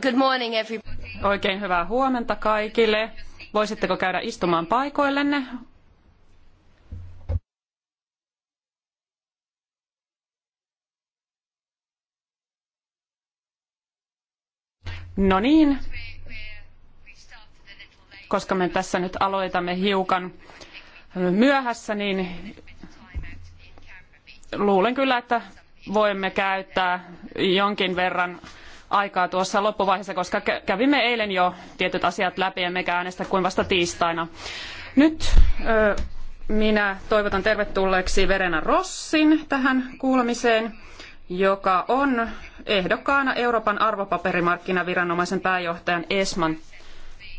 Good, morning everybody. Oikein hyvää huomenta kaikille. Voisitteko käydä istumaan paikoillenne? No niin, koska me tässä nyt aloitamme hiukan myöhässä, niin luulen kyllä, että voimme käyttää jonkin verran aikaa tuossa loppuvaiheessa, koska kävimme eilen jo tietyt asiat läpi, emmekä äänestä kuin vasta tiistaina. Nyt ö, minä toivotan tervetulleeksi Verena Rossin tähän kuulemiseen, joka on ehdokkaana Euroopan arvopaperimarkkinaviranomaisen pääjohtajan Esman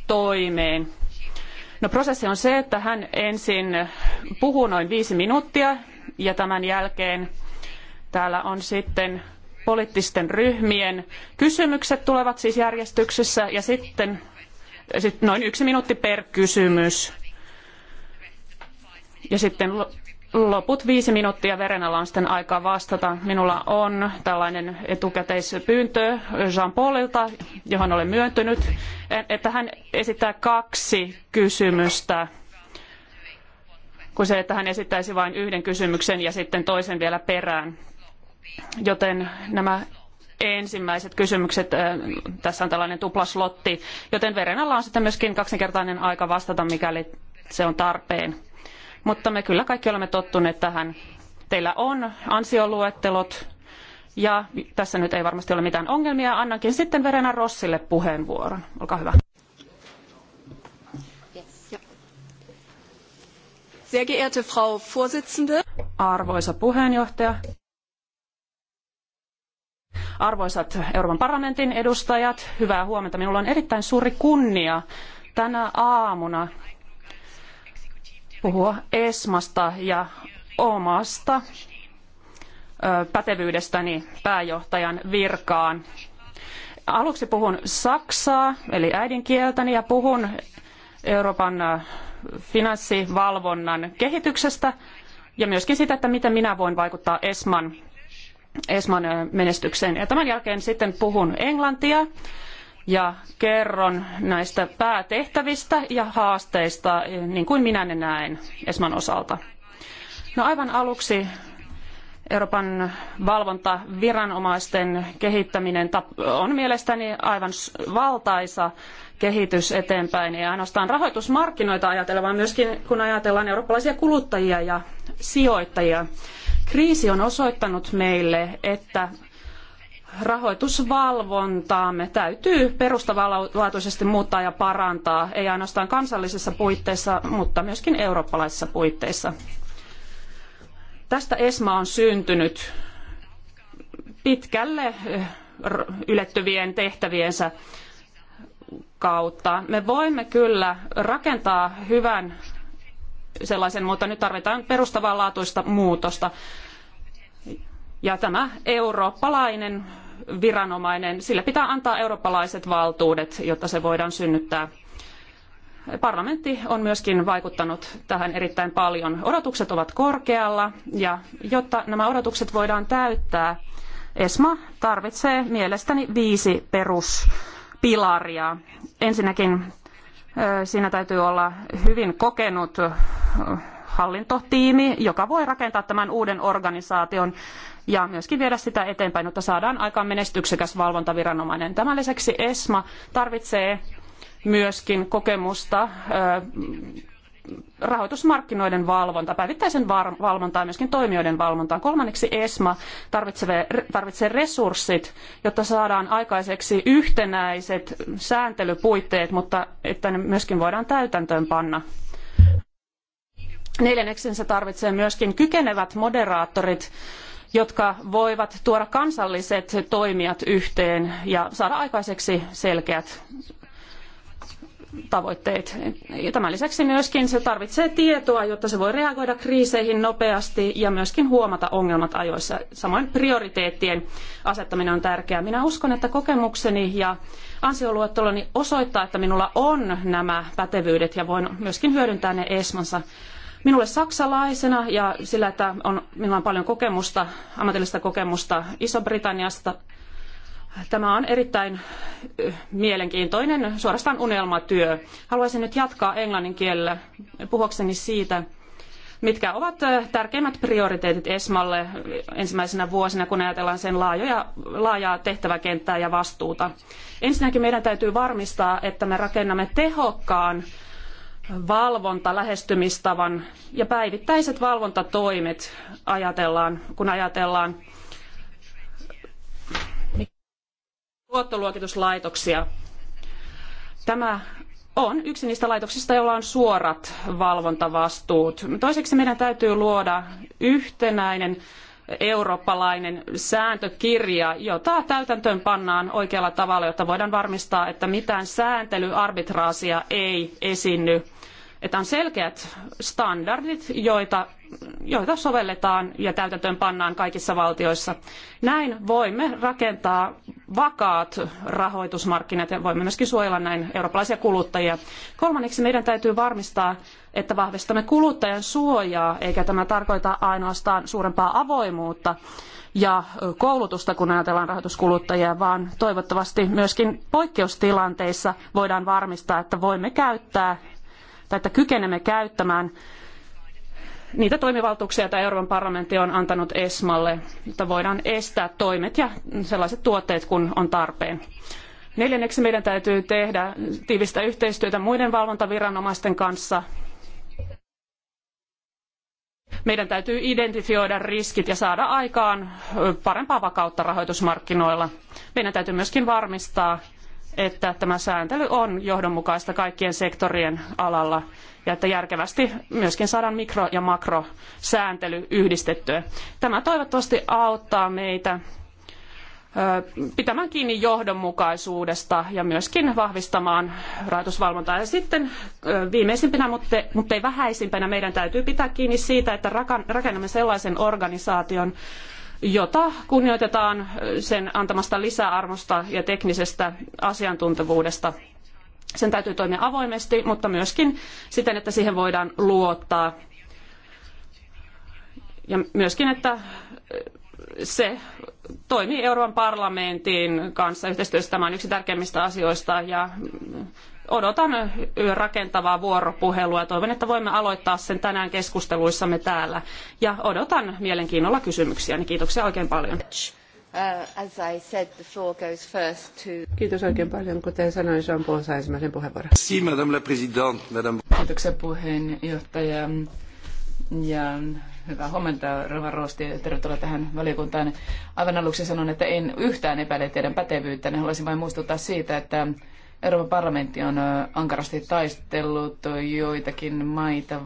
toimeen. No prosessi on se, että hän ensin puhuu noin viisi minuuttia ja tämän jälkeen täällä on sitten poliittisten ryhmien kysymykset tulevat siis järjestyksessä ja sitten sit noin yksi minuutti per kysymys. Ja sitten loput viisi minuuttia verenalla on sitten aikaa vastata. Minulla on tällainen etukäteispyyntö Jean Paulilta, johon olen myöntynyt, että hän esittää kaksi kysymystä kuin se, että hän esittäisi vain yhden kysymyksen ja sitten toisen vielä perään joten nämä ensimmäiset kysymykset, tässä on tällainen tuplaslotti, joten Verenalla on sitten myöskin kaksinkertainen aika vastata, mikäli se on tarpeen. Mutta me kyllä kaikki olemme tottuneet tähän. Teillä on ansioluettelot, ja tässä nyt ei varmasti ole mitään ongelmia. Annankin sitten Verena Rossille puheenvuoron. Olkaa hyvä. Sehr geehrte Frau Vorsitzende. Arvoisa puheenjohtaja, Arvoisat Euroopan parlamentin edustajat, hyvää huomenta. Minulla on erittäin suuri kunnia tänä aamuna puhua Esmasta ja omasta pätevyydestäni pääjohtajan virkaan. Aluksi puhun saksaa, eli äidinkieltäni, ja puhun Euroopan finanssivalvonnan kehityksestä ja myöskin sitä, että miten minä voin vaikuttaa ESMAn Esman menestykseen. Ja tämän jälkeen sitten puhun englantia ja kerron näistä päätehtävistä ja haasteista, niin kuin minä ne näen Esman osalta. No aivan aluksi Euroopan valvontaviranomaisten kehittäminen on mielestäni aivan valtaisa kehitys eteenpäin, ei ainoastaan rahoitusmarkkinoita ajatella, vaan myöskin kun ajatellaan eurooppalaisia kuluttajia ja sijoittajia. Kriisi on osoittanut meille, että rahoitusvalvontaamme täytyy perustavanlaatuisesti muuttaa ja parantaa, ei ainoastaan kansallisissa puitteissa, mutta myöskin eurooppalaisissa puitteissa. Tästä ESMA on syntynyt pitkälle eh, ylettyvien tehtäviensä kautta. Me voimme kyllä rakentaa hyvän sellaisen, mutta nyt tarvitaan perustavanlaatuista muutosta. Ja tämä eurooppalainen viranomainen, sille pitää antaa eurooppalaiset valtuudet, jotta se voidaan synnyttää. Parlamentti on myöskin vaikuttanut tähän erittäin paljon. Odotukset ovat korkealla ja jotta nämä odotukset voidaan täyttää, ESMA tarvitsee mielestäni viisi peruspilaria. Ensinnäkin Siinä täytyy olla hyvin kokenut hallintotiimi, joka voi rakentaa tämän uuden organisaation ja myöskin viedä sitä eteenpäin, jotta saadaan aikaan menestyksekäs valvontaviranomainen. Tämän lisäksi ESMA tarvitsee myöskin kokemusta rahoitusmarkkinoiden valvonta, päivittäisen valvontaa ja myöskin toimijoiden valvontaa. Kolmanneksi ESMA tarvitsee resurssit, jotta saadaan aikaiseksi yhtenäiset sääntelypuitteet, mutta että ne myöskin voidaan täytäntöön panna. Neljänneksi se tarvitsee myöskin kykenevät moderaattorit, jotka voivat tuoda kansalliset toimijat yhteen ja saada aikaiseksi selkeät tavoitteet. Ja tämän lisäksi myöskin se tarvitsee tietoa, jotta se voi reagoida kriiseihin nopeasti ja myöskin huomata ongelmat ajoissa. Samoin prioriteettien asettaminen on tärkeää. Minä uskon, että kokemukseni ja ansioluetteloni osoittaa, että minulla on nämä pätevyydet ja voin myöskin hyödyntää ne ESMansa minulle saksalaisena ja sillä, että on, minulla on paljon kokemusta, ammatillista kokemusta Iso-Britanniasta, Tämä on erittäin mielenkiintoinen, suorastaan unelmatyö. Haluaisin nyt jatkaa englannin kielellä puhuakseni siitä, mitkä ovat tärkeimmät prioriteetit ESMalle ensimmäisenä vuosina, kun ajatellaan sen laajoja, laajaa tehtäväkenttää ja vastuuta. Ensinnäkin meidän täytyy varmistaa, että me rakennamme tehokkaan valvonta lähestymistavan ja päivittäiset valvontatoimet ajatellaan, kun ajatellaan luottoluokituslaitoksia. Tämä on yksi niistä laitoksista, joilla on suorat valvontavastuut. Toiseksi meidän täytyy luoda yhtenäinen eurooppalainen sääntökirja, jota täytäntöön pannaan oikealla tavalla, jotta voidaan varmistaa, että mitään sääntelyarbitraasia ei esiinny että on selkeät standardit, joita, joita sovelletaan ja täytäntöönpannaan pannaan kaikissa valtioissa. Näin voimme rakentaa vakaat rahoitusmarkkinat ja voimme myöskin suojella näin eurooppalaisia kuluttajia. Kolmanneksi meidän täytyy varmistaa, että vahvistamme kuluttajan suojaa, eikä tämä tarkoita ainoastaan suurempaa avoimuutta ja koulutusta, kun ajatellaan rahoituskuluttajia, vaan toivottavasti myöskin poikkeustilanteissa voidaan varmistaa, että voimme käyttää tai että kykenemme käyttämään niitä toimivaltuuksia, joita Euroopan parlamentti on antanut ESMalle, jotta voidaan estää toimet ja sellaiset tuotteet, kun on tarpeen. Neljänneksi meidän täytyy tehdä tiivistä yhteistyötä muiden valvontaviranomaisten kanssa. Meidän täytyy identifioida riskit ja saada aikaan parempaa vakautta rahoitusmarkkinoilla. Meidän täytyy myöskin varmistaa, että tämä sääntely on johdonmukaista kaikkien sektorien alalla ja että järkevästi myöskin saadaan mikro- ja makrosääntely yhdistettyä. Tämä toivottavasti auttaa meitä pitämään kiinni johdonmukaisuudesta ja myöskin vahvistamaan rahoitusvalvontaa. Ja sitten viimeisimpänä, mutta, mutta ei vähäisimpänä, meidän täytyy pitää kiinni siitä, että rakennamme sellaisen organisaation, jota kunnioitetaan sen antamasta lisäarvosta ja teknisestä asiantuntevuudesta. Sen täytyy toimia avoimesti, mutta myöskin siten, että siihen voidaan luottaa. Ja myöskin, että se toimii Euroopan parlamentin kanssa yhteistyössä. Tämä on yksi tärkeimmistä asioista ja odotan rakentavaa vuoropuhelua. Toivon, että voimme aloittaa sen tänään keskusteluissamme täällä. Ja odotan mielenkiinnolla kysymyksiä. Niin kiitoksia oikein paljon. Uh, Kiitos oikein paljon. Kuten sanoin, Jean Paul saa ensimmäisen puheenvuoron. Si, madame la présidente, madame... Kiitoksia puheenjohtaja. Ja hyvää huomenta, Rova Roosti, ja tervetuloa tähän valiokuntaan. Aivan aluksi sanon, että en yhtään epäile teidän pätevyyttä. Haluaisin vain muistuttaa siitä, että Euroopan parlamentti on ankarasti taistellut joitakin maita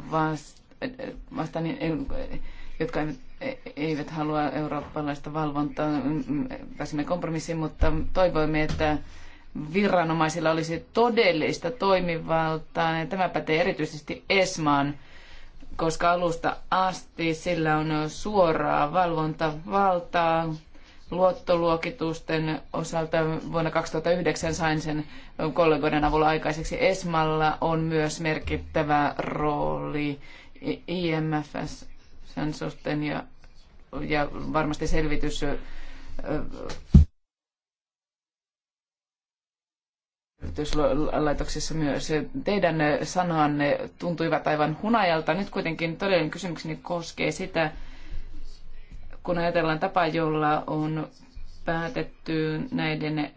vastaan, niin, jotka e, eivät halua eurooppalaista valvontaa. Mm, mm, Pääsimme kompromissiin, mutta toivoimme, että viranomaisilla olisi todellista toimivaltaa. Ja tämä pätee erityisesti ESMAan, koska alusta asti sillä on suoraa valvontavaltaa luottoluokitusten osalta vuonna 2009 sain sen kollegoiden avulla aikaiseksi. Esmalla on myös merkittävä rooli IMFS sen suhteen ja, ja varmasti selvitys laitoksissa myös. Teidän sanoanne tuntuivat aivan hunajalta. Nyt kuitenkin todellinen kysymykseni koskee sitä, kun ajatellaan tapa, jolla on päätetty näiden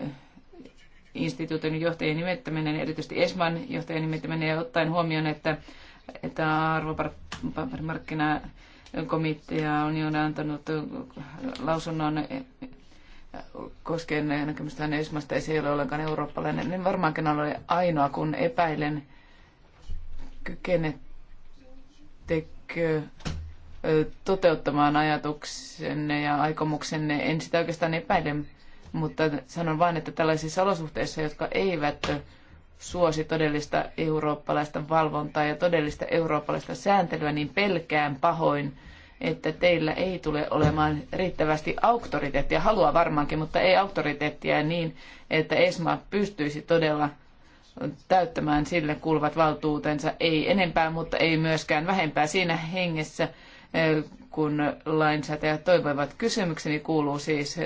instituutin johtajien nimettäminen, erityisesti ESMAN johtajan nimettäminen, ja ottaen huomioon, että, että arvopaperimarkkinakomitea on jo antanut lausunnon koskien näkemystään ESMAsta, ei se ole ollenkaan eurooppalainen, niin varmaankin ole ainoa, kun epäilen, kykenettekö toteuttamaan ajatuksenne ja aikomuksenne. En sitä oikeastaan epäile, mutta sanon vain, että tällaisissa olosuhteissa, jotka eivät suosi todellista eurooppalaista valvontaa ja todellista eurooppalaista sääntelyä, niin pelkään pahoin, että teillä ei tule olemaan riittävästi auktoriteettia, haluaa varmaankin, mutta ei auktoriteettia niin, että ESMA pystyisi todella täyttämään sille kuuluvat valtuutensa, ei enempää, mutta ei myöskään vähempää siinä hengessä, kun lainsäätäjät toivoivat. Kysymykseni kuuluu siis,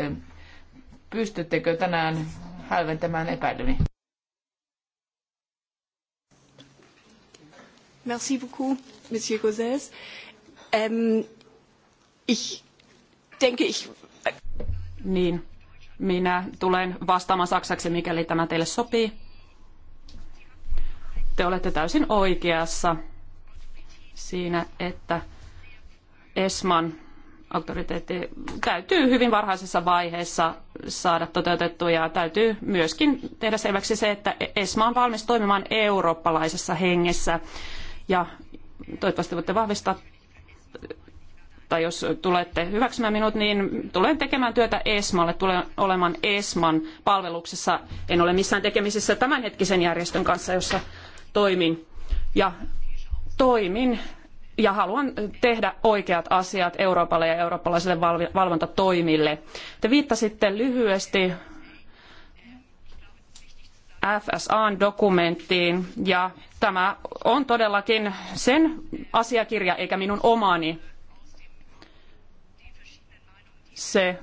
pystyttekö tänään hälventämään epäilyni? Merci beaucoup, Monsieur Gauzès. Ähm, ich denke, ich... Niin, minä tulen vastaamaan saksaksi, mikäli tämä teille sopii. Te olette täysin oikeassa siinä, että ESMAN auktoriteetti täytyy hyvin varhaisessa vaiheessa saada toteutettua ja täytyy myöskin tehdä selväksi se, että ESMA on valmis toimimaan eurooppalaisessa hengessä ja toivottavasti voitte vahvistaa tai jos tulette hyväksymään minut, niin tulen tekemään työtä ESMAlle, tulen olemaan ESMAn palveluksessa. En ole missään tekemisissä tämänhetkisen järjestön kanssa, jossa toimin. Ja toimin ja haluan tehdä oikeat asiat Euroopalle ja eurooppalaisille valvontatoimille. Te viittasitte lyhyesti fsa dokumenttiin ja tämä on todellakin sen asiakirja eikä minun omani. Se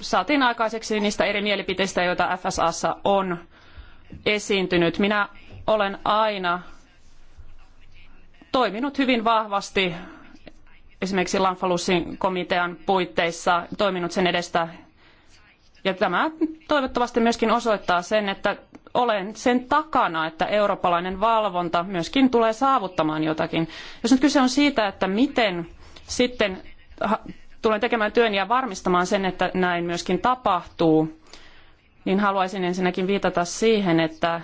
saatiin aikaiseksi niistä eri mielipiteistä, joita FSAssa on esiintynyt. Minä olen aina toiminut hyvin vahvasti esimerkiksi Lanfalussin komitean puitteissa, toiminut sen edestä. Ja tämä toivottavasti myöskin osoittaa sen, että olen sen takana, että eurooppalainen valvonta myöskin tulee saavuttamaan jotakin. Jos nyt kyse on siitä, että miten sitten tulen tekemään työn ja varmistamaan sen, että näin myöskin tapahtuu, niin haluaisin ensinnäkin viitata siihen, että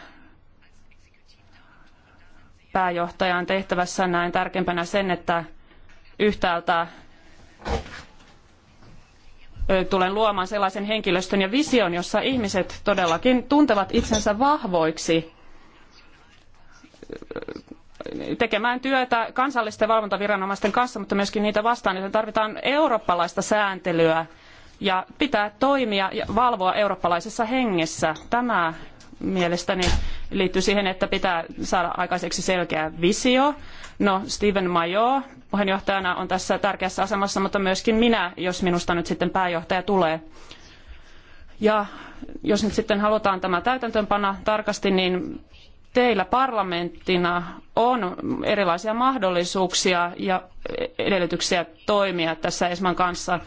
pääjohtajan tehtävässä näen tärkeimpänä sen, että yhtäältä tulen luomaan sellaisen henkilöstön ja vision, jossa ihmiset todellakin tuntevat itsensä vahvoiksi tekemään työtä kansallisten valvontaviranomaisten kanssa, mutta myöskin niitä vastaan, joten tarvitaan eurooppalaista sääntelyä ja pitää toimia ja valvoa eurooppalaisessa hengessä. Tämä mielestäni liittyy siihen, että pitää saada aikaiseksi selkeä visio. No, Steven Major puheenjohtajana on tässä tärkeässä asemassa, mutta myöskin minä, jos minusta nyt sitten pääjohtaja tulee. Ja jos nyt sitten halutaan tämä täytäntöönpana tarkasti, niin teillä parlamenttina on erilaisia mahdollisuuksia ja edellytyksiä toimia tässä ESMAn kanssa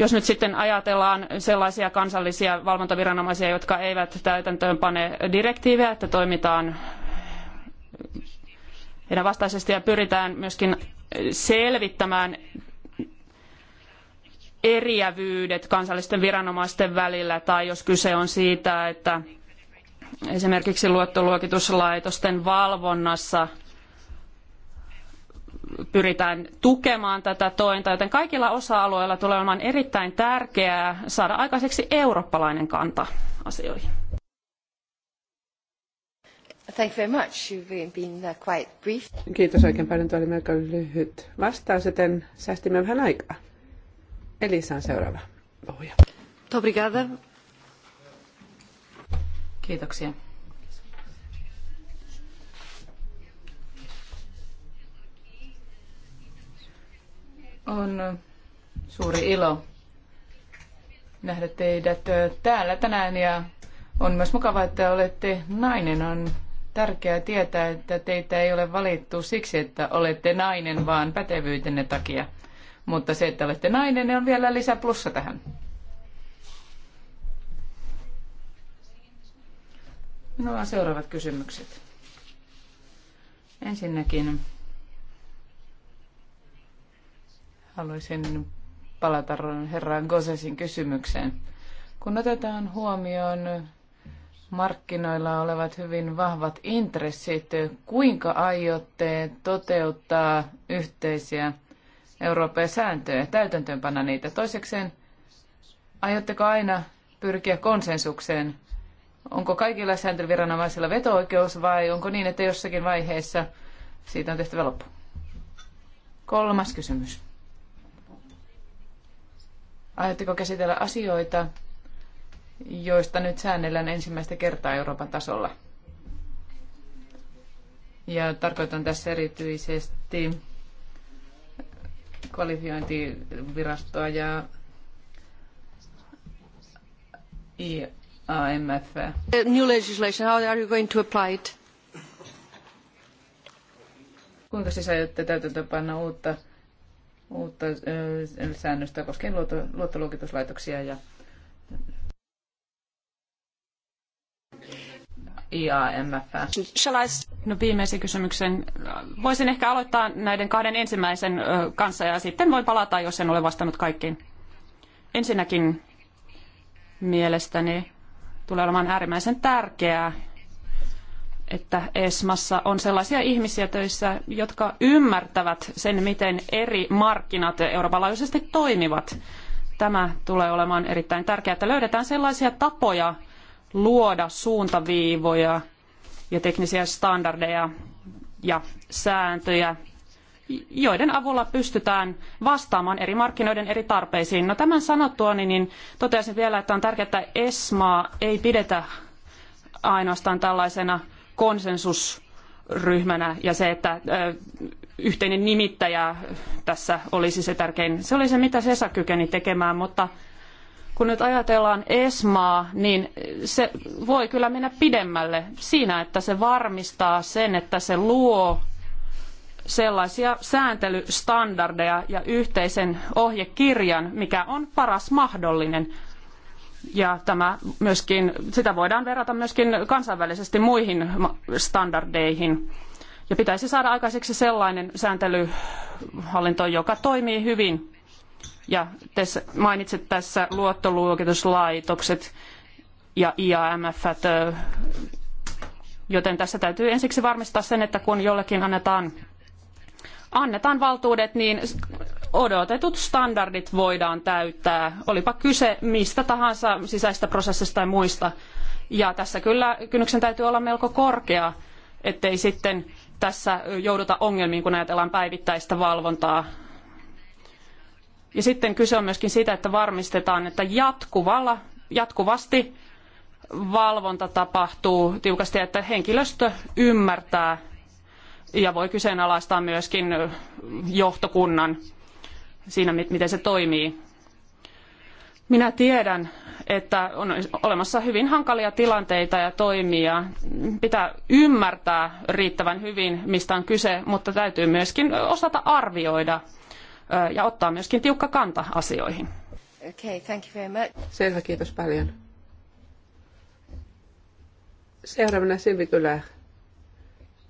jos nyt sitten ajatellaan sellaisia kansallisia valvontaviranomaisia, jotka eivät täytäntöönpane pane direktiivejä, että toimitaan heidän vastaisesti ja pyritään myöskin selvittämään eriävyydet kansallisten viranomaisten välillä tai jos kyse on siitä, että esimerkiksi luottoluokituslaitosten valvonnassa – pyritään tukemaan tätä tointa, joten kaikilla osa-alueilla tulee olemaan erittäin tärkeää saada aikaiseksi eurooppalainen kanta asioihin. Thank you very much. You've been uh, quite brief. Kiitos oikein paljon. Tuo oli melko lyhyt vastaus, joten säästimme vähän aikaa. Elisa on seuraava puhuja. Obrigada. Kiitoksia. On suuri ilo nähdä teidät täällä tänään ja on myös mukavaa, että olette nainen. On tärkeää tietää, että teitä ei ole valittu siksi, että olette nainen, vaan pätevyytenne takia. Mutta se, että olette nainen, on vielä lisä plussa tähän. Minulla on seuraavat kysymykset. Ensinnäkin, Haluaisin palata herran Gosesin kysymykseen. Kun otetaan huomioon markkinoilla olevat hyvin vahvat intressit, kuinka aiotte toteuttaa yhteisiä Euroopan sääntöjä täytäntöönpana niitä? Toisekseen, aiotteko aina pyrkiä konsensukseen? Onko kaikilla sääntelyviranomaisilla veto-oikeus vai onko niin, että jossakin vaiheessa siitä on tehtävä loppu? Kolmas kysymys. Aiotteko käsitellä asioita, joista nyt säännellään ensimmäistä kertaa Euroopan tasolla? Ja tarkoitan tässä erityisesti kvalifiointivirastoa ja IAMF. New legislation, how are you going to apply it? Kuinka siis aiotte täytäntöönpanna uutta uutta säännöstä koskien luottoluokituslaitoksia ja IAMF. No viimeisen kysymyksen. Voisin ehkä aloittaa näiden kahden ensimmäisen kanssa ja sitten voin palata, jos en ole vastannut kaikkiin. Ensinnäkin mielestäni tulee olemaan äärimmäisen tärkeää, että ESMassa on sellaisia ihmisiä töissä, jotka ymmärtävät sen, miten eri markkinat Euroopan laajuisesti toimivat. Tämä tulee olemaan erittäin tärkeää, että löydetään sellaisia tapoja luoda suuntaviivoja ja teknisiä standardeja ja sääntöjä, joiden avulla pystytään vastaamaan eri markkinoiden eri tarpeisiin. No tämän sanottuani niin toteaisin vielä, että on tärkeää, että ESMAa ei pidetä ainoastaan tällaisena konsensusryhmänä ja se, että yhteinen nimittäjä tässä olisi se tärkein. Se oli se, mitä Sesa kykeni tekemään, mutta kun nyt ajatellaan ESMAa, niin se voi kyllä mennä pidemmälle siinä, että se varmistaa sen, että se luo sellaisia sääntelystandardeja ja yhteisen ohjekirjan, mikä on paras mahdollinen ja tämä myöskin, sitä voidaan verrata myöskin kansainvälisesti muihin standardeihin. Ja pitäisi saada aikaiseksi sellainen sääntelyhallinto, joka toimii hyvin. Ja te mainitsit tässä luottoluokituslaitokset ja IAMF, -t. Äh, joten tässä täytyy ensiksi varmistaa sen, että kun jollekin annetaan, annetaan valtuudet, niin odotetut standardit voidaan täyttää, olipa kyse mistä tahansa sisäistä prosessista tai muista. Ja tässä kyllä kynnyksen täytyy olla melko korkea, ettei sitten tässä jouduta ongelmiin, kun ajatellaan päivittäistä valvontaa. Ja sitten kyse on myöskin siitä, että varmistetaan, että jatkuvalla, jatkuvasti valvonta tapahtuu tiukasti, että henkilöstö ymmärtää ja voi kyseenalaistaa myöskin johtokunnan siinä, miten se toimii. Minä tiedän, että on olemassa hyvin hankalia tilanteita ja toimia. Pitää ymmärtää riittävän hyvin, mistä on kyse, mutta täytyy myöskin osata arvioida ja ottaa myöskin tiukka kanta asioihin. Okay, thank you very much. Selvä, kiitos paljon. Seuraavana Silvi kyllä.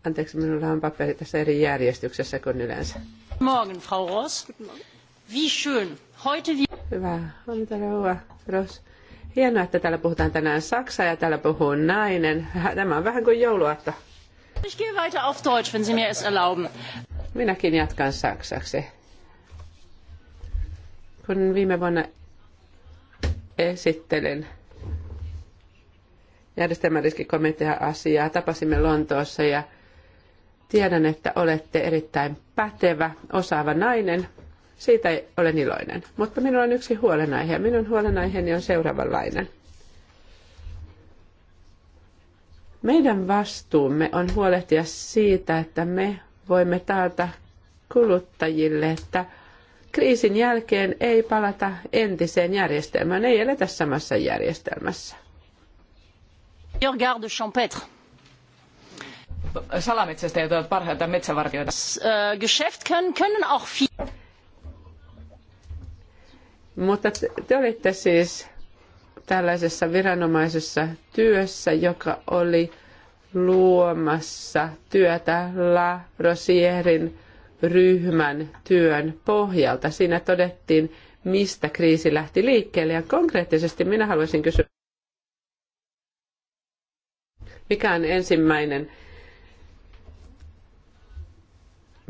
Anteeksi, minulla on paperi tässä eri järjestyksessä kuin yleensä. Morgen, Frau Ross. Wie schön. Heute wie... Hyvä. Annetaan hyvä. Ros. Hienoa, että täällä puhutaan tänään Saksaa ja täällä puhuu nainen. Tämä on vähän kuin jouluaatto. Ich gehe weiter auf Deutsch, wenn Sie mir es erlauben. Minäkin jatkan saksaksi. Kun viime vuonna esittelin järjestelmäriskikomitean asiaa, tapasimme Lontoossa ja tiedän, että olette erittäin pätevä, osaava nainen. Siitä olen iloinen. Mutta minulla on yksi huolenaihe. Minun huolenaiheeni on seuraavanlainen. Meidän vastuumme on huolehtia siitä, että me voimme taata kuluttajille, että kriisin jälkeen ei palata entiseen järjestelmään, ei eletä samassa järjestelmässä. Garde champêtre. Salametsästäjät ovat parhaita metsävartijoita. Äh, geschäft können, können auch viel. Mutta te, te olitte siis tällaisessa viranomaisessa työssä, joka oli luomassa työtä La Rosierin ryhmän työn pohjalta. Siinä todettiin, mistä kriisi lähti liikkeelle. Ja konkreettisesti minä haluaisin kysyä, mikä on ensimmäinen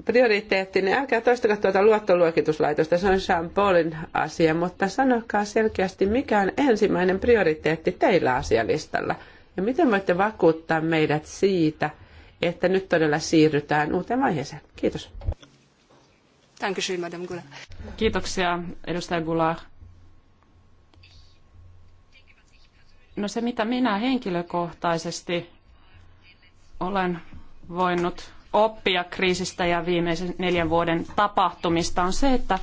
prioriteetti, niin älkää toistako tuota luottoluokituslaitosta, se on Jean Paulin asia, mutta sanokaa selkeästi, mikä on ensimmäinen prioriteetti teillä asialistalla. Ja miten voitte vakuuttaa meidät siitä, että nyt todella siirrytään uuteen vaiheeseen? Kiitos. Dankeschön, Madame Goulard. Kiitoksia, edustaja Goulart. No se, mitä minä henkilökohtaisesti olen voinut oppia kriisistä ja viimeisen neljän vuoden tapahtumista on se, että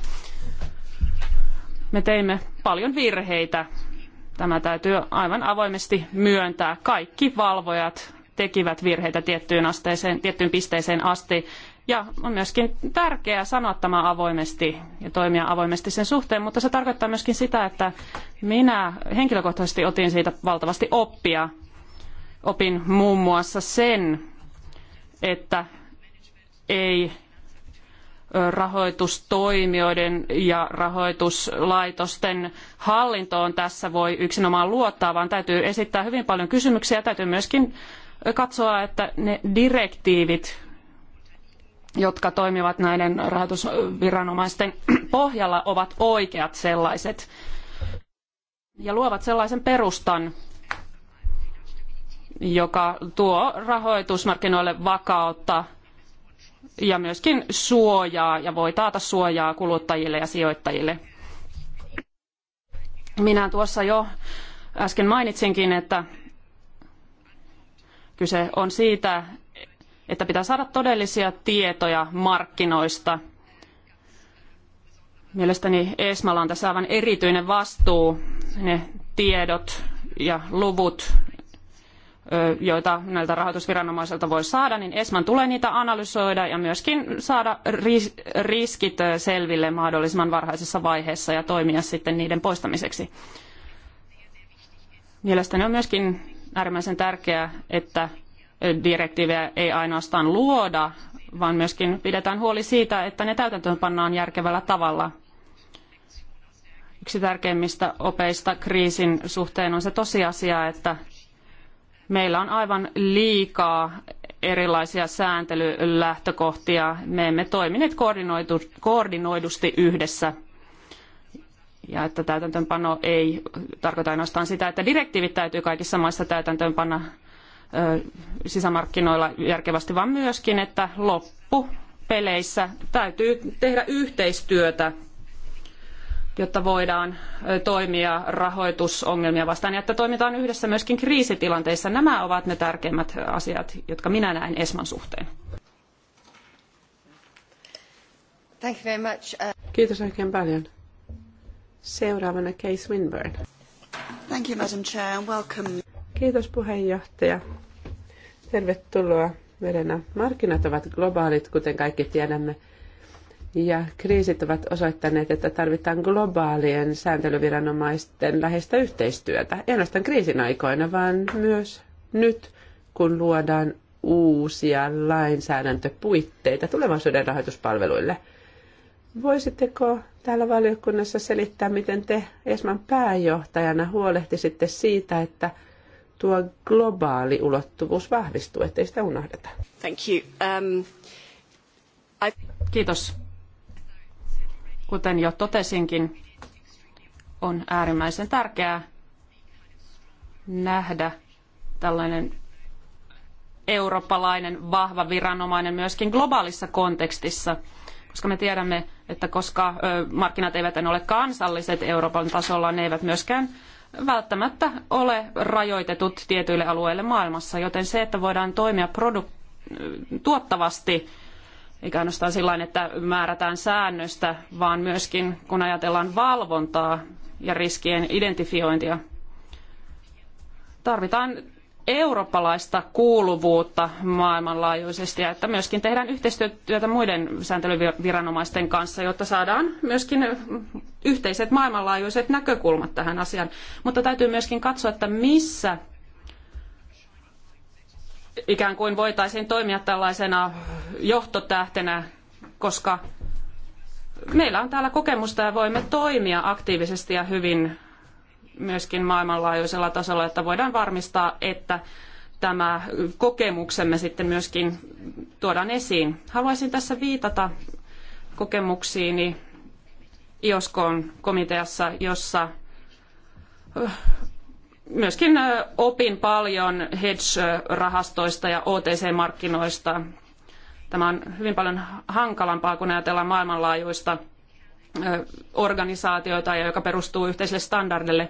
me teimme paljon virheitä. Tämä täytyy aivan avoimesti myöntää. Kaikki valvojat tekivät virheitä tiettyyn, asteeseen, tiettyyn pisteeseen asti. Ja on myöskin tärkeää sanoa tämä avoimesti ja toimia avoimesti sen suhteen, mutta se tarkoittaa myöskin sitä, että minä henkilökohtaisesti otin siitä valtavasti oppia. Opin muun muassa sen, että ei rahoitustoimijoiden ja rahoituslaitosten hallintoon tässä voi yksinomaan luottaa, vaan täytyy esittää hyvin paljon kysymyksiä. Täytyy myöskin katsoa, että ne direktiivit, jotka toimivat näiden rahoitusviranomaisten pohjalla, ovat oikeat sellaiset ja luovat sellaisen perustan, joka tuo rahoitusmarkkinoille vakautta – ja myöskin suojaa ja voi taata suojaa kuluttajille ja sijoittajille. Minä tuossa jo äsken mainitsinkin, että kyse on siitä, että pitää saada todellisia tietoja markkinoista. Mielestäni ESMalla on tässä aivan erityinen vastuu. Ne tiedot ja luvut, joita näiltä rahoitusviranomaisilta voi saada, niin ESMAN tulee niitä analysoida ja myöskin saada riskit selville mahdollisimman varhaisessa vaiheessa ja toimia sitten niiden poistamiseksi. Mielestäni on myöskin äärimmäisen tärkeää, että direktiivejä ei ainoastaan luoda, vaan myöskin pidetään huoli siitä, että ne täytäntöön pannaan järkevällä tavalla. Yksi tärkeimmistä opeista kriisin suhteen on se tosiasia, että meillä on aivan liikaa erilaisia sääntelylähtökohtia. Me emme toimineet koordinoidusti yhdessä. Ja että täytäntöönpano ei tarkoita ainoastaan sitä, että direktiivit täytyy kaikissa maissa täytäntöönpanna sisämarkkinoilla järkevästi, vaan myöskin, että loppupeleissä täytyy tehdä yhteistyötä jotta voidaan toimia rahoitusongelmia vastaan ja että toimitaan yhdessä myöskin kriisitilanteissa. Nämä ovat ne tärkeimmät asiat, jotka minä näen ESMAn suhteen. Thank you very much. Uh, Kiitos oikein paljon. Seuraavana Kay Swinburne. Thank you, Madam Chair, and welcome. Kiitos puheenjohtaja. Tervetuloa Verena. Markkinat ovat globaalit, kuten kaikki tiedämme. Ja kriisit ovat osoittaneet, että tarvitaan globaalien sääntelyviranomaisten läheistä yhteistyötä. Ei ainoastaan kriisin aikoina, vaan myös nyt, kun luodaan uusia lainsäädäntöpuitteita tulevaisuuden rahoituspalveluille. Voisitteko täällä valiokunnassa selittää, miten te Esman pääjohtajana huolehtisitte siitä, että tuo globaali ulottuvuus vahvistuu, ettei sitä unohdeta? Thank you. Um, I... Kiitos. Kuten jo totesinkin, on äärimmäisen tärkeää nähdä tällainen eurooppalainen vahva viranomainen myöskin globaalissa kontekstissa, koska me tiedämme, että koska markkinat eivät ole kansalliset Euroopan tasolla, ne eivät myöskään välttämättä ole rajoitetut tietyille alueille maailmassa, joten se, että voidaan toimia tuottavasti eikä ainoastaan sillä että määrätään säännöstä, vaan myöskin kun ajatellaan valvontaa ja riskien identifiointia. Tarvitaan eurooppalaista kuuluvuutta maailmanlaajuisesti ja että myöskin tehdään yhteistyötä muiden sääntelyviranomaisten kanssa, jotta saadaan myöskin yhteiset maailmanlaajuiset näkökulmat tähän asiaan. Mutta täytyy myöskin katsoa, että missä ikään kuin voitaisiin toimia tällaisena johtotähtenä, koska meillä on täällä kokemusta ja voimme toimia aktiivisesti ja hyvin myöskin maailmanlaajuisella tasolla, että voidaan varmistaa, että tämä kokemuksemme sitten myöskin tuodaan esiin. Haluaisin tässä viitata kokemuksiini IOSKON komiteassa, jossa myöskin opin paljon hedge-rahastoista ja OTC-markkinoista. Tämä on hyvin paljon hankalampaa, kun ajatellaan maailmanlaajuista organisaatiota, joka perustuu yhteiselle standardille.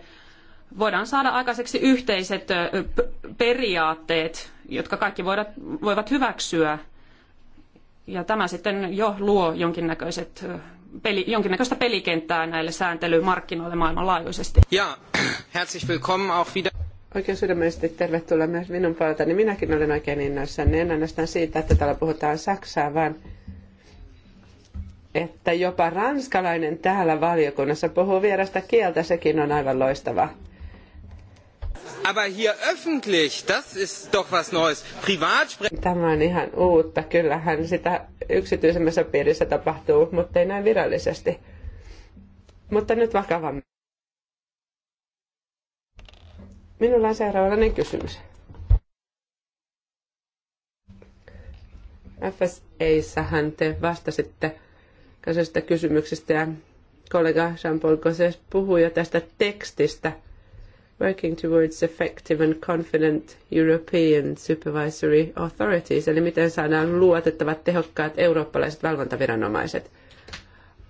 Voidaan saada aikaiseksi yhteiset periaatteet, jotka kaikki voivat hyväksyä. Ja tämä sitten jo luo jonkinnäköiset peli, jonkinnäköistä pelikenttää näille sääntelymarkkinoille maailmanlaajuisesti. Ja, herzlich willkommen auch wieder. Oikein sydämellisesti tervetuloa myös minun puoleltani. Minäkin olen oikein innoissani. En ainoastaan siitä, että täällä puhutaan Saksaa, vaan että jopa ranskalainen täällä valiokunnassa puhuu vierasta kieltä, sekin on aivan loistavaa. Aber hier öffentlich, das ist doch was Neues. Privatsprechen. Tämä on ihan uutta. Kyllähän sitä yksityisemmässä piirissä tapahtuu, mutta ei näin virallisesti. Mutta nyt vakavammin. Minulla on seuraavallinen kysymys. fsa sahan te vastasitte kysymyksistä ja kollega Jean-Paul puhui jo tästä tekstistä – working towards effective and confident European supervisory authorities, eli miten saadaan luotettavat, tehokkaat eurooppalaiset valvontaviranomaiset.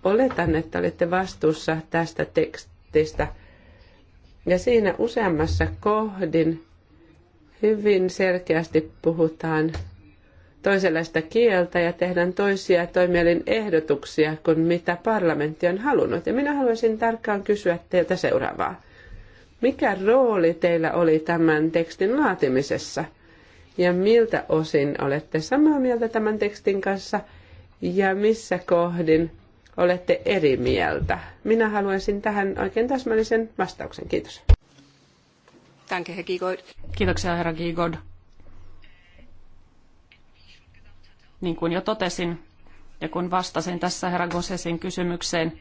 Oletan, että olette vastuussa tästä tekstistä. Ja siinä useammassa kohdin hyvin selkeästi puhutaan toisenlaista kieltä ja tehdään toisia toimielin ehdotuksia kuin mitä parlamentti on halunnut. Ja minä haluaisin tarkkaan kysyä teiltä seuraavaa mikä rooli teillä oli tämän tekstin laatimisessa? Ja miltä osin olette samaa mieltä tämän tekstin kanssa? Ja missä kohdin olette eri mieltä? Minä haluaisin tähän oikein täsmällisen vastauksen. Kiitos. Danke, Herr Giegold. Kiitoksia, herra Giegold. Niin kuin jo totesin, ja kun vastasin tässä herra Gossesin kysymykseen,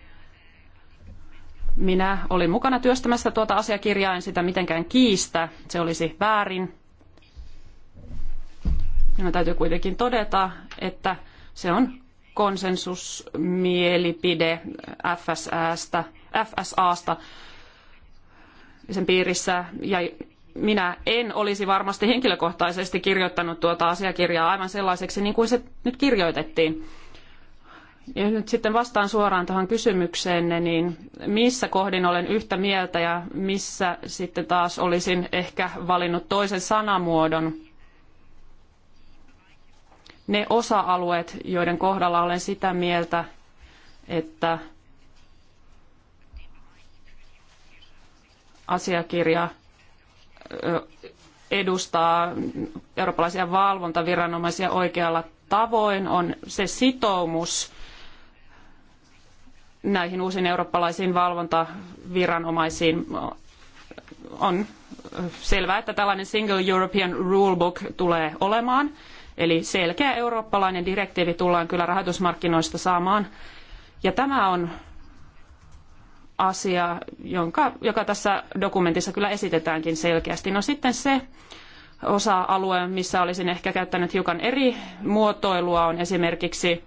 minä olin mukana työstämässä tuota asiakirjaa, en sitä mitenkään kiistä, se olisi väärin. Minun täytyy kuitenkin todeta, että se on konsensusmielipide FSAsta, FSAsta sen piirissä. Ja minä en olisi varmasti henkilökohtaisesti kirjoittanut tuota asiakirjaa aivan sellaiseksi, niin kuin se nyt kirjoitettiin. Ja nyt sitten vastaan suoraan tähän kysymykseenne, niin missä kohdin olen yhtä mieltä ja missä sitten taas olisin ehkä valinnut toisen sanamuodon. Ne osa-alueet, joiden kohdalla olen sitä mieltä, että asiakirja edustaa eurooppalaisia valvontaviranomaisia oikealla tavoin, on se sitoumus, näihin uusiin eurooppalaisiin valvontaviranomaisiin on selvää, että tällainen Single European Rulebook tulee olemaan. Eli selkeä eurooppalainen direktiivi tullaan kyllä rahoitusmarkkinoista saamaan. Ja tämä on asia, jonka, joka tässä dokumentissa kyllä esitetäänkin selkeästi. No sitten se osa-alue, missä olisin ehkä käyttänyt hiukan eri muotoilua, on esimerkiksi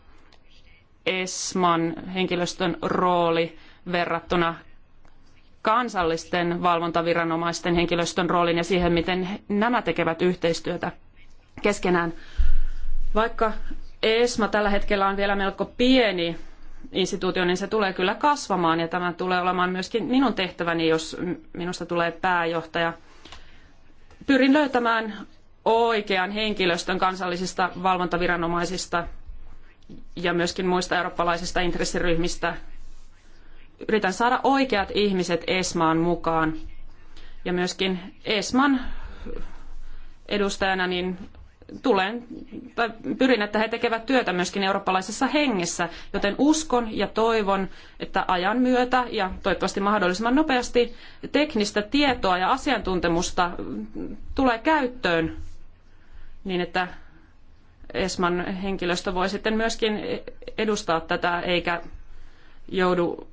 ESMAn henkilöstön rooli verrattuna kansallisten valvontaviranomaisten henkilöstön roolin ja siihen, miten nämä tekevät yhteistyötä keskenään. Vaikka ESMA tällä hetkellä on vielä melko pieni instituutio, niin se tulee kyllä kasvamaan ja tämä tulee olemaan myöskin minun tehtäväni, jos minusta tulee pääjohtaja. Pyrin löytämään oikean henkilöstön kansallisista valvontaviranomaisista ja myöskin muista eurooppalaisista intressiryhmistä. Yritän saada oikeat ihmiset ESMAan mukaan. Ja myöskin ESMAn edustajana niin tulen, tai pyrin, että he tekevät työtä myöskin eurooppalaisessa hengessä, joten uskon ja toivon, että ajan myötä ja toivottavasti mahdollisimman nopeasti teknistä tietoa ja asiantuntemusta tulee käyttöön niin, että ESMAn henkilöstö voi sitten myöskin edustaa tätä, eikä joudu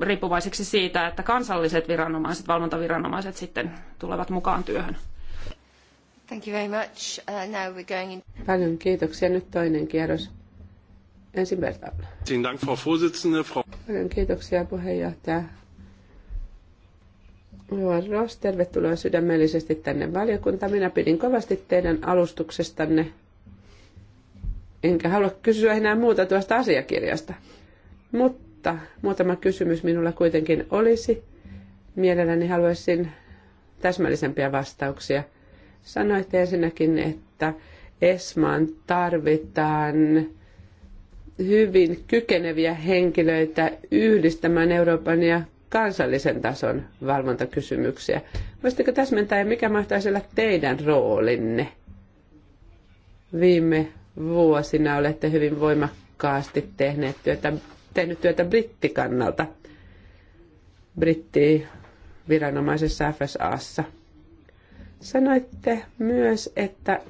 riippuvaiseksi siitä, että kansalliset viranomaiset, valvontaviranomaiset sitten tulevat mukaan työhön. Thank you very much. Uh, now we're going in... Paljon kiitoksia. Nyt toinen kierros. Ensin Berta. Dank, Frau Vorsitzende, Frau... Paljon kiitoksia puheenjohtaja. Ross, tervetuloa sydämellisesti tänne valiokuntaan. Minä pidin kovasti teidän alustuksestanne enkä halua kysyä enää muuta tuosta asiakirjasta. Mutta muutama kysymys minulla kuitenkin olisi. Mielelläni haluaisin täsmällisempiä vastauksia. Sanoitte ensinnäkin, että Esmaan tarvitaan hyvin kykeneviä henkilöitä yhdistämään Euroopan ja kansallisen tason valvontakysymyksiä. Voisitteko täsmentää, mikä mahtaisi olla teidän roolinne viime vuosina olette hyvin voimakkaasti tehneet työtä, tehnyt työtä brittikannalta, brittiviranomaisessa FSAssa. Sanoitte myös, että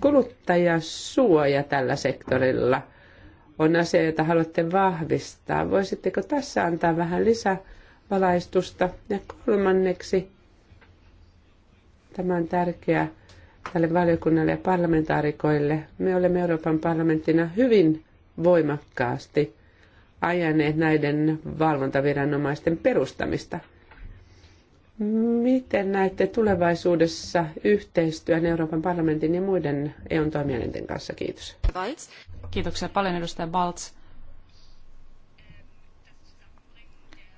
kuluttajasuoja tällä sektorilla on asia, jota haluatte vahvistaa. Voisitteko tässä antaa vähän lisävalaistusta? Ja kolmanneksi, tämä on tärkeä tälle valiokunnalle ja parlamentaarikoille. Me olemme Euroopan parlamenttina hyvin voimakkaasti ajaneet näiden valvontaviranomaisten perustamista. Miten näette tulevaisuudessa yhteistyön Euroopan parlamentin ja muiden EUn toimielinten kanssa? Kiitos. Kiitoksia paljon edustaja Balts.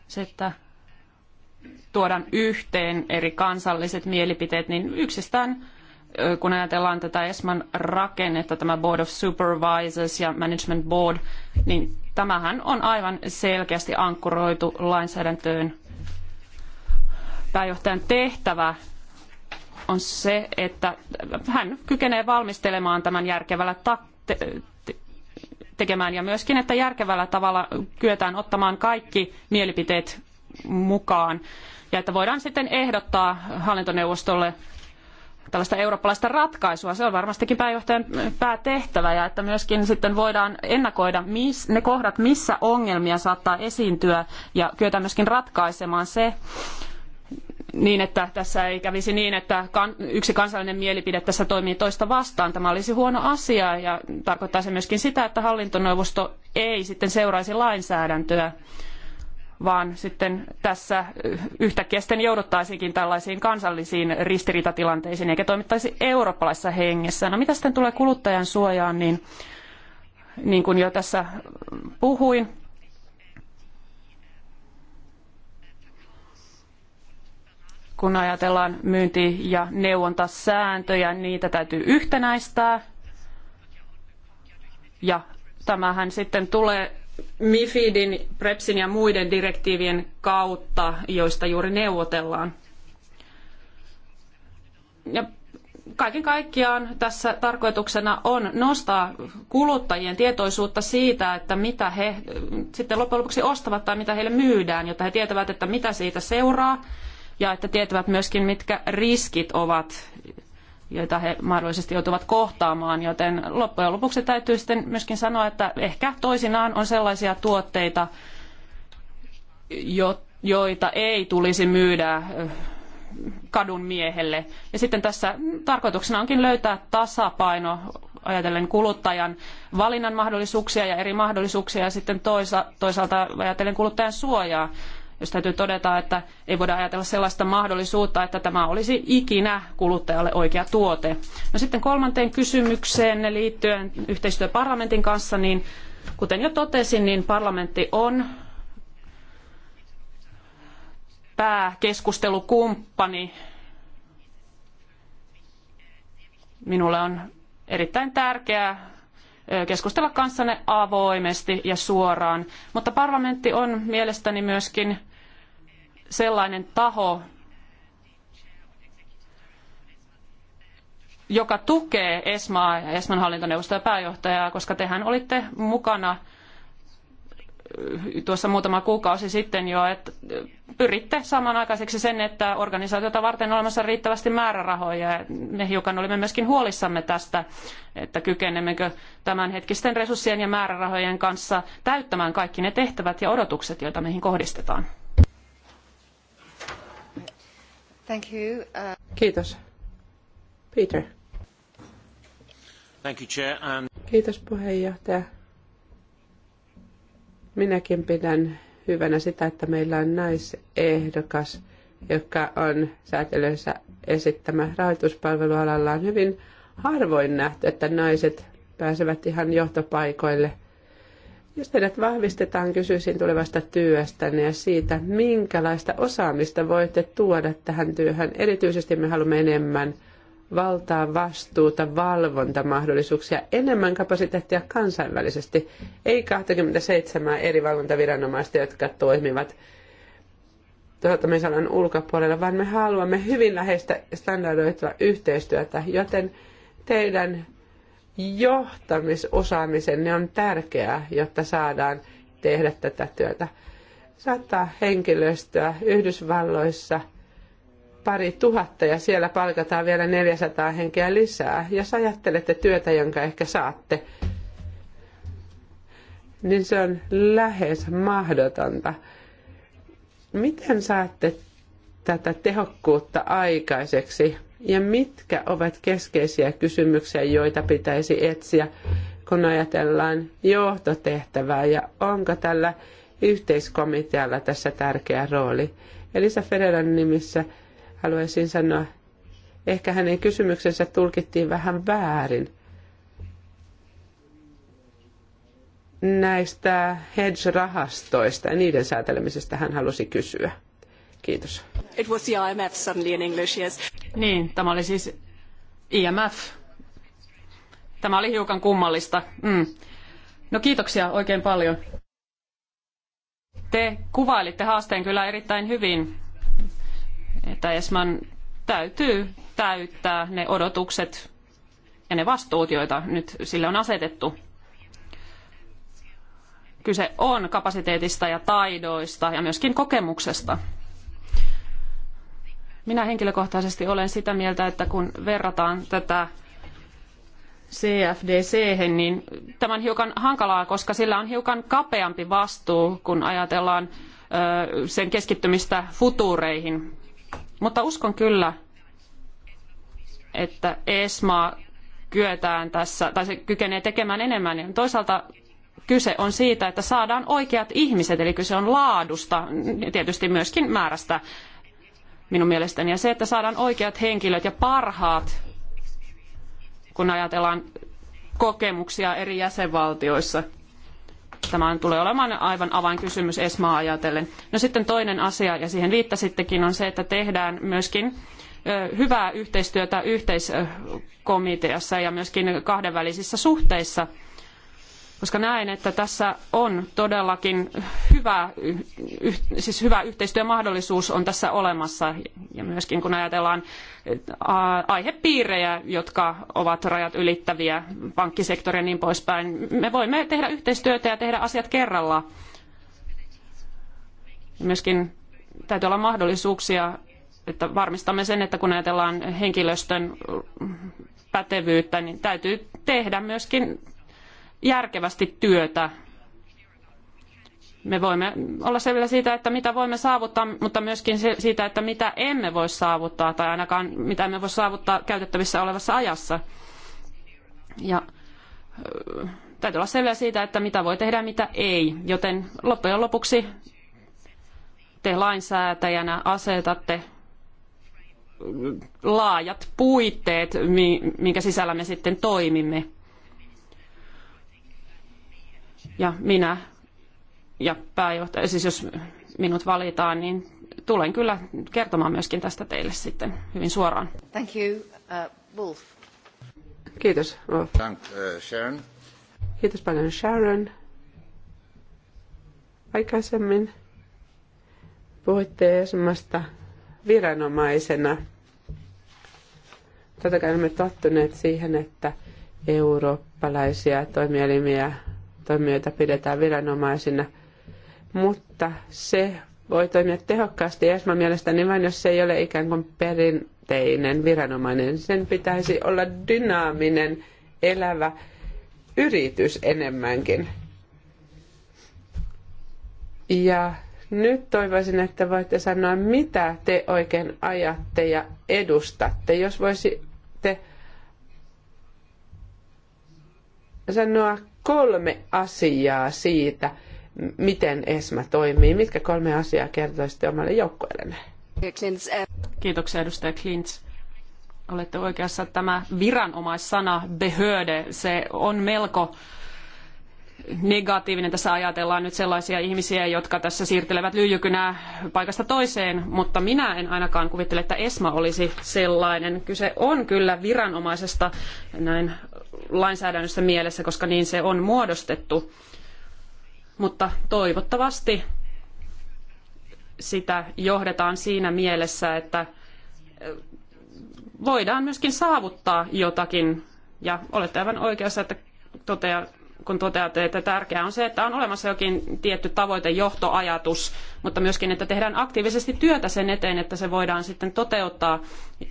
Se, että tuodaan yhteen eri kansalliset mielipiteet, niin yksistään kun ajatellaan tätä ESMAn rakennetta, tämä Board of Supervisors ja Management Board, niin tämähän on aivan selkeästi ankkuroitu lainsäädäntöön. Pääjohtajan tehtävä on se, että hän kykenee valmistelemaan tämän järkevällä tekemään ja myöskin, että järkevällä tavalla kyetään ottamaan kaikki mielipiteet mukaan ja että voidaan sitten ehdottaa hallintoneuvostolle tällaista eurooppalaista ratkaisua. Se on varmastikin pääjohtajan äh, päätehtävä ja että myöskin sitten voidaan ennakoida mis, ne kohdat, missä ongelmia saattaa esiintyä ja kyetä myöskin ratkaisemaan se, niin, että tässä ei kävisi niin, että yksi kansallinen mielipide tässä toimii toista vastaan. Tämä olisi huono asia ja tarkoittaa se myöskin sitä, että hallintoneuvosto ei sitten seuraisi lainsäädäntöä vaan sitten tässä yhtäkkiä sitten jouduttaisiinkin tällaisiin kansallisiin ristiriitatilanteisiin eikä toimittaisi eurooppalaisessa hengessä. No mitä sitten tulee kuluttajan suojaan, niin niin kuin jo tässä puhuin, kun ajatellaan myynti- ja neuvontasääntöjä, niitä täytyy yhtenäistää. Ja tämähän sitten tulee MIFIDin, PREPSin ja muiden direktiivien kautta, joista juuri neuvotellaan. Ja kaiken kaikkiaan tässä tarkoituksena on nostaa kuluttajien tietoisuutta siitä, että mitä he sitten loppujen lopuksi ostavat tai mitä heille myydään, jotta he tietävät, että mitä siitä seuraa ja että tietävät myöskin, mitkä riskit ovat joita he mahdollisesti joutuvat kohtaamaan, joten loppujen lopuksi täytyy sitten myöskin sanoa, että ehkä toisinaan on sellaisia tuotteita, joita ei tulisi myydä kadun miehelle. Ja sitten tässä tarkoituksena onkin löytää tasapaino ajatellen kuluttajan valinnan mahdollisuuksia ja eri mahdollisuuksia ja sitten toisa toisaalta ajatellen kuluttajan suojaa jos täytyy todeta, että ei voida ajatella sellaista mahdollisuutta, että tämä olisi ikinä kuluttajalle oikea tuote. No sitten kolmanteen kysymykseen liittyen yhteistyö parlamentin kanssa, niin kuten jo totesin, niin parlamentti on pääkeskustelukumppani. Minulle on erittäin tärkeää keskustella kanssanne avoimesti ja suoraan. Mutta parlamentti on mielestäni myöskin sellainen taho, joka tukee ESMAa ja ESMAn hallintoneuvostoa ja pääjohtajaa, koska tehän olitte mukana eh, tuossa muutama kuukausi sitten jo, että eh, pyritte samanaikaiseksi sen, että organisaatiota varten on olemassa riittävästi määrärahoja. Me hiukan olimme myöskin huolissamme tästä, että kykenemmekö tämänhetkisten resurssien ja määrärahojen kanssa täyttämään kaikki ne tehtävät ja odotukset, joita meihin kohdistetaan. Thank uh, Kiitos. Peter. Thank you, Chair. puheenjohtaja. Minäkin pidän hyvänä sitä, että meillä on naisehdokas, joka on säätelynsä esittämä rahoituspalvelualalla. On hyvin harvoin nähty, että naiset pääsevät ihan johtopaikoille – jos teidät vahvistetaan, kysyisin tulevasta työstänne ja siitä, minkälaista osaamista voitte tuoda tähän työhön. Erityisesti me haluamme enemmän valtaa, vastuuta, valvontamahdollisuuksia, enemmän kapasiteettia kansainvälisesti. Ei 27 eri valvontaviranomaista, jotka toimivat soveltamisalan ulkopuolella, vaan me haluamme hyvin läheistä standardoitua yhteistyötä, joten teidän johtamisosaamisen, niin on tärkeää, jotta saadaan tehdä tätä työtä. Sata henkilöstöä Yhdysvalloissa pari tuhatta ja siellä palkataan vielä 400 henkeä lisää. Jos ajattelette työtä, jonka ehkä saatte, niin se on lähes mahdotonta. Miten saatte tätä tehokkuutta aikaiseksi ja mitkä ovat keskeisiä kysymyksiä, joita pitäisi etsiä, kun ajatellaan johtotehtävää ja onko tällä yhteiskomitealla tässä tärkeä rooli. Elisa Ferreran nimissä haluaisin sanoa, ehkä hänen kysymyksensä tulkittiin vähän väärin. Näistä hedge-rahastoista ja niiden säätelemisestä hän halusi kysyä. Kiitos. It was the IMF suddenly in English, yes. Niin, tämä oli siis IMF. Tämä oli hiukan kummallista. Mm. No kiitoksia oikein paljon. Te kuvailitte haasteen kyllä erittäin hyvin, että Esman täytyy täyttää ne odotukset ja ne vastuut, joita nyt sille on asetettu. Kyse on kapasiteetista ja taidoista ja myöskin kokemuksesta. Minä henkilökohtaisesti olen sitä mieltä, että kun verrataan tätä CFDC, niin tämä on hiukan hankalaa, koska sillä on hiukan kapeampi vastuu, kun ajatellaan sen keskittymistä futuureihin. Mutta uskon kyllä, että ESMA kyetään tässä, tai se kykenee tekemään enemmän. Toisaalta kyse on siitä, että saadaan oikeat ihmiset, eli kyse on laadusta, tietysti myöskin määrästä minun mielestäni. Ja se, että saadaan oikeat henkilöt ja parhaat, kun ajatellaan kokemuksia eri jäsenvaltioissa. Tämä tulee olemaan aivan avainkysymys ESMAa ajatellen. No sitten toinen asia, ja siihen viittasittekin, on se, että tehdään myöskin hyvää yhteistyötä yhteiskomiteassa ja myöskin kahdenvälisissä suhteissa – koska näen, että tässä on todellakin hyvä, siis hyvä yhteistyömahdollisuus on tässä olemassa. Ja myöskin kun ajatellaan aihepiirejä, jotka ovat rajat ylittäviä, pankkisektori ja niin poispäin, me voimme tehdä yhteistyötä ja tehdä asiat kerralla. Myöskin täytyy olla mahdollisuuksia, että varmistamme sen, että kun ajatellaan henkilöstön pätevyyttä, niin täytyy tehdä myöskin järkevästi työtä. Me voimme olla selvillä siitä, että mitä voimme saavuttaa, mutta myöskin siitä, että mitä emme voi saavuttaa, tai ainakaan mitä emme voi saavuttaa käytettävissä olevassa ajassa. Ja täytyy olla selvillä siitä, että mitä voi tehdä ja mitä ei. Joten loppujen lopuksi te lainsäätäjänä asetatte laajat puitteet, minkä sisällä me sitten toimimme. Ja minä ja pääjohtaja, siis jos minut valitaan, niin tulen kyllä kertomaan myöskin tästä teille sitten hyvin suoraan. Thank you, uh, Wolf. Kiitos, Wolf. Thank, uh, Sharon. Kiitos paljon, Sharon. Aikaisemmin puhuitte esimmästä viranomaisena. Totta kai olemme tottuneet siihen, että eurooppalaisia toimielimiä toimijoita pidetään viranomaisina. Mutta se voi toimia tehokkaasti ESMA mielestäni vain, jos se ei ole ikään kuin perinteinen viranomainen. Sen pitäisi olla dynaaminen, elävä yritys enemmänkin. Ja nyt toivoisin, että voitte sanoa, mitä te oikein ajatte ja edustatte. Jos voisitte sanoa kolme asiaa siitä, miten ESMA toimii. Mitkä kolme asiaa kertoisitte omalle joukkueellenne? Kiitoksia edustaja Klints, Olette oikeassa. Tämä viranomaissana, behöde, se on melko negatiivinen. Tässä ajatellaan nyt sellaisia ihmisiä, jotka tässä siirtelevät lyijykynää paikasta toiseen, mutta minä en ainakaan kuvittele, että ESMA olisi sellainen. Kyse on kyllä viranomaisesta näin lainsäädännössä mielessä, koska niin se on muodostettu. Mutta toivottavasti sitä johdetaan siinä mielessä, että voidaan myöskin saavuttaa jotakin. Ja olette aivan oikeassa, että totea, kun toteatte, että tärkeää on se, että on olemassa jokin tietty tavoite, johtoajatus, mutta myöskin, että tehdään aktiivisesti työtä sen eteen, että se voidaan sitten toteuttaa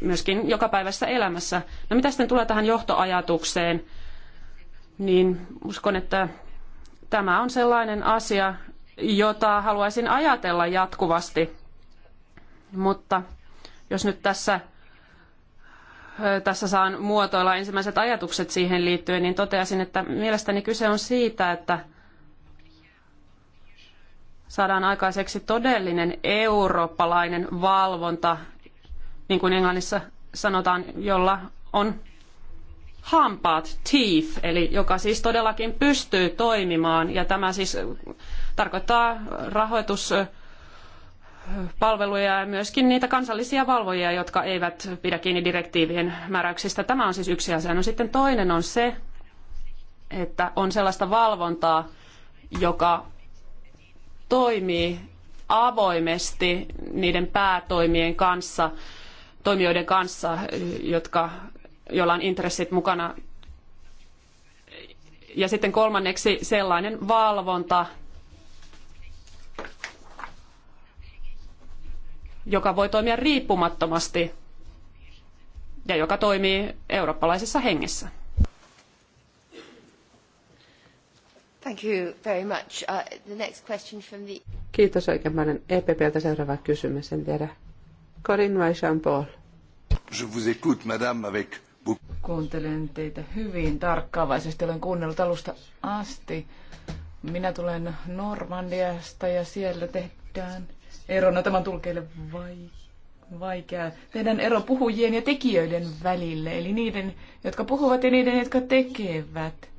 myöskin jokapäiväisessä elämässä. No mitä sitten tulee tähän johtoajatukseen, niin uskon, että tämä on sellainen asia, jota haluaisin ajatella jatkuvasti. Mutta jos nyt tässä tässä saan muotoilla ensimmäiset ajatukset siihen liittyen, niin toteaisin, että mielestäni kyse on siitä, että saadaan aikaiseksi todellinen eurooppalainen valvonta, niin kuin Englannissa sanotaan, jolla on hampaat, teeth, eli joka siis todellakin pystyy toimimaan. Ja tämä siis tarkoittaa rahoitus palveluja ja myöskin niitä kansallisia valvojia, jotka eivät pidä kiinni direktiivien määräyksistä. Tämä on siis yksi asia. No sitten toinen on se, että on sellaista valvontaa, joka toimii avoimesti niiden päätoimien kanssa, toimijoiden kanssa, jotka, joilla on intressit mukana. Ja sitten kolmanneksi sellainen valvonta, joka voi toimia riippumattomasti ja joka toimii eurooppalaisessa hengessä. Thank you very much. Uh, the next question from the... Kiitos oikein paljon. EPPltä seuraava kysymys, en tiedä. Corinne vai Jean-Paul? Je vous écoute, madame, avec Kuuntelen teitä hyvin tarkkaavaisesti. Olen kuunnellut alusta asti. Minä tulen Normandiasta ja siellä tehdään ero. No tämä on tulkeille vaikea. Tehdään ero puhujien ja tekijöiden välille, eli niiden, jotka puhuvat ja niiden, jotka tekevät.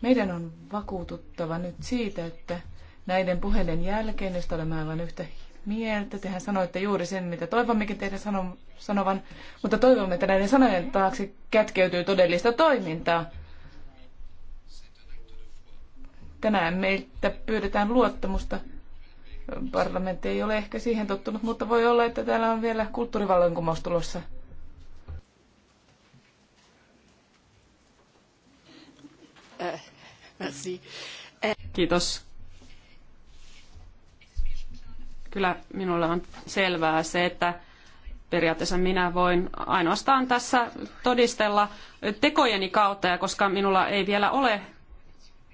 Meidän on vakuututtava nyt siitä, että näiden puheiden jälkeen, josta olemme aivan yhtä mieltä. Tehän sanoitte juuri sen, mitä toivommekin teidän sano, sanovan, mutta toivomme, että näiden sanojen taakse kätkeytyy todellista toimintaa. Tänään meiltä pyydetään luottamusta Parlamentti ei ole ehkä siihen tottunut, mutta voi olla, että täällä on vielä kulttuurivallankumous tulossa. Kiitos. Kyllä minulle on selvää se, että periaatteessa minä voin ainoastaan tässä todistella tekojeni kautta, ja koska minulla ei vielä ole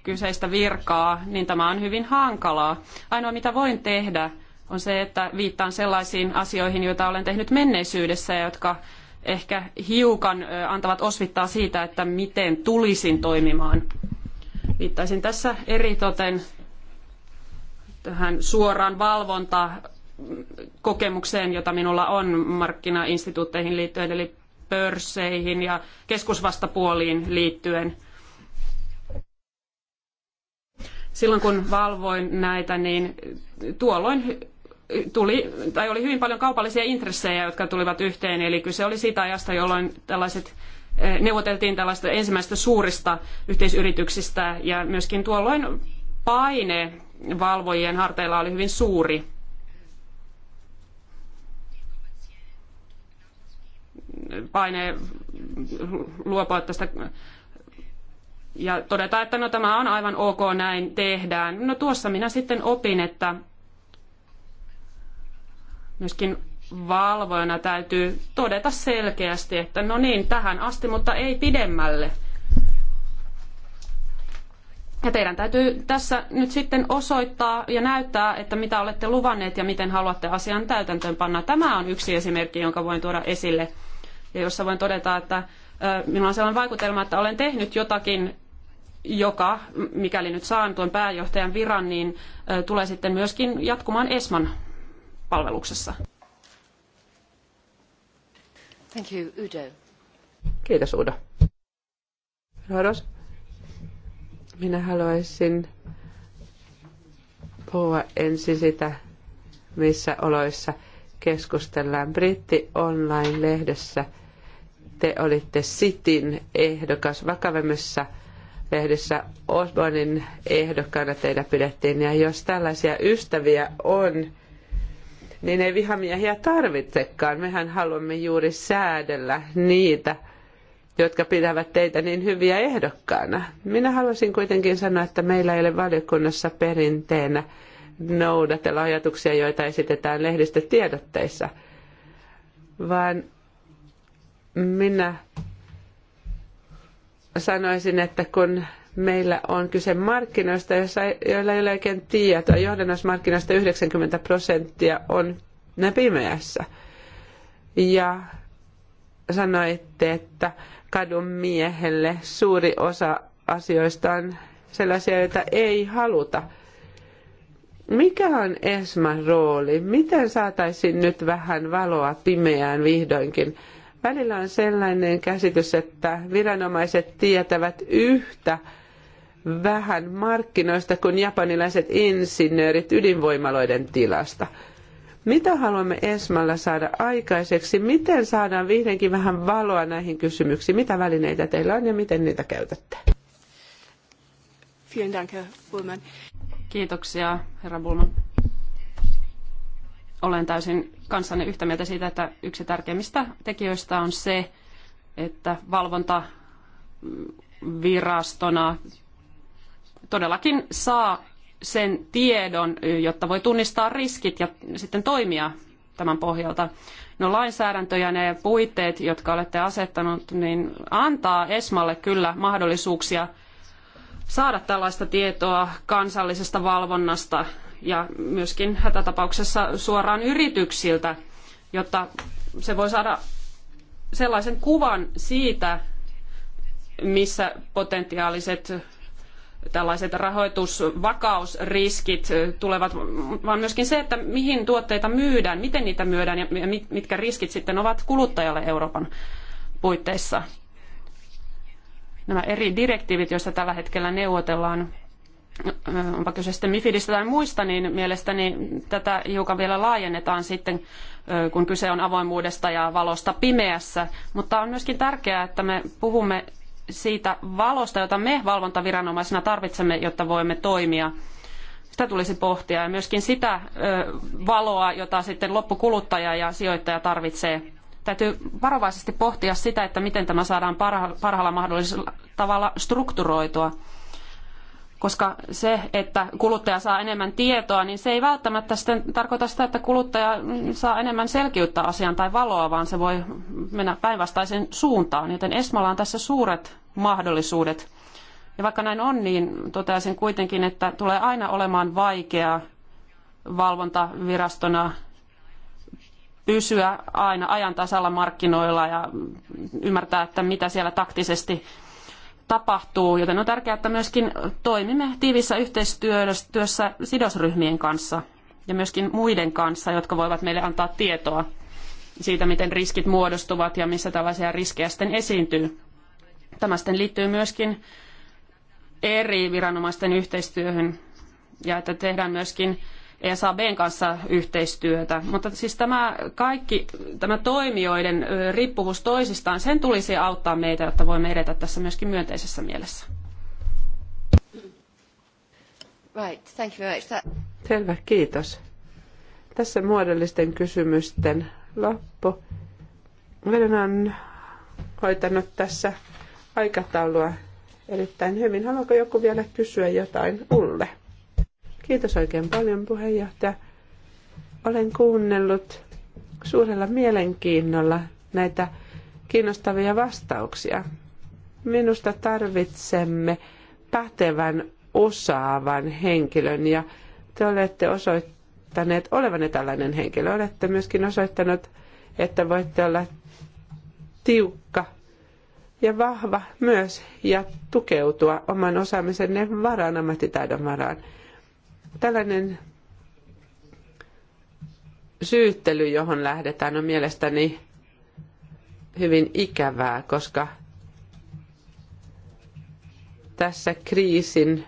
kyseistä virkaa, niin tämä on hyvin hankalaa. Ainoa mitä voin tehdä on se, että viittaan sellaisiin asioihin, joita olen tehnyt menneisyydessä ja jotka ehkä hiukan antavat osvittaa siitä, että miten tulisin toimimaan. Viittaisin tässä eritoten tähän suoraan valvonta kokemukseen, jota minulla on markkinainstituutteihin liittyen, eli pörsseihin ja keskusvastapuoliin liittyen. silloin kun valvoin näitä, niin tuolloin tuli, tai oli hyvin paljon kaupallisia intressejä, jotka tulivat yhteen. Eli kyse oli siitä ajasta, jolloin tällaiset eh, neuvoteltiin tällaista ensimmäistä suurista yhteisyrityksistä ja myöskin tuolloin paine valvojien harteilla oli hyvin suuri. Paine luopua tästä ja todetaan, että no tämä on aivan ok, näin tehdään. No tuossa minä sitten opin, että myöskin valvojana täytyy todeta selkeästi, että no niin, tähän asti, mutta ei pidemmälle. Ja teidän täytyy tässä nyt sitten osoittaa ja näyttää, että mitä olette luvanneet ja miten haluatte asian täytäntöönpanna. Tämä on yksi esimerkki, jonka voin tuoda esille ja jossa voin todeta, että minulla on sellainen vaikutelma, että olen tehnyt jotakin joka, mikäli nyt saan tuon pääjohtajan viran, niin tulee sitten myöskin jatkumaan ESMAn palveluksessa. Thank you, Udo. Kiitos Udo. Rodos. Minä haluaisin puhua ensin sitä, missä oloissa keskustellaan. Britti Online-lehdessä te olitte Sitin ehdokas vakavimmissa lehdissä Osbornin ehdokkaana teitä pidettiin. Ja jos tällaisia ystäviä on, niin ei vihamiehiä tarvitsekaan. Mehän haluamme juuri säädellä niitä, jotka pitävät teitä niin hyviä ehdokkaana. Minä haluaisin kuitenkin sanoa, että meillä ei ole valiokunnassa perinteenä noudatella ajatuksia, joita esitetään lehdistötiedotteissa, vaan minä sanoisin, että kun meillä on kyse markkinoista, joilla ei ole oikein tietoa, johdannaismarkkinoista 90 prosenttia on ne pimeässä. Ja sanoitte, että kadun miehelle suuri osa asioista on sellaisia, joita ei haluta. Mikä on Esman rooli? Miten saataisiin nyt vähän valoa pimeään vihdoinkin? Välillä on sellainen käsitys, että viranomaiset tietävät yhtä vähän markkinoista kuin japanilaiset insinöörit ydinvoimaloiden tilasta. Mitä haluamme Esmalla saada aikaiseksi? Miten saadaan vihdoinkin vähän valoa näihin kysymyksiin? Mitä välineitä teillä on ja miten niitä käytätte? Kiitoksia, herra Bulman. Olen täysin kanssanne yhtä mieltä siitä, että yksi tärkeimmistä tekijöistä on se, että valvontavirastona mm, todellakin saa sen tiedon, jotta voi tunnistaa riskit ja sitten toimia tämän pohjalta. No lainsäädäntö ja ne puitteet, jotka olette asettanut, niin antaa Esmalle kyllä mahdollisuuksia saada tällaista tietoa kansallisesta valvonnasta ja myöskin hätätapauksessa suoraan yrityksiltä, jotta se voi saada sellaisen kuvan siitä, missä potentiaaliset tällaiset rahoitusvakausriskit tulevat, vaan myöskin se, että mihin tuotteita myydään, miten niitä myydään ja mitkä riskit sitten ovat kuluttajalle Euroopan puitteissa. Nämä eri direktiivit, joista tällä hetkellä neuvotellaan, onpa kyse sitten Mifidistä tai muista, niin mielestäni tätä hiukan vielä laajennetaan sitten, kun kyse on avoimuudesta ja valosta pimeässä. Mutta on myöskin tärkeää, että me puhumme siitä valosta, jota me valvontaviranomaisena tarvitsemme, jotta voimme toimia. Sitä tulisi pohtia ja myöskin sitä valoa, jota sitten loppukuluttaja ja sijoittaja tarvitsee. Täytyy varovaisesti pohtia sitä, että miten tämä saadaan parha- parhaalla mahdollisella tavalla strukturoitua koska se, että kuluttaja saa enemmän tietoa, niin se ei välttämättä sitten tarkoita sitä, että kuluttaja saa enemmän selkeyttä asiaan tai valoa, vaan se voi mennä päinvastaisen suuntaan. Joten Esmalla on tässä suuret mahdollisuudet. Ja vaikka näin on, niin toteaisin kuitenkin, että tulee aina olemaan vaikeaa valvontavirastona pysyä aina ajan tasalla markkinoilla ja ymmärtää, että mitä siellä taktisesti tapahtuu, joten on tärkeää, että myöskin toimimme tiivissä yhteistyössä sidosryhmien kanssa ja myöskin muiden kanssa, jotka voivat meille antaa tietoa siitä, miten riskit muodostuvat ja missä tällaisia riskejä sitten esiintyy. Tämä sitten liittyy myöskin eri viranomaisten yhteistyöhön ja että tehdään myöskin SABn kanssa yhteistyötä. Mutta siis tämä kaikki, tämä toimijoiden riippuvuus toisistaan, sen tulisi auttaa meitä, jotta voimme edetä tässä myöskin myönteisessä mielessä. Right, thank you very much. That... Selvä, kiitos. Tässä muodollisten kysymysten loppu. Meidän on hoitanut tässä aikataulua erittäin hyvin. Haluaako joku vielä kysyä jotain Ulle? Kiitos oikein paljon puheenjohtaja. Olen kuunnellut suurella mielenkiinnolla näitä kiinnostavia vastauksia. Minusta tarvitsemme pätevän, osaavan henkilön ja te olette osoittaneet olevanne tällainen henkilö. Olette myöskin osoittanut, että voitte olla tiukka ja vahva myös ja tukeutua oman osaamisenne varaan, ammattitaidon varaan. Tällainen syyttely, johon lähdetään, on mielestäni hyvin ikävää, koska tässä kriisin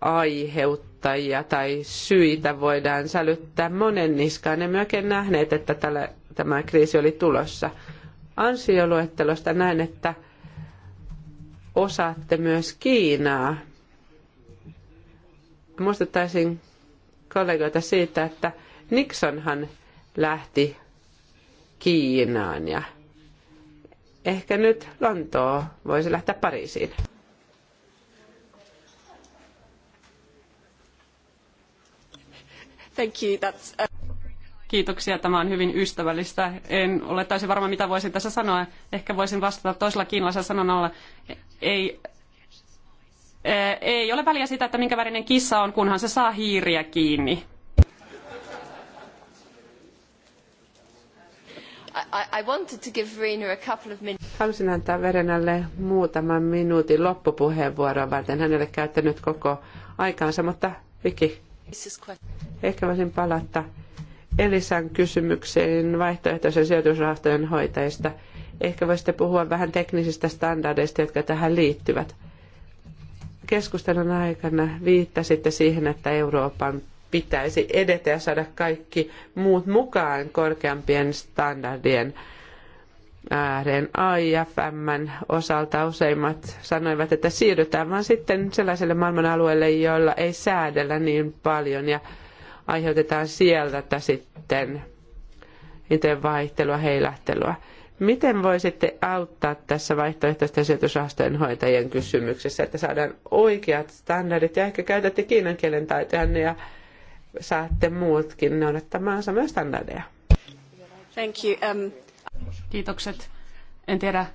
aiheuttajia tai syitä voidaan sälyttää monen niskaan. Emme oikein nähneet, että tällä, tämä kriisi oli tulossa. Ansioluettelosta näen, että osaatte myös Kiinaa muistuttaisin kollegoita siitä, että Nixonhan lähti Kiinaan ja ehkä nyt Lontoo voisi lähteä Pariisiin. Thank you. That's... Uh, Kiitoksia, tämä on hyvin ystävällistä. En ole täysin varma, mitä voisin tässä sanoa. Ehkä voisin vastata toisella kiinalaisella sanonalla. Ei Eh, ei ole väliä sitä, että minkä värinen kissa on, kunhan se saa hiiriä kiinni. I to give a of Halusin antaa Verenalle muutaman minuutin loppupuheenvuoroa varten. Hän ei ole käyttänyt koko aikaansa, mutta Viki, ehkä voisin palata Elisan kysymykseen vaihtoehtoisen sijoitusrahastojen hoitajista. Ehkä voisitte puhua vähän teknisistä standardeista, jotka tähän liittyvät keskustelun aikana viittasitte siihen, että Euroopan pitäisi edetä ja saada kaikki muut mukaan korkeampien standardien ääreen. IFMn osalta useimmat sanoivat, että siirrytään vaan sitten sellaiselle maailman alueelle, jolla ei säädellä niin paljon ja aiheutetaan sieltä sitten vaihtelua, heilähtelua. Miten voisitte auttaa tässä vaihtoehtoisten sijoitusrahastojen hoitajien kysymyksessä, että saadaan oikeat standardit ja ehkä käytätte kiinan kielen taitojanne ja saatte muutkin noudattamaan samoja standardeja? Thank you. Um... Kiitokset. En tiedä,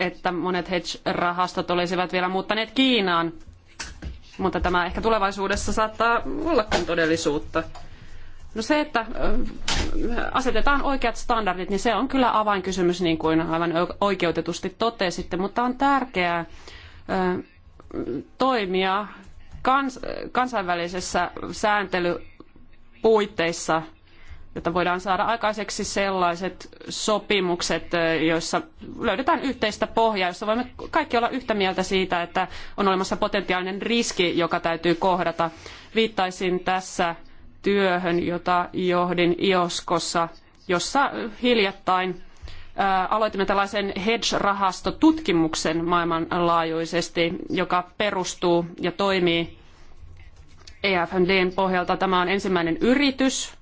että monet hedge-rahastot olisivat vielä muuttaneet Kiinaan, mutta tämä ehkä tulevaisuudessa saattaa ollakin todellisuutta. No se, että asetetaan oikeat standardit, niin se on kyllä avainkysymys, niin kuin aivan oikeutetusti totesitte, mutta on tärkeää toimia kans, kansainvälisessä sääntelypuitteissa, jotta voidaan saada aikaiseksi sellaiset sopimukset, joissa löydetään yhteistä pohjaa, jossa voimme kaikki olla yhtä mieltä siitä, että on olemassa potentiaalinen riski, joka täytyy kohdata. Viittaisin tässä työhön, jota johdin Ioskossa, jossa hiljattain aloitimme tällaisen hedge-rahastotutkimuksen maailmanlaajuisesti, joka perustuu ja toimii EFMDn pohjalta. Tämä on ensimmäinen yritys,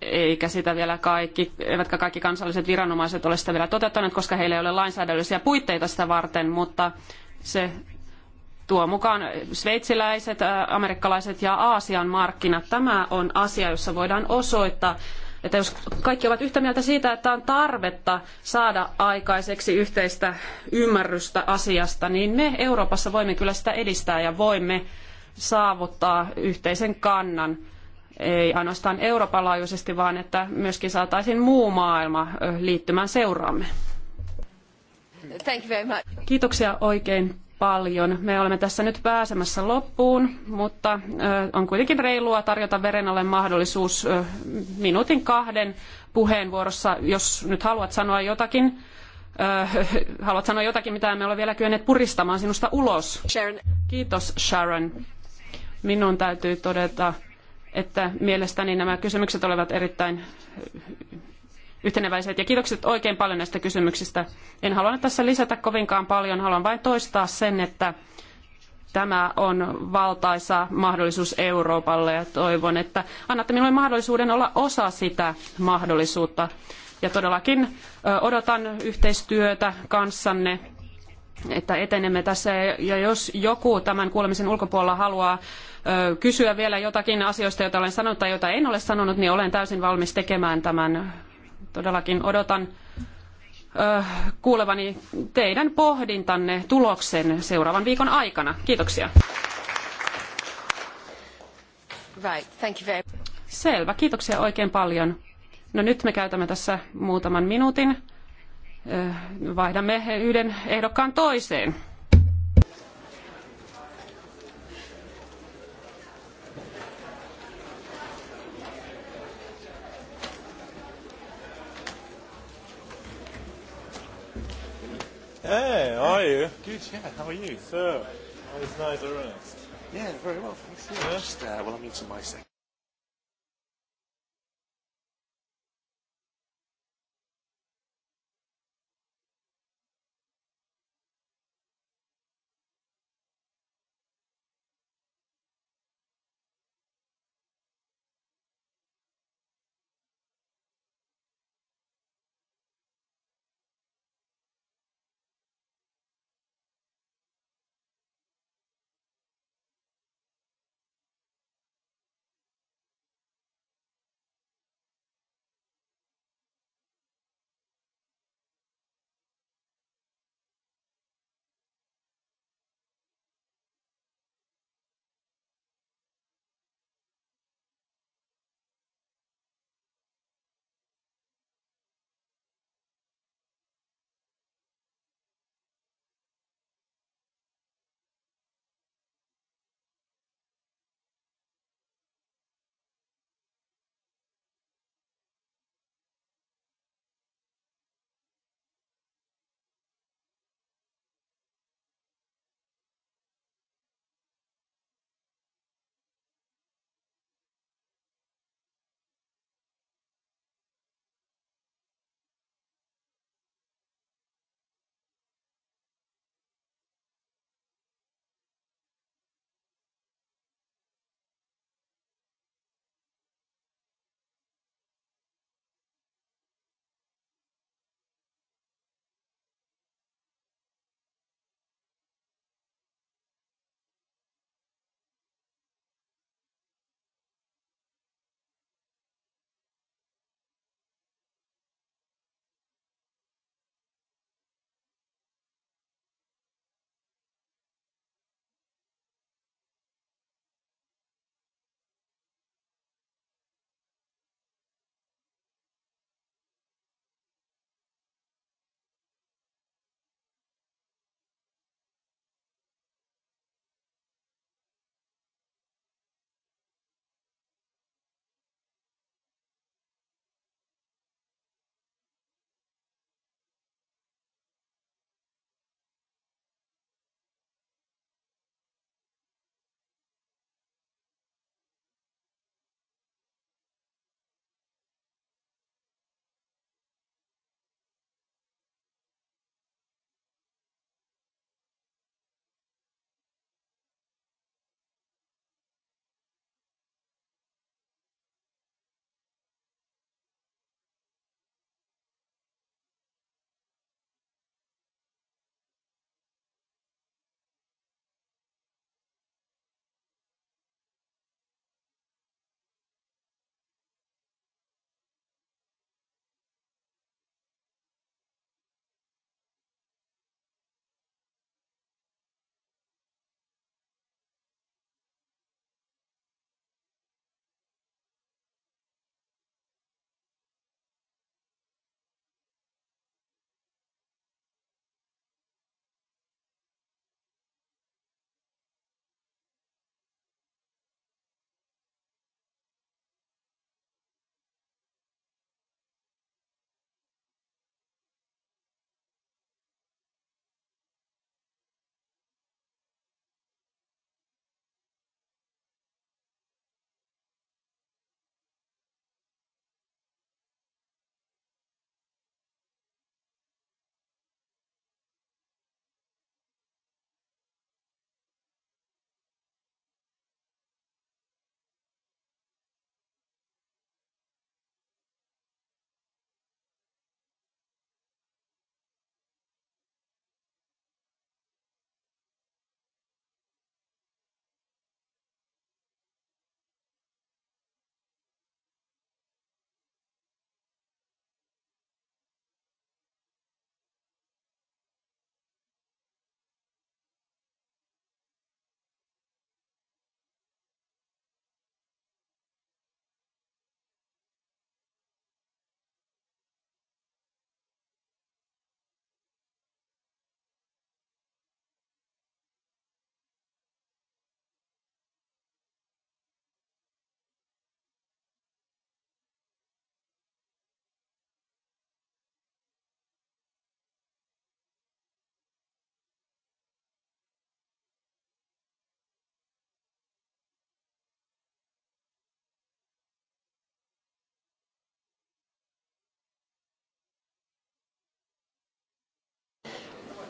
eikä sitä vielä kaikki, eivätkä kaikki kansalliset viranomaiset ole sitä vielä toteuttaneet, koska heillä ei ole lainsäädännöllisiä puitteita sitä varten, mutta se tuo mukaan sveitsiläiset, amerikkalaiset ja Aasian markkinat. Tämä on asia, jossa voidaan osoittaa, että jos kaikki ovat yhtä mieltä siitä, että on tarvetta saada aikaiseksi yhteistä ymmärrystä asiasta, niin me Euroopassa voimme kyllä sitä edistää ja voimme saavuttaa yhteisen kannan. Ei ainoastaan Euroopan laajuisesti, vaan että myöskin saataisiin muu maailma liittymään seuraamme. Kiitoksia oikein paljon. Me olemme tässä nyt pääsemässä loppuun, mutta on kuitenkin reilua tarjota verenalle mahdollisuus minuutin kahden puheenvuorossa, jos nyt haluat sanoa jotakin. Haluat sanoa jotakin, mitä emme ole vielä kyenneet puristamaan sinusta ulos. Sharon. Kiitos Sharon. Minun täytyy todeta, että mielestäni nämä kysymykset olivat erittäin yhteneväiset. Ja kiitokset oikein paljon näistä kysymyksistä. En halua nyt tässä lisätä kovinkaan paljon, haluan vain toistaa sen, että tämä on valtaisa mahdollisuus Euroopalle ja toivon, että annatte minulle mahdollisuuden olla osa sitä mahdollisuutta. Ja todellakin odotan yhteistyötä kanssanne että etenemme tässä. Ja jos joku tämän kuulemisen ulkopuolella haluaa kysyä vielä jotakin asioista, joita olen sanonut tai joita en ole sanonut, niin olen täysin valmis tekemään tämän todellakin odotan kuulevani teidän pohdintanne tuloksen seuraavan viikon aikana. Kiitoksia. Right, thank you very... Selvä, kiitoksia oikein paljon. No nyt me käytämme tässä muutaman minuutin. Vaihdamme yhden ehdokkaan toiseen. Hey, how are you? Good, yeah, how are you? So, always nice, isn't it? Yeah, very well, thanks. Yeah, yeah. just, uh, well, I'm eating my second.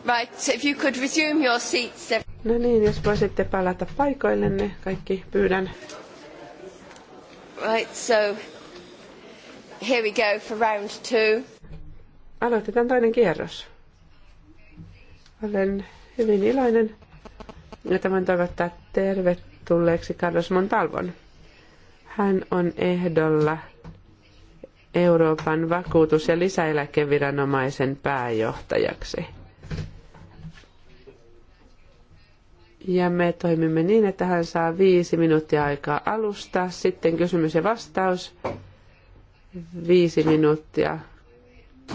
Right, if you could resume your seats. No niin, jos voisitte palata paikoillenne, kaikki pyydän. Right, so here we go for round two. Aloitetaan toinen kierros. Olen hyvin iloinen ja tämän toivottaa tervetulleeksi Carlos Montalvon. Hän on ehdolla Euroopan vakuutus- ja lisäeläkeviranomaisen pääjohtajaksi. Ja me toimimme niin, että hän saa viisi minuuttia aikaa alusta, sitten kysymys ja vastaus, viisi minuuttia.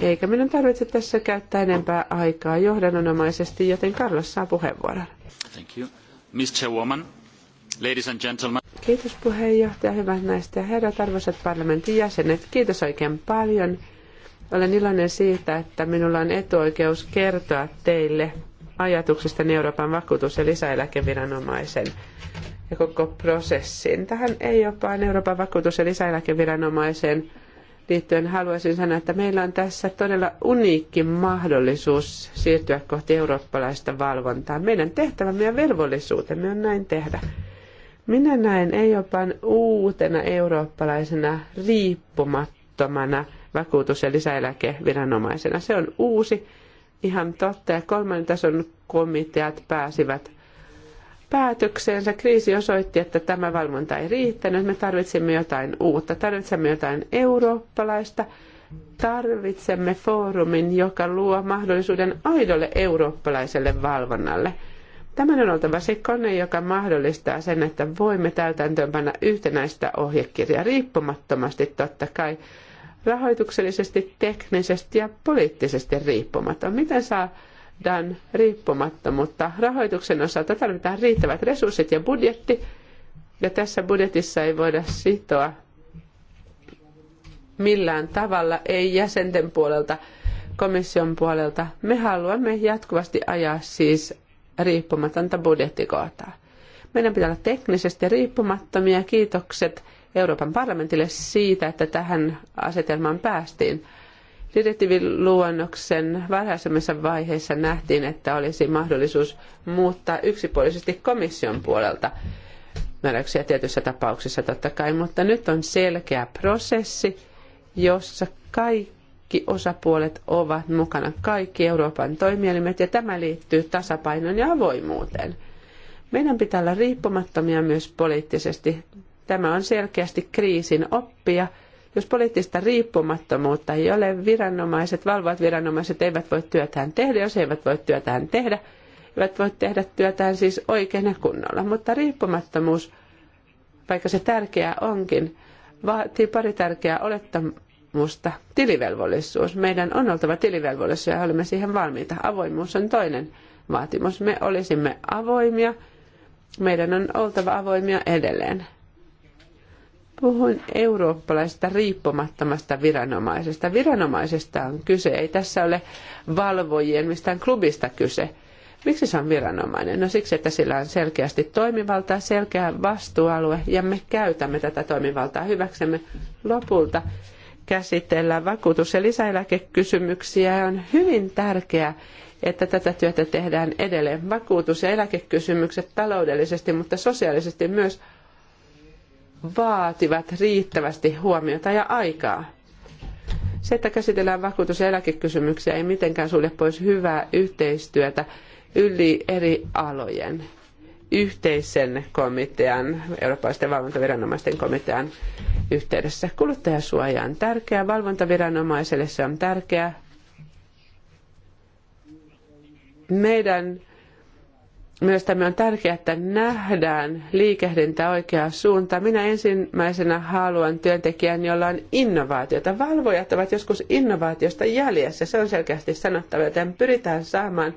Eikä minun tarvitse tässä käyttää enempää aikaa johdannonomaisesti, joten Carlos saa puheenvuoron. Thank you. Miss Chairwoman, ladies and gentlemen. Kiitos puheenjohtaja, hyvät naiset ja herrat, arvoisat parlamentin jäsenet. Kiitos oikein paljon. Olen iloinen siitä, että minulla on etuoikeus kertoa teille ajatuksesta niin Euroopan vakuutus- ja lisäeläkeviranomaisen ja koko prosessin. Tähän ei jopa Euroopan vakuutus- ja lisäeläkeviranomaiseen liittyen haluaisin sanoa, että meillä on tässä todella uniikki mahdollisuus siirtyä kohti eurooppalaista valvontaa. Meidän tehtävämme ja velvollisuutemme on näin tehdä. Minä näen jopa uutena eurooppalaisena riippumattomana vakuutus- ja lisäeläkeviranomaisena. Se on uusi ihan totta. Ja kolmannen tason komiteat pääsivät päätökseensä. Kriisi osoitti, että tämä valvonta ei riittänyt. Me tarvitsemme jotain uutta. Tarvitsemme jotain eurooppalaista. Tarvitsemme foorumin, joka luo mahdollisuuden aidolle eurooppalaiselle valvonnalle. Tämän on oltava se kone, joka mahdollistaa sen, että voimme täytäntöönpanna yhtenäistä ohjekirjaa riippumattomasti totta kai rahoituksellisesti, teknisesti ja poliittisesti riippumaton. Miten saadaan riippumattomuutta? Rahoituksen osalta tarvitaan riittävät resurssit ja budjetti, ja tässä budjetissa ei voida sitoa millään tavalla, ei jäsenten puolelta, komission puolelta. Me haluamme jatkuvasti ajaa siis riippumatonta budjettikohtaa. Meidän pitää olla teknisesti riippumattomia. Kiitokset Euroopan parlamentille siitä, että tähän asetelmaan päästiin. Direktiiviluonnoksen varhaisemmassa vaiheessa nähtiin, että olisi mahdollisuus muuttaa yksipuolisesti komission puolelta määräyksiä tietyissä tapauksissa totta kai, mutta nyt on selkeä prosessi, jossa kaikki osapuolet ovat mukana, kaikki Euroopan toimielimet, ja tämä liittyy tasapainoon ja avoimuuteen. Meidän pitää olla riippumattomia myös poliittisesti. Tämä on selkeästi kriisin oppia. Jos poliittista riippumattomuutta ei ole, viranomaiset, valvovat viranomaiset eivät voi työtään tehdä, jos eivät voi työtään tehdä, eivät voi tehdä työtään siis oikein ja kunnolla. Mutta riippumattomuus, vaikka se tärkeää onkin, vaatii pari tärkeää olettamusta. Tilivelvollisuus. Meidän on oltava tilivelvollisia ja olemme siihen valmiita. Avoimuus on toinen vaatimus. Me olisimme avoimia. Meidän on oltava avoimia edelleen. Puhun eurooppalaisesta riippumattomasta viranomaisesta. Viranomaisesta on kyse, ei tässä ole valvojien mistään klubista kyse. Miksi se on viranomainen? No siksi, että sillä on selkeästi toimivaltaa, selkeä vastuualue ja me käytämme tätä toimivaltaa hyväksemme. Lopulta käsitellään vakuutus- ja lisäeläkekysymyksiä. On hyvin tärkeää, että tätä työtä tehdään edelleen. Vakuutus- ja eläkekysymykset taloudellisesti, mutta sosiaalisesti myös vaativat riittävästi huomiota ja aikaa. Se, että käsitellään vakuutus- ja eläkekysymyksiä, ei mitenkään sulje pois hyvää yhteistyötä yli eri alojen. Yhteisen komitean, eurooppalaisten valvontaviranomaisten komitean yhteydessä. Kuluttajasuoja on tärkeä, valvontaviranomaiselle se on tärkeä. Meidän myös tämä on tärkeää, että nähdään liikehdintä oikeaan suuntaan. Minä ensimmäisenä haluan työntekijän, jolla on innovaatiota. Valvojat ovat joskus innovaatiosta jäljessä, se on selkeästi sanottava, joten pyritään saamaan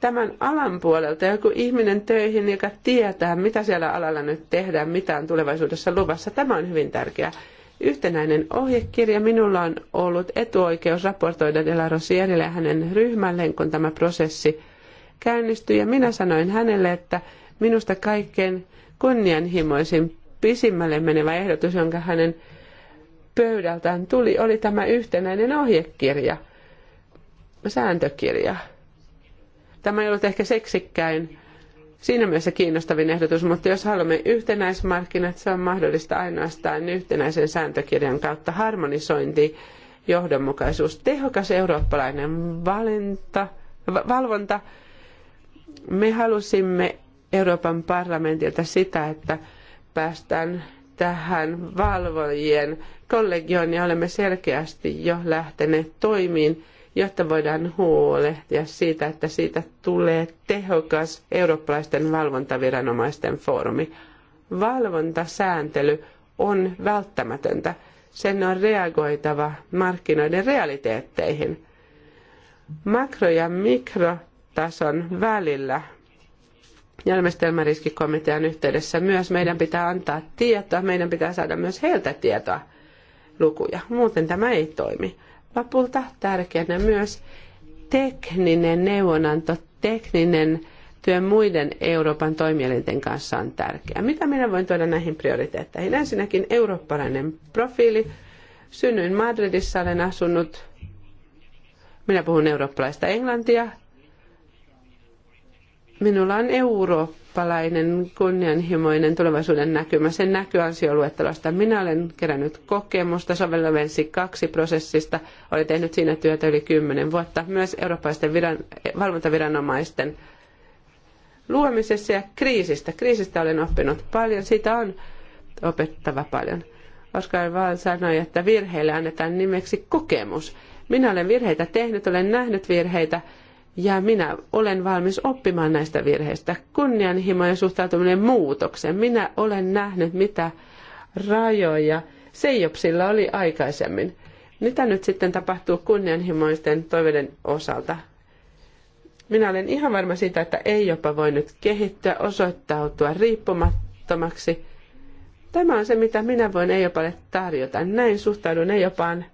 tämän alan puolelta joku ihminen töihin, joka tietää, mitä siellä alalla nyt tehdään, mitä on tulevaisuudessa luvassa. Tämä on hyvin tärkeää. Yhtenäinen ohjekirja. Minulla on ollut etuoikeus raportoida Delarosierille ja hänen ryhmälleen, kun tämä prosessi – käynnistyi ja minä sanoin hänelle, että minusta kaikkein kunnianhimoisin pisimmälle menevä ehdotus, jonka hänen pöydältään tuli, oli tämä yhtenäinen ohjekirja, sääntökirja. Tämä ei ollut ehkä seksikkäin siinä mielessä kiinnostavin ehdotus, mutta jos haluamme yhtenäismarkkinat, se on mahdollista ainoastaan yhtenäisen sääntökirjan kautta harmonisointi, johdonmukaisuus, tehokas eurooppalainen valinta, valvonta me halusimme Euroopan parlamentilta sitä, että päästään tähän valvojien kollegioon ja olemme selkeästi jo lähteneet toimiin, jotta voidaan huolehtia siitä, että siitä tulee tehokas eurooppalaisten valvontaviranomaisten foorumi. Valvontasääntely on välttämätöntä. Sen on reagoitava markkinoiden realiteetteihin. Makro- ja mikro tason välillä. jälmestelmäriskikomitean yhteydessä myös meidän pitää antaa tietoa, meidän pitää saada myös heiltä tietoa lukuja. Muuten tämä ei toimi. Lopulta tärkeänä myös tekninen neuvonanto, tekninen työ muiden Euroopan toimielinten kanssa on tärkeää. Mitä minä voin tuoda näihin prioriteetteihin? Ensinnäkin eurooppalainen profiili. Synnyin Madridissa, olen asunut, minä puhun eurooppalaista englantia, Minulla on eurooppalainen kunnianhimoinen tulevaisuuden näkymä. Sen näkyy ansioluettelosta. Minä olen kerännyt kokemusta sovellavensi kaksi prosessista. Olen tehnyt siinä työtä yli kymmenen vuotta. Myös eurooppalaisten viran, valvontaviranomaisten luomisessa ja kriisistä. Kriisistä olen oppinut paljon. Siitä on opettava paljon. Oskar Val sanoi, että virheille annetaan nimeksi kokemus. Minä olen virheitä tehnyt, olen nähnyt virheitä ja minä olen valmis oppimaan näistä virheistä. Kunnianhimo ja suhtautuminen muutokseen. Minä olen nähnyt, mitä rajoja Seijopsilla oli aikaisemmin. Mitä nyt sitten tapahtuu kunnianhimoisten toiveiden osalta? Minä olen ihan varma siitä, että ei jopa voi nyt kehittyä, osoittautua riippumattomaksi. Tämä on se, mitä minä voin ei jopa tarjota. Näin suhtaudun ei jopaan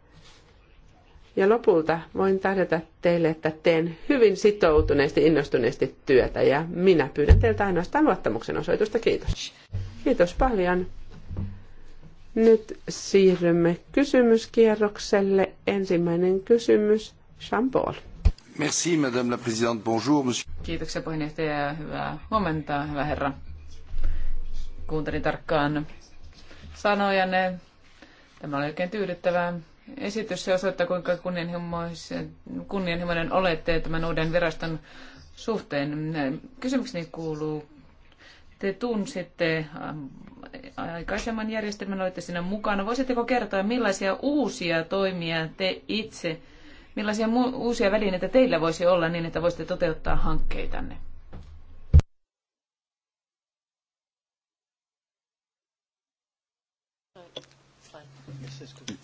ja lopulta voin tarjota teille, että teen hyvin sitoutuneesti, innostuneesti työtä ja minä pyydän teiltä ainoastaan luottamuksen osoitusta. Kiitos. Kiitos paljon. Nyt siirrymme kysymyskierrokselle. Ensimmäinen kysymys, Jean-Paul. Merci, Madame la Présidente. Bonjour, Monsieur. Kiitoksia puheenjohtaja. Hyvää huomenta, hyvä herra. Kuuntelin tarkkaan sanojanne. Tämä oli oikein tyydyttävää esitys se osoittaa, kuinka kunnianhimoinen olette tämän uuden viraston suhteen. Kysymykseni kuuluu, te tunsitte ähm, aikaisemman järjestelmän, olette siinä mukana. Voisitteko kertoa, millaisia uusia toimia te itse, millaisia uusia välineitä teillä voisi olla niin, että voisitte toteuttaa hankkeitanne?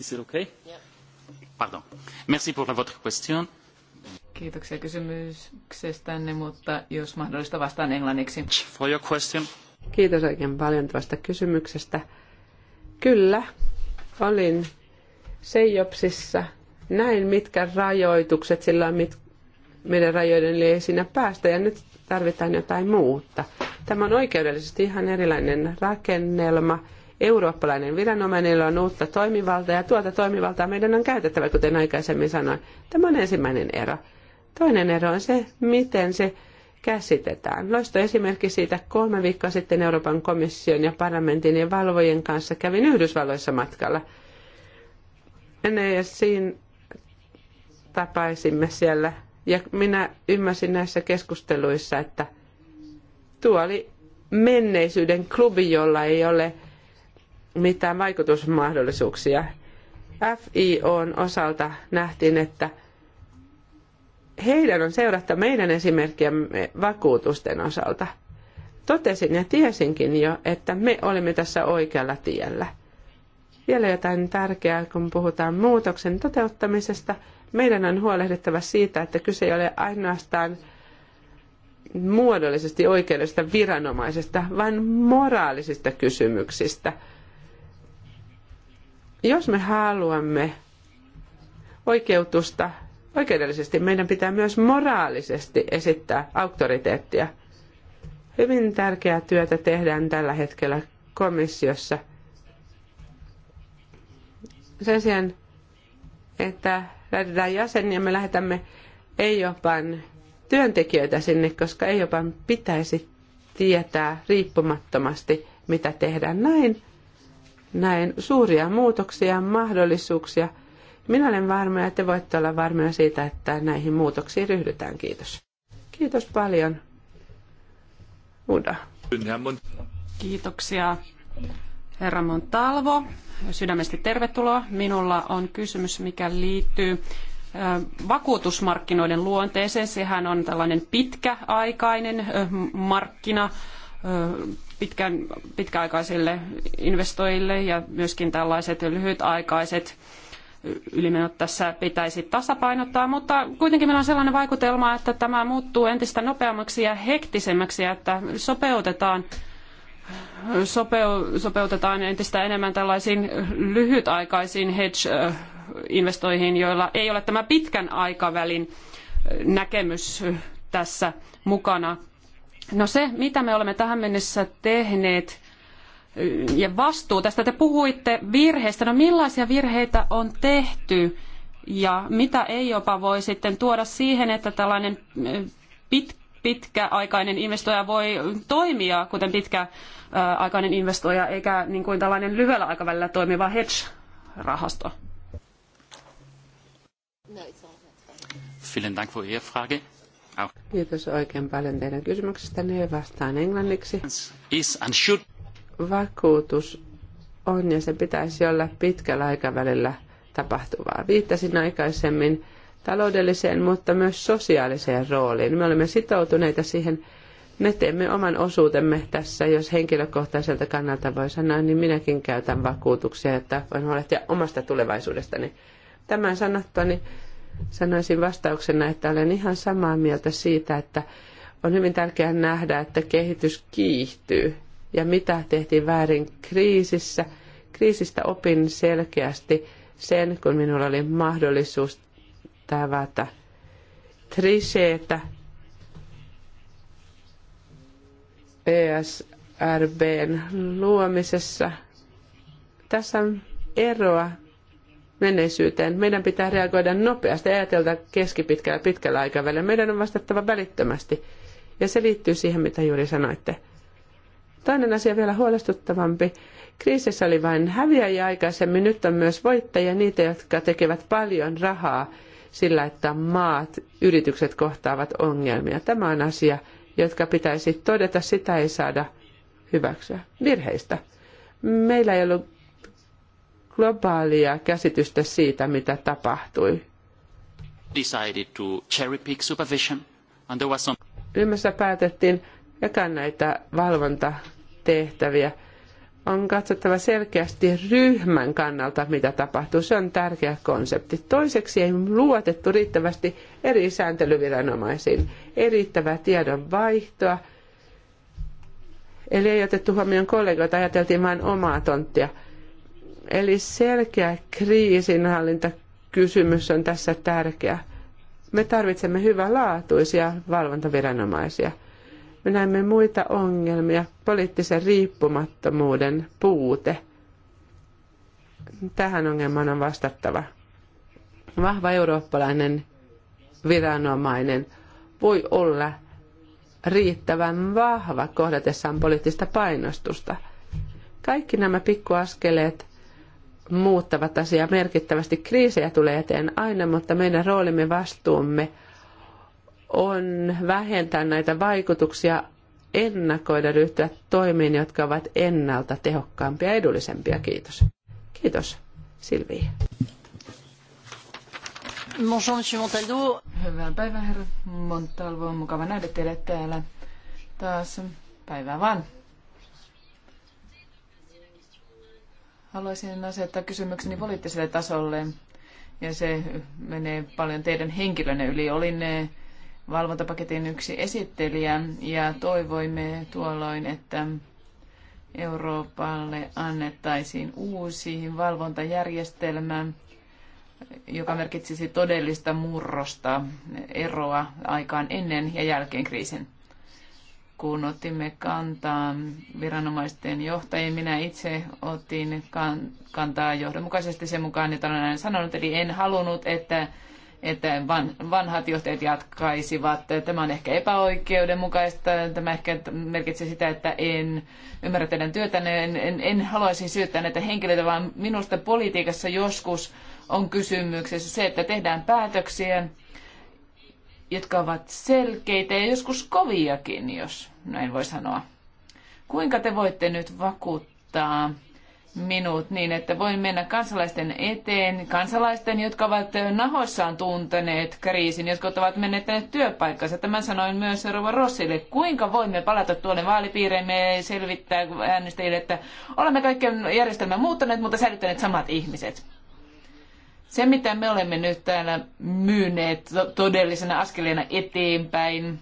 Is it okay? Pardon. Merci pour votre question. Kiitoksia kysymyksestänne, mutta jos mahdollista vastaan englanniksi. For your question. Kiitos oikein paljon tuosta kysymyksestä. Kyllä, olin Seijopsissa. Näin mitkä rajoitukset sillä on, mit, meidän rajoiden eli ei siinä päästä ja nyt tarvitaan jotain muuta. Tämä on oikeudellisesti ihan erilainen rakennelma eurooppalainen viranomainen, jolla on uutta toimivaltaa, ja tuota toimivaltaa meidän on käytettävä, kuten aikaisemmin sanoin. Tämä on ensimmäinen ero. Toinen ero on se, miten se käsitetään. Loisto esimerkki siitä kolme viikkoa sitten Euroopan komission ja parlamentin ja valvojen kanssa kävin Yhdysvalloissa matkalla. siinä tapaisimme siellä ja minä ymmärsin näissä keskusteluissa, että tuo oli menneisyyden klubi, jolla ei ole mitään vaikutusmahdollisuuksia. FIOn osalta nähtiin, että heidän on seurattava meidän esimerkkiä vakuutusten osalta. Totesin ja tiesinkin jo, että me olemme tässä oikealla tiellä. Vielä jotain tärkeää, kun puhutaan muutoksen toteuttamisesta. Meidän on huolehdittava siitä, että kyse ei ole ainoastaan muodollisesti oikeudesta viranomaisesta, vaan moraalisista kysymyksistä – jos me haluamme oikeutusta oikeudellisesti, meidän pitää myös moraalisesti esittää auktoriteettia. Hyvin tärkeää työtä tehdään tällä hetkellä komissiossa. Sen sijaan, että lähdetään jäseniä, me lähetämme EIOPan työntekijöitä sinne, koska EIOPan pitäisi tietää riippumattomasti, mitä tehdään. Näin näen suuria muutoksia ja mahdollisuuksia. Minä olen varma ja te voitte olla varmoja siitä, että näihin muutoksiin ryhdytään. Kiitos. Kiitos paljon. Uda. Kiitoksia. Herra Montalvo, sydämesti tervetuloa. Minulla on kysymys, mikä liittyy vakuutusmarkkinoiden luonteeseen. Sehän on tällainen pitkäaikainen markkina pitkän, pitkäaikaisille investoijille ja myöskin tällaiset lyhytaikaiset ylimenot tässä pitäisi tasapainottaa, mutta kuitenkin meillä on sellainen vaikutelma, että tämä muuttuu entistä nopeammaksi ja hektisemmäksi, että sopeutetaan, sopeu, sopeutetaan entistä enemmän tällaisiin lyhytaikaisiin hedge-investoihin, joilla ei ole tämä pitkän aikavälin näkemys tässä mukana. No se, mitä me olemme tähän mennessä tehneet, ja vastuu tästä, te puhuitte virheistä. No millaisia virheitä on tehty ja mitä ei jopa voi sitten tuoda siihen, että tällainen pit, pitkäaikainen investoija voi toimia, kuten pitkäaikainen investoija, eikä niin kuin tällainen lyhyellä aikavälillä toimiva hedge-rahasto? Vielen Dank für Ihre Frage. Kiitos oikein paljon teidän kysymyksestänne ja vastaan englanniksi. Is and should. Vakuutus on ja se pitäisi olla pitkällä aikavälillä tapahtuvaa. Viittasin aikaisemmin taloudelliseen, mutta myös sosiaaliseen rooliin. Me olemme sitoutuneita siihen. Me teemme oman osuutemme tässä, jos henkilökohtaiselta kannalta voi sanoa, niin minäkin käytän vakuutuksia, että voin huolehtia omasta tulevaisuudestani. Tämän sanottuani niin Sanoisin vastauksena, että olen ihan samaa mieltä siitä, että on hyvin tärkeää nähdä, että kehitys kiihtyy ja mitä tehtiin väärin kriisissä. Kriisistä opin selkeästi sen, kun minulla oli mahdollisuus tavata Triseetä ESRBn luomisessa. Tässä on eroa menneisyyteen. Meidän pitää reagoida nopeasti, ajatella keskipitkällä ja pitkällä aikavälillä. Meidän on vastattava välittömästi. Ja se liittyy siihen, mitä juuri sanoitte. Toinen asia vielä huolestuttavampi. Kriisissä oli vain häviäjiä aikaisemmin, nyt on myös voittajia, niitä, jotka tekevät paljon rahaa sillä, että maat, yritykset kohtaavat ongelmia. Tämä on asia, jotka pitäisi todeta, sitä ei saada hyväksyä virheistä. Meillä ei ollut globaalia käsitystä siitä, mitä tapahtui. Ryhmässä päätettiin jakaa näitä valvontatehtäviä. On katsottava selkeästi ryhmän kannalta, mitä tapahtuu. Se on tärkeä konsepti. Toiseksi ei luotettu riittävästi eri sääntelyviranomaisiin. Ei riittävää tiedon vaihtoa. Eli ei otettu huomioon kollegoita, ajateltiin vain omaa tonttia – Eli selkeä kriisinhallintakysymys on tässä tärkeä. Me tarvitsemme hyvälaatuisia valvontaviranomaisia. Me näemme muita ongelmia, poliittisen riippumattomuuden puute. Tähän ongelmaan on vastattava. Vahva eurooppalainen viranomainen voi olla riittävän vahva kohdatessaan poliittista painostusta. Kaikki nämä pikkuaskeleet muuttavat asiaa merkittävästi. Kriisejä tulee eteen aina, mutta meidän roolimme vastuumme on vähentää näitä vaikutuksia, ennakoida, ryhtyä toimiin, jotka ovat ennalta tehokkaampia ja edullisempia. Kiitos. Kiitos. Silvi. Bonjour, monsieur Montaldo. Hyvää päivää, herra Montalvo. Mukava nähdä teille täällä taas. Päivää vaan. Haluaisin asettaa kysymykseni poliittiselle tasolle, ja se menee paljon teidän henkilönne yli. Olin eh, valvontapaketin yksi esittelijä, ja toivoimme tuolloin, että Euroopalle annettaisiin uusi valvontajärjestelmä, joka merkitsisi todellista murrosta, eroa aikaan ennen ja jälkeen kriisin kun otimme kantaa viranomaisten johtajien, Minä itse otin kantaa johdonmukaisesti sen mukaan, että olen sanonut, eli en halunnut, että että vanhat johtajat jatkaisivat. Tämä on ehkä epäoikeudenmukaista. Tämä ehkä merkitsee sitä, että en ymmärrä teidän työtänne. En, en, en haluaisi syyttää näitä henkilöitä, vaan minusta politiikassa joskus on kysymyksessä se, että tehdään päätöksiä, jotka ovat selkeitä ja joskus koviakin, jos näin voi sanoa. Kuinka te voitte nyt vakuuttaa minut niin, että voin mennä kansalaisten eteen, kansalaisten, jotka ovat nahoissaan tunteneet kriisin, jotka ovat menettäneet työpaikkansa. Tämän sanoin myös Rova Rossille. Kuinka voimme palata tuonne vaalipiireemme ja selvittää äänestäjille, että olemme kaikkien järjestelmän muuttaneet, mutta säilyttäneet samat ihmiset? Se, mitä me olemme nyt täällä myyneet todellisena askeleena eteenpäin,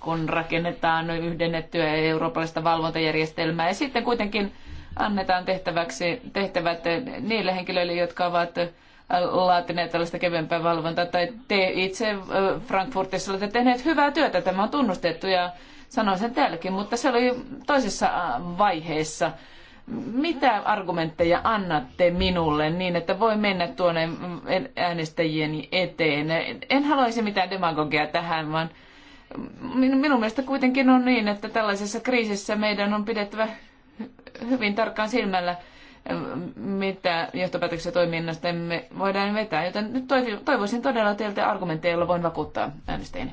kun rakennetaan yhdennettyä eurooppalaista valvontajärjestelmää, ja sitten kuitenkin annetaan tehtäväksi, tehtävät niille henkilöille, jotka ovat äh, laatineet tällaista kevyempää valvontaa, tai te itse äh, Frankfurtissa olette tehneet hyvää työtä, tämä on tunnustettu ja sanoin sen täälläkin, mutta se oli toisessa äh, vaiheessa mitä argumentteja annatte minulle niin, että voi mennä tuonne äänestäjien eteen? En haluaisi mitään demagogiaa tähän, vaan minun mielestä kuitenkin on niin, että tällaisessa kriisissä meidän on pidettävä hyvin tarkkaan silmällä, mitä johtopäätöksiä toiminnasta me voidaan vetää. Joten nyt toivoisin todella teiltä argumentteja, joilla voin vakuuttaa äänestäjäni.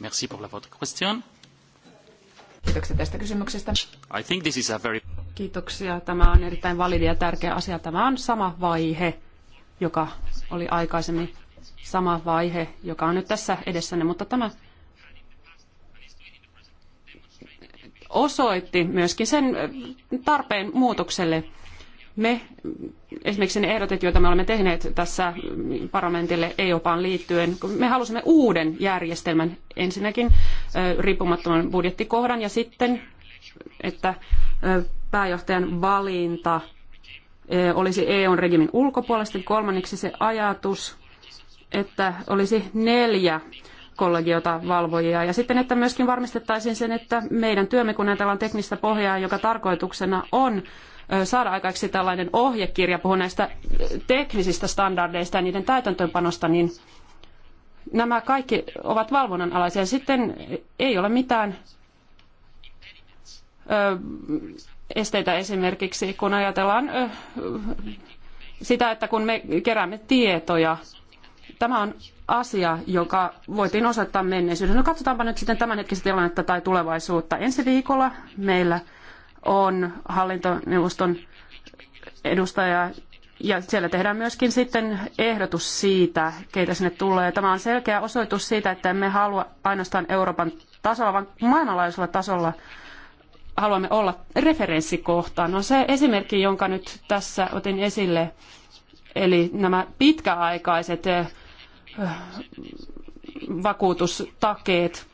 Merci pour la votre question. Kiitoksia tästä kysymyksestä. I think this is a very... Kiitoksia. Tämä on erittäin validi ja tärkeä asia. Tämä on sama vaihe, joka oli aikaisemmin sama vaihe, joka on nyt tässä edessänne, mutta tämä osoitti myöskin sen tarpeen muutokselle. Me, esimerkiksi ne ehdotet, joita me olemme tehneet tässä parlamentille EOPAan liittyen, me halusimme uuden järjestelmän, ensinnäkin riippumattoman budjettikohdan ja sitten, että pääjohtajan valinta olisi EUn regimin ulkopuolesta. Kolmanneksi se ajatus, että olisi neljä kollegiota valvojia. Ja sitten, että myöskin varmistettaisiin sen, että meidän työmme, kun ajatellaan teknistä pohjaa, joka tarkoituksena on saada aikaiseksi tällainen ohjekirja, puhun näistä teknisistä standardeista ja niiden täytäntöönpanosta, niin nämä kaikki ovat valvonnan alaisia. Sitten ei ole mitään esteitä esimerkiksi, kun ajatellaan sitä, että kun me keräämme tietoja, tämä on asia, joka voitiin osoittaa menneisyydessä. No katsotaanpa nyt sitten tämänhetkistä tilannetta tai tulevaisuutta. Ensi viikolla meillä on hallintoneuvoston edustaja ja siellä tehdään myöskin sitten ehdotus siitä, keitä sinne tulee. Tämä on selkeä osoitus siitä, että emme halua ainoastaan Euroopan tasolla, vaan maailmanlaajuisella tasolla haluamme olla referenssikohta. No se esimerkki, jonka nyt tässä otin esille, eli nämä pitkäaikaiset eh, vakuutustakeet.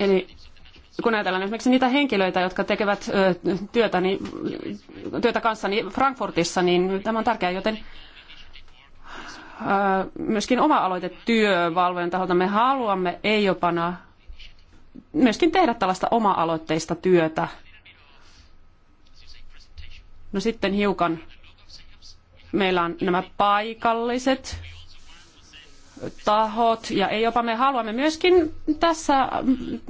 Eli kun ajatellaan esimerkiksi niitä henkilöitä, jotka tekevät työtä, niin, työtä kanssani Frankfurtissa, niin tämä on tärkeää, joten myöskin oma aloitetyö valvojen taholta me haluamme ei jopana myöskin tehdä tällaista oma-aloitteista työtä. No sitten hiukan meillä on nämä paikalliset tahot ja ei jopa me haluamme myöskin tässä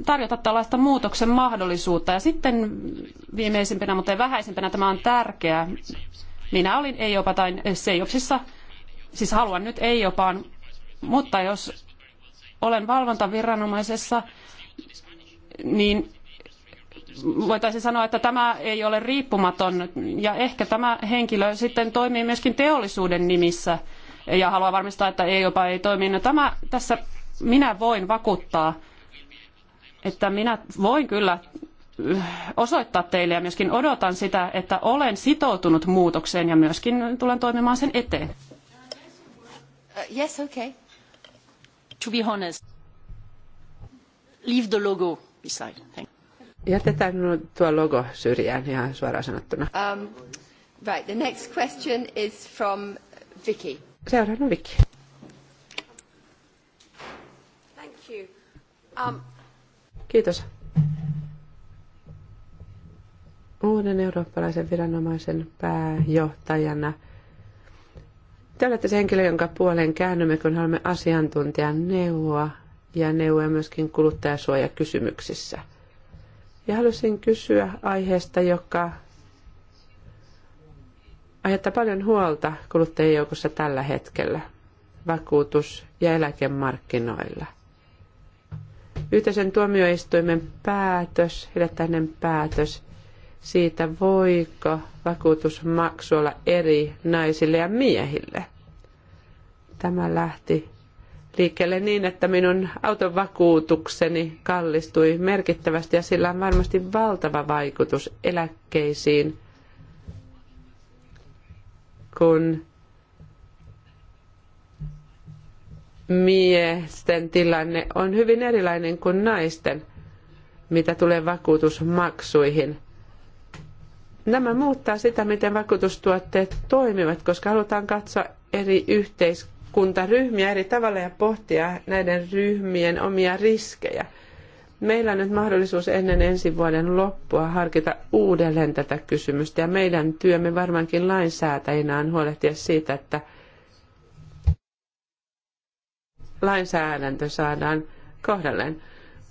tarjota tällaista muutoksen mahdollisuutta. Ja sitten viimeisimpänä, mutta ei vähäisimpänä, tämä on tärkeää. Minä olin ei jopa tai Seijopsissa, siis haluan nyt ei jopaan, mutta jos olen valvontaviranomaisessa, niin voitaisiin sanoa, että tämä ei ole riippumaton ja ehkä tämä henkilö sitten toimii myöskin teollisuuden nimissä – ja haluaa varmistaa, että ei jopa ei toimi. No tämä tässä minä voin vakuuttaa, että minä voin kyllä äh, osoittaa teille ja myöskin odotan sitä, että olen sitoutunut muutokseen ja myöskin tulen toimimaan sen eteen. Uh, yes, okay. To be honest, leave the logo beside. Thank Jätetään tuo logo syrjään ihan suoraan sanottuna. Um, right, the next question is from Vicky. Seuraavana Viki. Thank you. Um... Kiitos. Uuden eurooppalaisen viranomaisen pääjohtajana te olette se henkilö, jonka puoleen käännymme, kun haluamme asiantuntijan neuvoa ja neuvoja myöskin kuluttajasuojakysymyksissä. Ja haluaisin kysyä aiheesta, joka aiheuttaa paljon huolta kuluttajien joukossa tällä hetkellä vakuutus- ja eläkemarkkinoilla. Yhteisen tuomioistuimen päätös, hiljattainen päätös siitä, voiko vakuutusmaksu olla eri naisille ja miehille. Tämä lähti liikkeelle niin, että minun auton vakuutukseni kallistui merkittävästi ja sillä on varmasti valtava vaikutus eläkkeisiin kun miesten tilanne on hyvin erilainen kuin naisten, mitä tulee vakuutusmaksuihin. Nämä muuttaa sitä, miten vakuutustuotteet toimivat, koska halutaan katsoa eri yhteiskuntaryhmiä eri tavalla ja pohtia näiden ryhmien omia riskejä – Meillä on nyt mahdollisuus ennen ensi vuoden loppua harkita uudelleen tätä kysymystä ja meidän työmme varmaankin lainsäätäjinä on huolehtia siitä, että lainsäädäntö saadaan kohdalleen.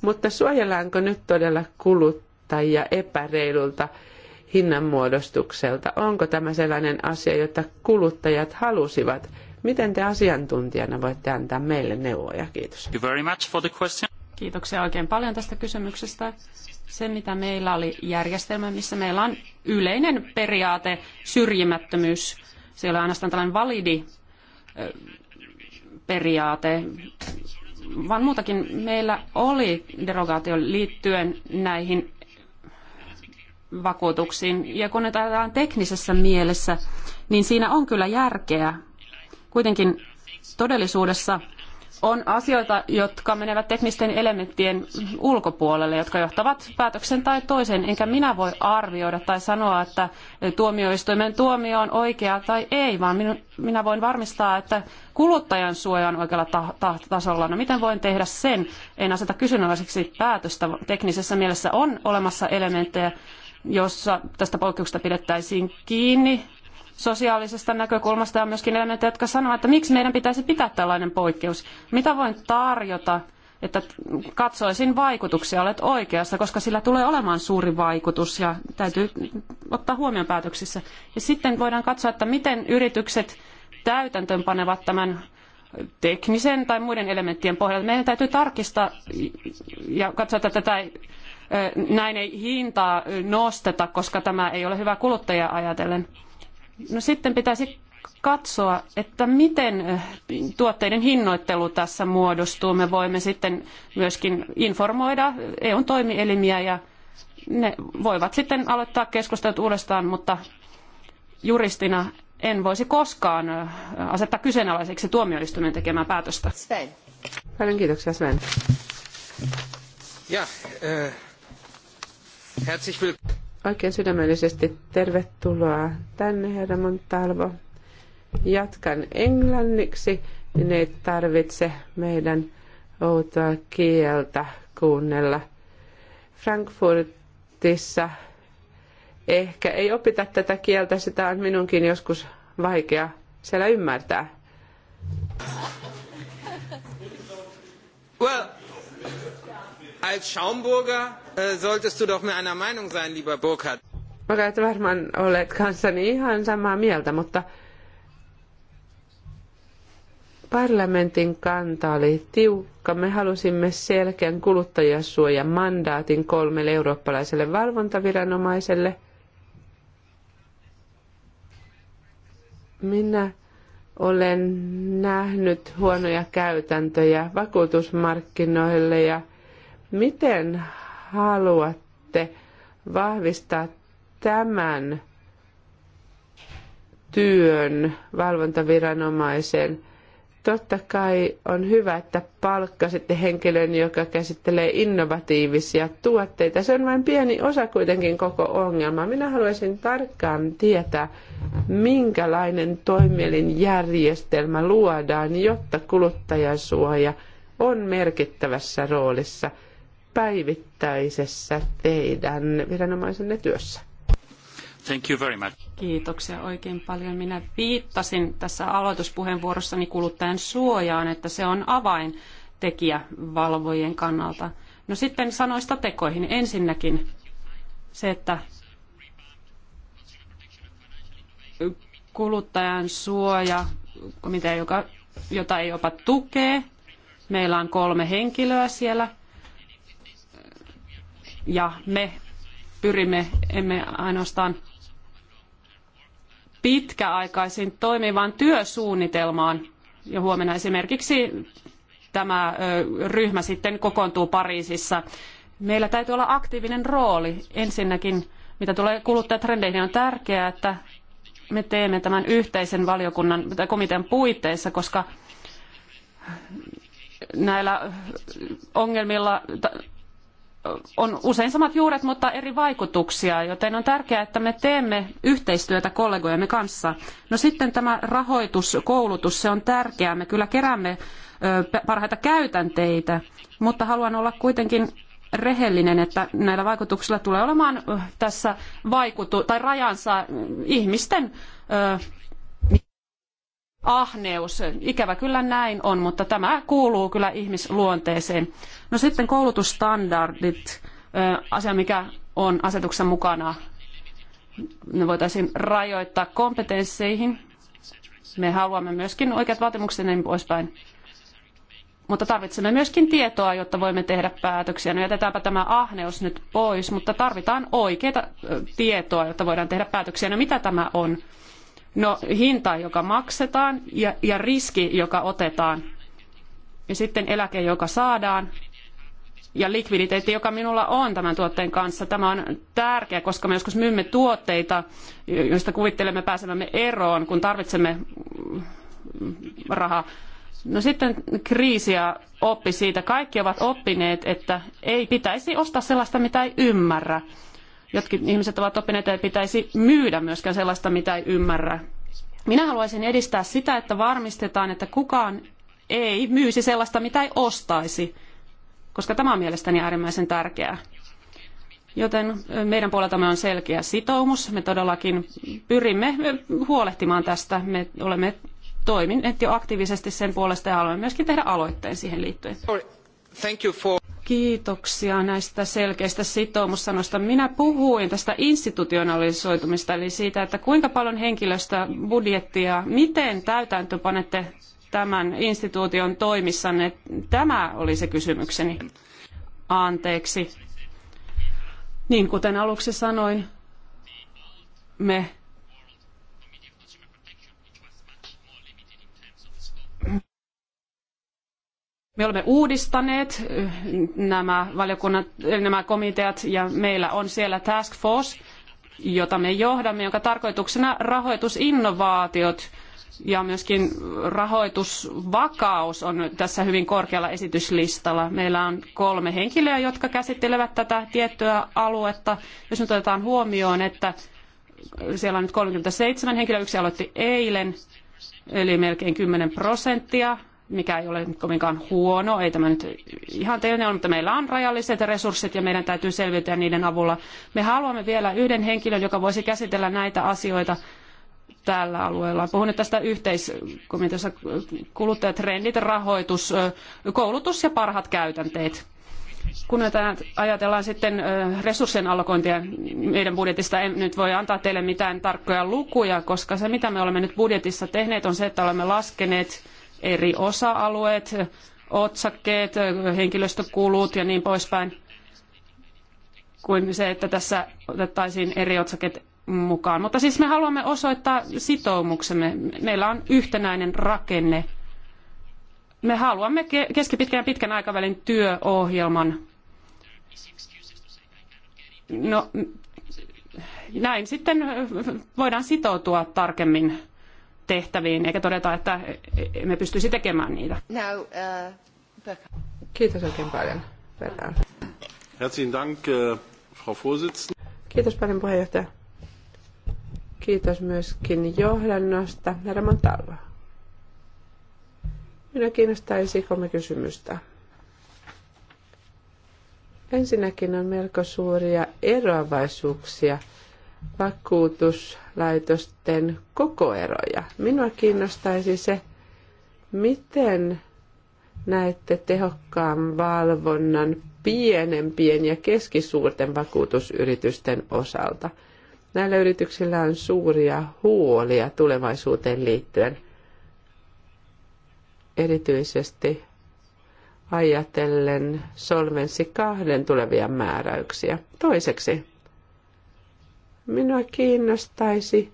Mutta suojellaanko nyt todella kuluttajia epäreilulta hinnanmuodostukselta? Onko tämä sellainen asia, jota kuluttajat halusivat? Miten te asiantuntijana voitte antaa meille neuvoja? Kiitos. Kiitoksia oikein paljon tästä kysymyksestä. Se, mitä meillä oli järjestelmä, missä meillä on yleinen periaate, syrjimättömyys. Se on ainoastaan tällainen validi periaate, vaan muutakin meillä oli derogaatio liittyen näihin vakuutuksiin. Ja kun ne ajatellaan teknisessä mielessä, niin siinä on kyllä järkeä. Kuitenkin todellisuudessa on asioita, jotka menevät teknisten elementtien ulkopuolelle, jotka johtavat päätöksen tai toisen, enkä minä voi arvioida tai sanoa, että tuomioistuimen tuomio on oikea tai ei, vaan minu, minä voin varmistaa, että kuluttajan suoja on oikealla ta ta tasolla. No miten voin tehdä sen? En aseta kysynalaiseksi päätöstä. Teknisessä mielessä on olemassa elementtejä, jossa tästä poikkeuksesta pidettäisiin kiinni, sosiaalisesta näkökulmasta ja myöskin elementtejä, jotka sanovat, että miksi meidän pitäisi pitää tällainen poikkeus. Mitä voin tarjota, että katsoisin vaikutuksia, olet oikeassa, koska sillä tulee olemaan suuri vaikutus ja täytyy ottaa huomioon päätöksissä. Ja sitten voidaan katsoa, että miten yritykset täytäntöönpanevat tämän teknisen tai muiden elementtien pohjalta. Meidän täytyy tarkistaa ja katsoa, että tätä ei, näin ei hintaa nosteta, koska tämä ei ole hyvä kuluttajia ajatellen. No sitten pitäisi katsoa, että miten eh, tuotteiden hinnoittelu tässä muodostuu. Me voimme sitten myöskin informoida EUn toimielimiä ja ne voivat sitten aloittaa keskustelut uudestaan, mutta juristina en voisi koskaan eh, asettaa kyseenalaiseksi tuomioistuimen tekemää päätöstä. Sven. Paljon kiitoksia Sven. Ja, äh, herzlich willkommen. Oikein sydämellisesti tervetuloa tänne, herra Montalvo. Jatkan englanniksi, niin ei tarvitse meidän outoa kieltä kuunnella. Frankfurtissa ehkä ei opita tätä kieltä, sitä on minunkin joskus vaikea siellä ymmärtää. Well, Als Schaumburger äh, solltest du doch mit einer Meinung sein, lieber Burkhardt. Olet varmaan olet kanssani ihan samaa mieltä, mutta parlamentin kanta oli tiukka. Me halusimme selkeän kuluttajasuojan mandaatin kolmelle eurooppalaiselle valvontaviranomaiselle. Minä olen nähnyt huonoja käytäntöjä vakuutusmarkkinoille ja – Miten haluatte vahvistaa tämän työn valvontaviranomaisen? Totta kai on hyvä, että palkkasitte henkilön, joka käsittelee innovatiivisia tuotteita. Se on vain pieni osa kuitenkin koko ongelmaa. Minä haluaisin tarkkaan tietää, minkälainen toimielin järjestelmä luodaan, jotta kuluttajansuoja on merkittävässä roolissa – päivittäisessä teidän viranomaisenne työssä? Thank you very much. Kiitoksia oikein paljon. Minä viittasin tässä aloituspuheenvuorossani kuluttajan suojaan, että se on avaintekijä valvojien kannalta. No sitten sanoista tekoihin. Ensinnäkin se, että kuluttajan suoja, komitea, joka, jota ei jopa tukee. Meillä on kolme henkilöä siellä – ja me pyrimme emme ainoastaan pitkäaikaisiin toimivaan työsuunnitelmaan. Ja huomenna esimerkiksi tämä ryhmä sitten kokoontuu Pariisissa. Meillä täytyy olla aktiivinen rooli. Ensinnäkin, mitä tulee kuluttajatrendeihin, niin on tärkeää, että me teemme tämän yhteisen valiokunnan tai komitean puitteissa, koska näillä ongelmilla on usein samat juuret, mutta eri vaikutuksia, joten on tärkeää, että me teemme yhteistyötä kollegojemme kanssa. No sitten tämä rahoitus, koulutus, se on tärkeää. Me kyllä keräämme parhaita käytänteitä, mutta haluan olla kuitenkin rehellinen, että näillä vaikutuksilla tulee olemaan tässä vaikutu- tai rajansa ihmisten ahneus. Ikävä kyllä näin on, mutta tämä kuuluu kyllä ihmisluonteeseen. No sitten koulutusstandardit, asia mikä on asetuksen mukana. Ne voitaisiin rajoittaa kompetensseihin. Me haluamme myöskin oikeat vaatimukset ja niin poispäin. Mutta tarvitsemme myöskin tietoa, jotta voimme tehdä päätöksiä. No jätetäänpä tämä ahneus nyt pois, mutta tarvitaan oikeita tietoa, jotta voidaan tehdä päätöksiä. No mitä tämä on? No hinta, joka maksetaan ja, ja riski, joka otetaan. Ja sitten eläke, joka saadaan ja likviditeetti, joka minulla on tämän tuotteen kanssa. Tämä on tärkeä, koska me joskus myymme tuotteita, joista kuvittelemme pääsemämme eroon, kun tarvitsemme rahaa. No sitten kriisi ja oppi siitä. Kaikki ovat oppineet, että ei pitäisi ostaa sellaista, mitä ei ymmärrä. Jotkin ihmiset ovat oppineet, että ei pitäisi myydä myöskään sellaista, mitä ei ymmärrä. Minä haluaisin edistää sitä, että varmistetaan, että kukaan ei myisi sellaista, mitä ei ostaisi, koska tämä on mielestäni äärimmäisen tärkeää. Joten meidän puoleltamme on selkeä sitoumus. Me todellakin pyrimme huolehtimaan tästä. Me olemme toimineet jo aktiivisesti sen puolesta ja haluamme myöskin tehdä aloitteen siihen liittyen kiitoksia näistä selkeistä sitoumussanoista. Minä puhuin tästä institutionalisoitumista, eli siitä, että kuinka paljon henkilöstä budjettia, miten täytäntö panette tämän instituution toimissanne. Tämä oli se kysymykseni. Anteeksi. Niin kuten aluksi sanoin, me Me olemme uudistaneet eh, nämä valiokunnat, eh, nämä komiteat ja meillä on siellä task force, jota me johdamme, jonka tarkoituksena rahoitusinnovaatiot ja myöskin rahoitusvakaus on tässä hyvin korkealla esityslistalla. Meillä on kolme henkilöä, jotka käsittelevät tätä tiettyä aluetta. Jos nyt otetaan huomioon, että siellä on nyt 37 henkilöä, yksi aloitti eilen, eli melkein kymmenen prosenttia mikä ei ole kovinkaan huono, ei tämä nyt ihan teille ole, mutta meillä on rajalliset resurssit ja meidän täytyy selviytyä niiden avulla. Me haluamme vielä yhden henkilön, joka voisi käsitellä näitä asioita tällä alueella. Puhun nyt tästä yhteiskomiteassa trendit, rahoitus, koulutus ja parhaat käytänteet. Kun ajatellaan sitten resurssien allokointia meidän budjetista, en nyt voi antaa teille mitään tarkkoja lukuja, koska se mitä me olemme nyt budjetissa tehneet on se, että olemme laskeneet eri osa-alueet, otsakkeet, henkilöstökulut ja niin poispäin, kuin se, että tässä otettaisiin eri otsaket mukaan. Mutta siis me haluamme osoittaa sitoumuksemme. Meillä on yhtenäinen rakenne. Me haluamme keskipitkän ja pitkän aikavälin työohjelman. No, näin sitten voidaan sitoutua tarkemmin tehtäviin, eikä todeta, että me pystyisi tekemään niitä. Now, uh, Kiitos oikein paljon, Berkan. Herzlichen Dank, äh, Frau Vorsitzende. Kiitos paljon puheenjohtaja. Kiitos myöskin johdannosta, herra Montalvo. Minä kiinnostaisi kolme kysymystä. Ensinnäkin on melko suuria eroavaisuuksia – vakuutuslaitosten kokoeroja. Minua kiinnostaisi se, miten näette tehokkaan valvonnan pienempien ja keskisuurten vakuutusyritysten osalta. Näillä yrityksillä on suuria huolia tulevaisuuteen liittyen, erityisesti ajatellen solvenssi kahden tulevia määräyksiä. Toiseksi, Minua kiinnostaisi,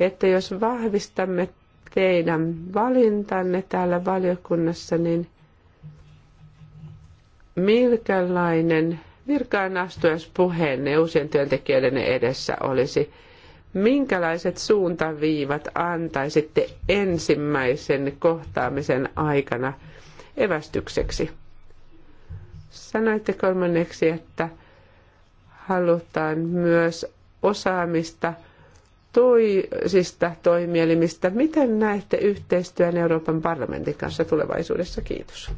että jos vahvistamme teidän valintanne täällä valiokunnassa, niin minkälainen virkaan puheenne uusien työntekijöiden edessä olisi? Minkälaiset suuntaviivat antaisitte ensimmäisen kohtaamisen aikana evästykseksi? Sanoitte kolmanneksi, että halutaan myös osaamista toisista toimielimistä. Miten näette yhteistyön Euroopan parlamentin kanssa tulevaisuudessa? Kiitos.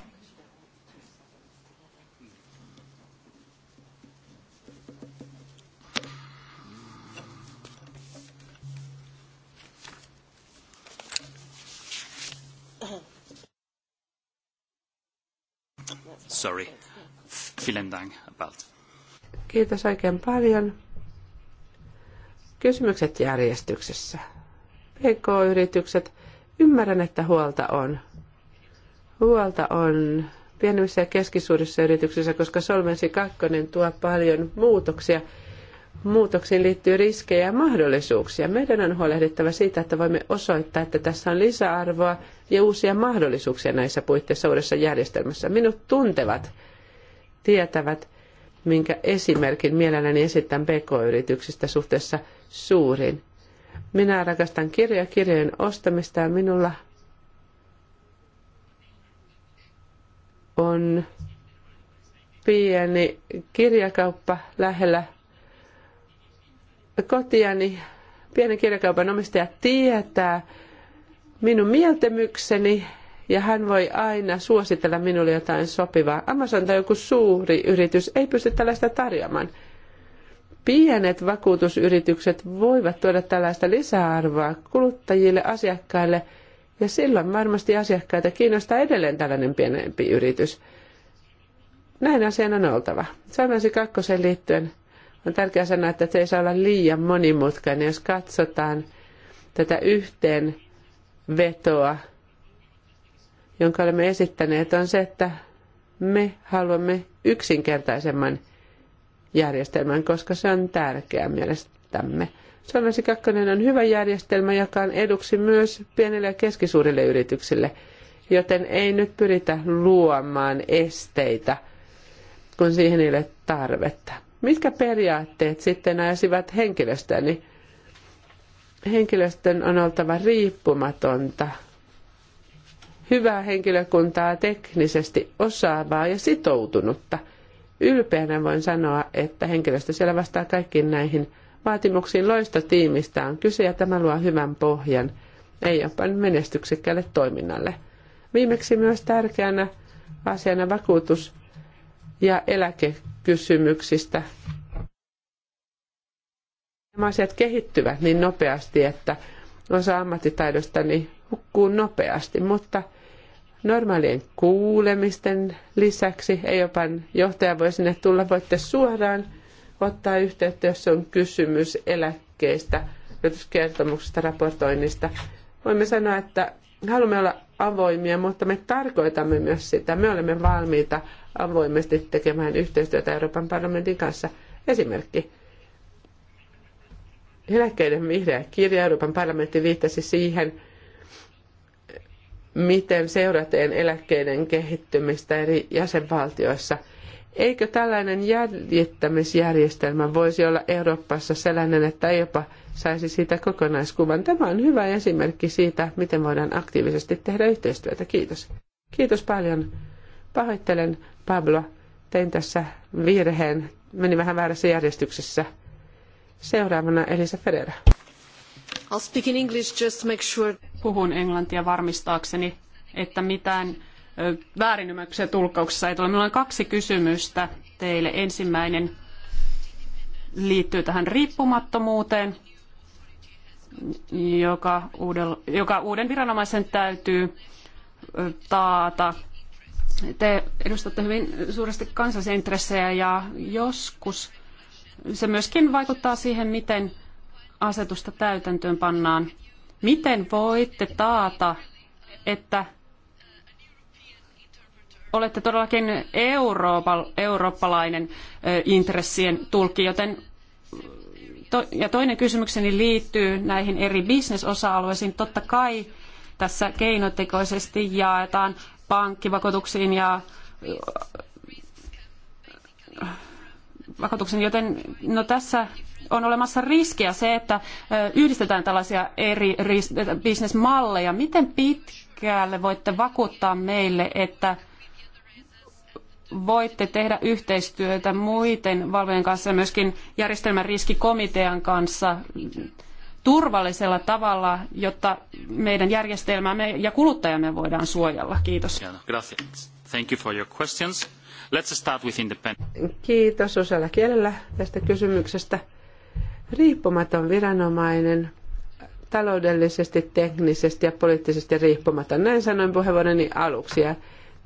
Sorry. Vielen Dank. Kiitos oikein paljon. Kysymykset järjestyksessä. PK-yritykset. Ymmärrän, että huolta on. Huolta on pienemmissä ja keskisuurissa yrityksissä, koska Solvensi 2 tuo paljon muutoksia. Muutoksiin liittyy riskejä ja mahdollisuuksia. Meidän on huolehdittava siitä, että voimme osoittaa, että tässä on lisäarvoa ja uusia mahdollisuuksia näissä puitteissa uudessa järjestelmässä. Minut tuntevat, tietävät, minkä esimerkin mielelläni esitän pk-yrityksistä suhteessa suurin. Minä rakastan kirjoja, kirjojen ostamista ja minulla on pieni kirjakauppa lähellä kotiani. Pienen kirjakaupan omistaja tietää minun mieltymykseni ja hän voi aina suositella minulle jotain sopivaa. Amazon tai joku suuri yritys ei pysty tällaista tarjoamaan. Pienet vakuutusyritykset voivat tuoda tällaista lisäarvoa kuluttajille, asiakkaille, ja silloin varmasti asiakkaita kiinnostaa edelleen tällainen pienempi yritys. Näin asian on oltava. Saamasi kakkoseen liittyen on tärkeää sanoa, että se ei saa olla liian monimutkainen, jos katsotaan tätä yhteen vetoa jonka olemme esittäneet, on se, että me haluamme yksinkertaisemman järjestelmän, koska se on tärkeä mielestämme. Solvensi 2 on hyvä järjestelmä, joka on eduksi myös pienille ja keskisuurille yrityksille, joten ei nyt pyritä luomaan esteitä, kun siihen ei ole tarvetta. Mitkä periaatteet sitten ajaisivat henkilöstöä? henkilöstön on oltava riippumatonta hyvää henkilökuntaa, teknisesti osaavaa ja sitoutunutta. Ylpeänä voin sanoa, että henkilöstö siellä vastaa kaikkiin näihin vaatimuksiin tiimistä on kyse ja tämä luo hyvän pohjan ei jopa menestyksekkäälle toiminnalle. Viimeksi myös tärkeänä asiana vakuutus- ja eläkekysymyksistä. Nämä asiat kehittyvät niin nopeasti, että osa ammattitaidostani niin hukkuu nopeasti, mutta normaalien kuulemisten lisäksi EIOPan johtaja voi sinne tulla. Voitte suoraan ottaa yhteyttä, jos on kysymys eläkkeistä, kertomuksesta, raportoinnista. Voimme sanoa, että haluamme olla avoimia, mutta me tarkoitamme myös sitä. Me olemme valmiita avoimesti tekemään yhteistyötä Euroopan parlamentin kanssa. Esimerkki. Eläkkeiden vihreä kirja Euroopan parlamentti viittasi siihen, miten seurateen eläkkeiden kehittymistä eri jäsenvaltioissa. Eikö tällainen jäljittämisjärjestelmä voisi olla Euroopassa sellainen, että ei jopa saisi siitä kokonaiskuvan? Tämä on hyvä esimerkki siitä, miten voidaan aktiivisesti tehdä yhteistyötä. Kiitos. Kiitos paljon. Pahoittelen, Pablo. Tein tässä virheen. Meni vähän väärässä järjestyksessä. Seuraavana Elisa Ferreira. I'll speak in English just to make sure puhun englantia varmistaakseni, että mitään väärinymmärryksiä tulkkauksessa ei tule. Minulla on kaksi kysymystä teille. Ensimmäinen liittyy tähän riippumattomuuteen, joka, joka uuden viranomaisen täytyy taata. Te edustatte hyvin suuresti kansallisia intressejä ja joskus se myöskin vaikuttaa siihen, miten asetusta täytäntöön pannaan. Miten voitte taata, että olette todellakin Euroopal, eurooppalainen intressien tulkki, joten ja toinen kysymykseni liittyy näihin eri bisnesosa-alueisiin. Totta kai tässä keinotekoisesti jaetaan pankkivakuutuksiin ja vakuutuksiin, joten no tässä on olemassa riskiä se, että yhdistetään tällaisia eri bisnesmalleja. Miten pitkälle voitte vakuuttaa meille, että voitte tehdä yhteistyötä muiden valvojen kanssa ja myöskin järjestelmän riskikomitean kanssa turvallisella tavalla, jotta meidän järjestelmämme ja kuluttajamme voidaan suojella. Kiitos. Thank you for your questions. Let's start with independent. Kiitos usealla kielellä tästä kysymyksestä riippumaton viranomainen, taloudellisesti, teknisesti ja poliittisesti riippumaton. Näin sanoin puheenvuoroni aluksi. Ja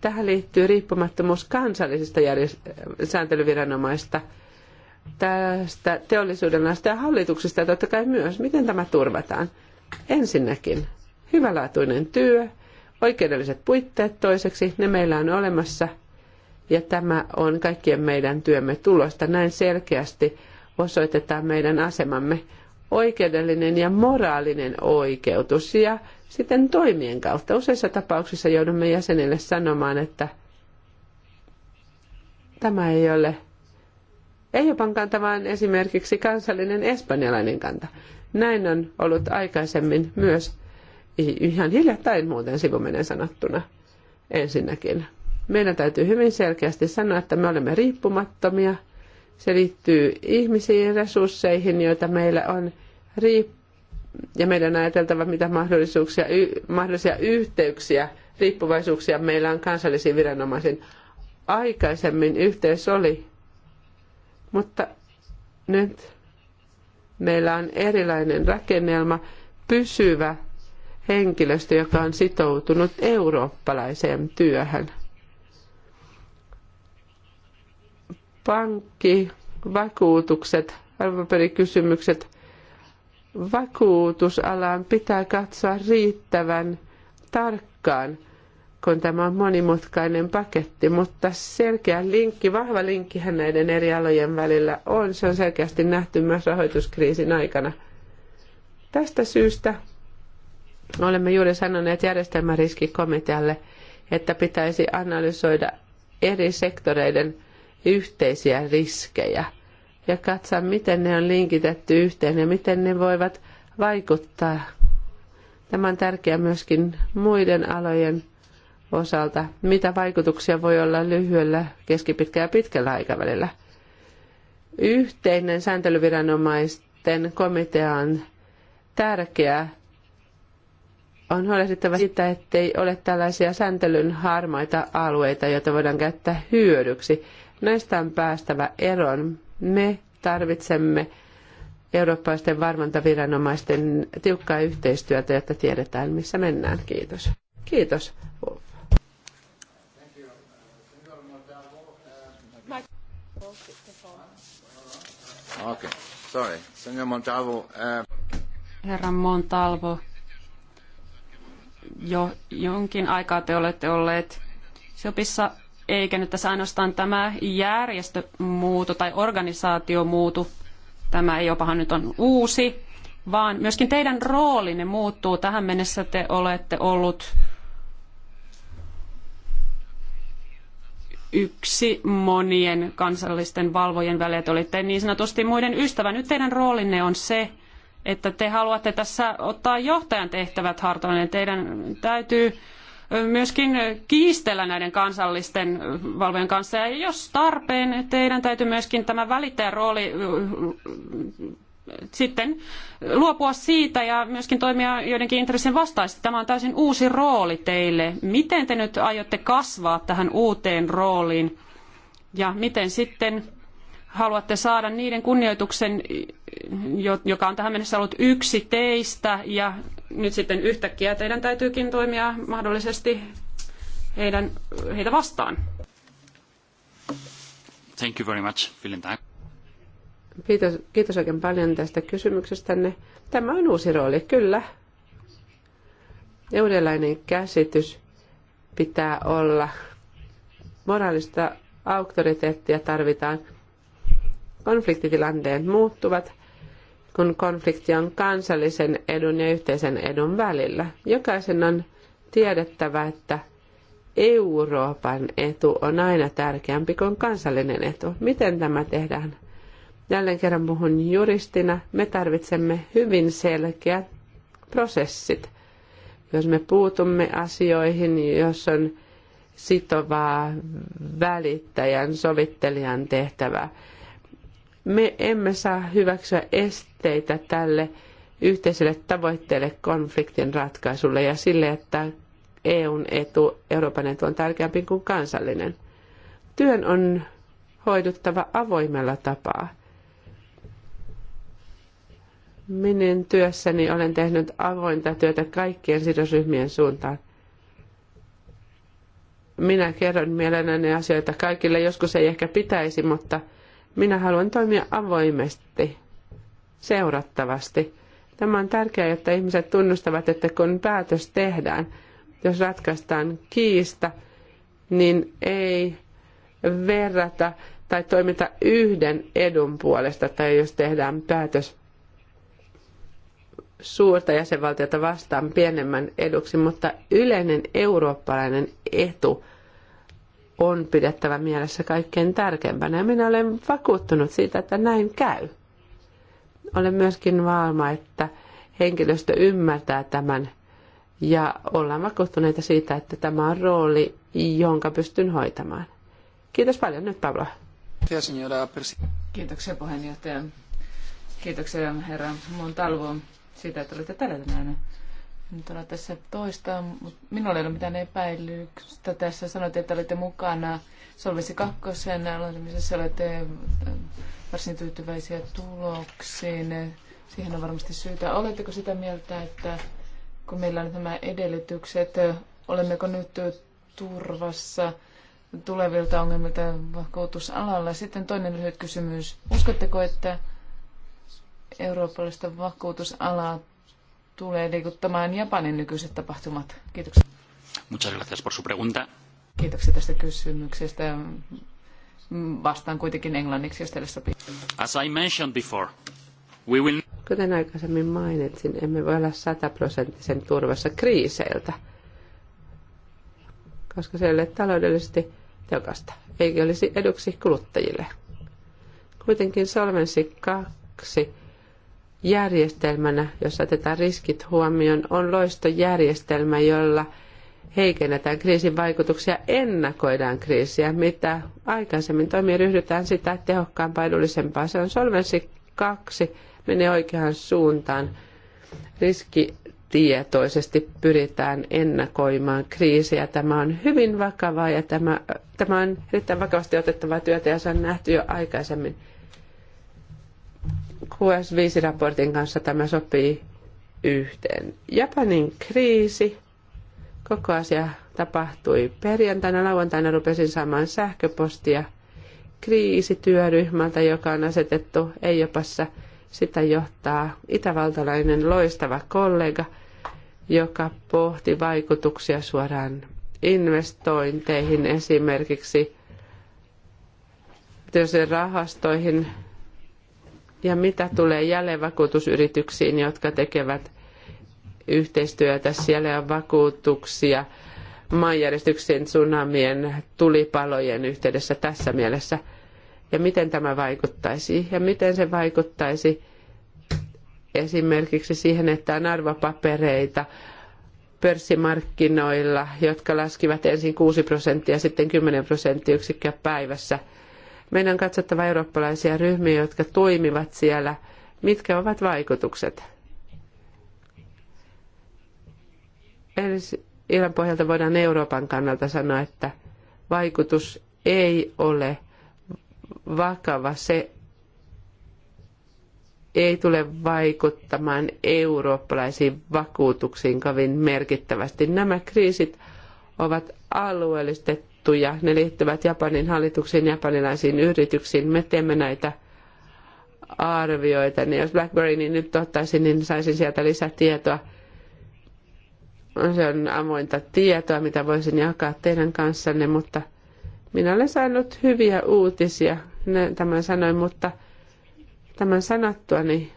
tähän liittyy riippumattomuus kansallisista järjest- sääntelyviranomaista, tästä teollisuuden ja hallituksista, ja totta kai myös, miten tämä turvataan. Ensinnäkin hyvälaatuinen työ, oikeudelliset puitteet toiseksi, ne meillä on olemassa ja tämä on kaikkien meidän työmme tulosta. Näin selkeästi osoitetaan meidän asemamme oikeudellinen ja moraalinen oikeutus ja sitten toimien kautta. Useissa tapauksissa joudumme jäsenille sanomaan, että tämä ei ole Euroopan kanta, vaan esimerkiksi kansallinen espanjalainen kanta. Näin on ollut aikaisemmin myös ihan hiljattain muuten sivuminen sanottuna ensinnäkin. Meidän täytyy hyvin selkeästi sanoa, että me olemme riippumattomia – se liittyy ihmisiin, resursseihin, joita meillä on, ja meidän on ajateltava, mitä mahdollisuuksia, y, mahdollisia yhteyksiä, riippuvaisuuksia meillä on kansallisiin viranomaisiin. Aikaisemmin yhteys oli, mutta nyt meillä on erilainen rakennelma, pysyvä henkilöstö, joka on sitoutunut eurooppalaiseen työhön. pankki, vakuutukset, arvoperikysymykset. vakuutusalan pitää katsoa riittävän tarkkaan, kun tämä on monimutkainen paketti, mutta selkeä linkki, vahva linkki näiden eri alojen välillä on. Se on selkeästi nähty myös rahoituskriisin aikana. Tästä syystä olemme juuri sanoneet järjestelmäriskikomitealle, että pitäisi analysoida eri sektoreiden – yhteisiä riskejä ja katsoa, miten ne on linkitetty yhteen ja miten ne voivat vaikuttaa. Tämä on tärkeää myöskin muiden alojen osalta, mitä vaikutuksia voi olla lyhyellä, keskipitkällä ja pitkällä aikavälillä. Yhteinen sääntelyviranomaisten komitea on tärkeä. On huolehdittava siitä, ettei ole tällaisia sääntelyn harmaita alueita, joita voidaan käyttää hyödyksi. Näistä on päästävä eroon. Me tarvitsemme eurooppalaisten varmantaviranomaisten tiukkaa yhteistyötä, jotta tiedetään, missä mennään. Kiitos. Kiitos. Okay. Sorry. Senor Montalvo. Uh, Herra Montalvo, jo jonkin aikaa te olette olleet Siopissa eikä nyt tässä ainoastaan tämä järjestö muutu tai organisaatio muutu, tämä EIOPahan nyt on uusi, vaan myöskin teidän roolinne muuttuu. Tähän mennessä te olette ollut yksi monien kansallisten valvojen välillä. Te olitte niin sanotusti muiden ystävä. Nyt teidän roolinne on se, että te haluatte tässä ottaa johtajan tehtävät hartoinen Teidän täytyy myöskin kiistellä näiden kansallisten valvojen kanssa. Ja jos tarpeen, teidän täytyy myöskin tämä välittäjän rooli äh, sitten luopua siitä ja myöskin toimia joidenkin intressien vastaisesti. Tämä on täysin uusi rooli teille. Miten te nyt aiotte kasvaa tähän uuteen rooliin? Ja miten sitten haluatte saada niiden kunnioituksen, joka on tähän mennessä ollut yksi teistä, ja nyt sitten yhtäkkiä teidän täytyykin toimia mahdollisesti heidän, heitä vastaan. Thank you very much. Kiitos, kiitos oikein paljon tästä kysymyksestänne. Tämä on uusi rooli, kyllä. Uudenlainen käsitys pitää olla. Moraalista auktoriteettia tarvitaan – Konfliktitilanteet muuttuvat, kun konflikti on kansallisen edun ja yhteisen edun välillä. Jokaisen on tiedettävä, että Euroopan etu on aina tärkeämpi kuin kansallinen etu. Miten tämä tehdään? Jälleen kerran puhun juristina. Me tarvitsemme hyvin selkeät prosessit. Jos me puutumme asioihin, jos on sitovaa välittäjän, sovittelijan tehtävää, me emme saa hyväksyä esteitä tälle yhteiselle tavoitteelle konfliktin ratkaisulle ja sille, että EUn etu, Euroopan etu on tärkeämpi kuin kansallinen. Työn on hoiduttava avoimella tapaa. Minun työssäni olen tehnyt avointa työtä kaikkien sidosryhmien suuntaan. Minä kerron mielelläni asioita kaikille. Joskus ei ehkä pitäisi, mutta – minä haluan toimia avoimesti, seurattavasti. Tämä on tärkeää, jotta ihmiset tunnustavat, että kun päätös tehdään, jos ratkaistaan kiista, niin ei verrata tai toimita yhden edun puolesta, tai jos tehdään päätös suurta jäsenvaltiota vastaan pienemmän eduksi, mutta yleinen eurooppalainen etu – on pidettävä mielessä kaikkein tärkeimpänä. Ja minä olen vakuuttunut siitä, että näin käy. Olen myöskin varma, että henkilöstö ymmärtää tämän ja ollaan vakuuttuneita siitä, että tämä on rooli, jonka pystyn hoitamaan. Kiitos paljon nyt, Pablo. Kiitoksia puheenjohtaja. Kiitoksia herra Montalvo siitä, että olette täällä tänään. Nyt on tässä toista, mutta minulla ei ole mitään epäilystä. Tässä sanoit, että olette mukana Solvesi kakkosen aloittamisessa. Olette äh, varsin tyytyväisiä tuloksiin. Siihen on varmasti syytä. Oletteko sitä mieltä, että kun meillä on nämä edellytykset, olemmeko nyt turvassa tulevilta ongelmilta vakuutusalalla? Sitten toinen lyhyt kysymys. Uskotteko, että eurooppalaista vakuutusalaa tulee liikuttamaan Japanin nykyiset tapahtumat? Kiitoksia. Muchas gracias por su pregunta. Kiitoksia tästä kysymyksestä. Vastaan kuitenkin englanniksi, jos teille sopii. As I mentioned before, we will... Kuten aikaisemmin mainitsin, emme voi olla sataprosenttisen turvassa kriiseiltä, koska se ei ole taloudellisesti tehokasta, eikä olisi eduksi kuluttajille. Kuitenkin solvenssi 2 järjestelmänä, jossa otetaan riskit huomioon, on loistojärjestelmä, jolla heikennetään kriisin vaikutuksia, ennakoidaan kriisiä. Mitä aikaisemmin toimiin ryhdytään sitä tehokkaampaa edullisempaa. Se on solvenssi kaksi, menee oikeaan suuntaan. Riskitietoisesti pyritään ennakoimaan kriisiä. Tämä on hyvin vakavaa ja tämä, tämä on erittäin vakavasti otettavaa työtä ja se on nähty jo aikaisemmin. QS5-raportin kanssa tämä sopii yhteen. Japanin kriisi, koko asia tapahtui perjantaina, lauantaina rupesin saamaan sähköpostia kriisityöryhmältä, joka on asetettu Eijopassa. Sitä johtaa itävaltalainen loistava kollega, joka pohti vaikutuksia suoraan investointeihin, esimerkiksi rahastoihin, ja mitä tulee jälleenvakuutusyrityksiin, jotka tekevät yhteistyötä siellä on vakuutuksia maanjärjestyksen, tsunamien, tulipalojen yhteydessä tässä mielessä. Ja miten tämä vaikuttaisi? Ja miten se vaikuttaisi esimerkiksi siihen, että on arvopapereita pörssimarkkinoilla, jotka laskivat ensin 6 prosenttia, sitten 10 prosenttiyksikköä päivässä – meidän on katsottava eurooppalaisia ryhmiä, jotka toimivat siellä. Mitkä ovat vaikutukset? Ensi pohjalta voidaan Euroopan kannalta sanoa, että vaikutus ei ole vakava. Se ei tule vaikuttamaan eurooppalaisiin vakuutuksiin kovin merkittävästi. Nämä kriisit ovat alueellisesti juttuja. Ne liittyvät Japanin hallituksiin, japanilaisiin yrityksiin. Me teemme näitä arvioita, niin jos BlackBerry niin nyt ottaisin, niin saisin sieltä lisätietoa. Se on avointa tietoa, mitä voisin jakaa teidän kanssanne, mutta minä olen saanut hyviä uutisia, tämän sanoin, mutta tämän sanottua, niin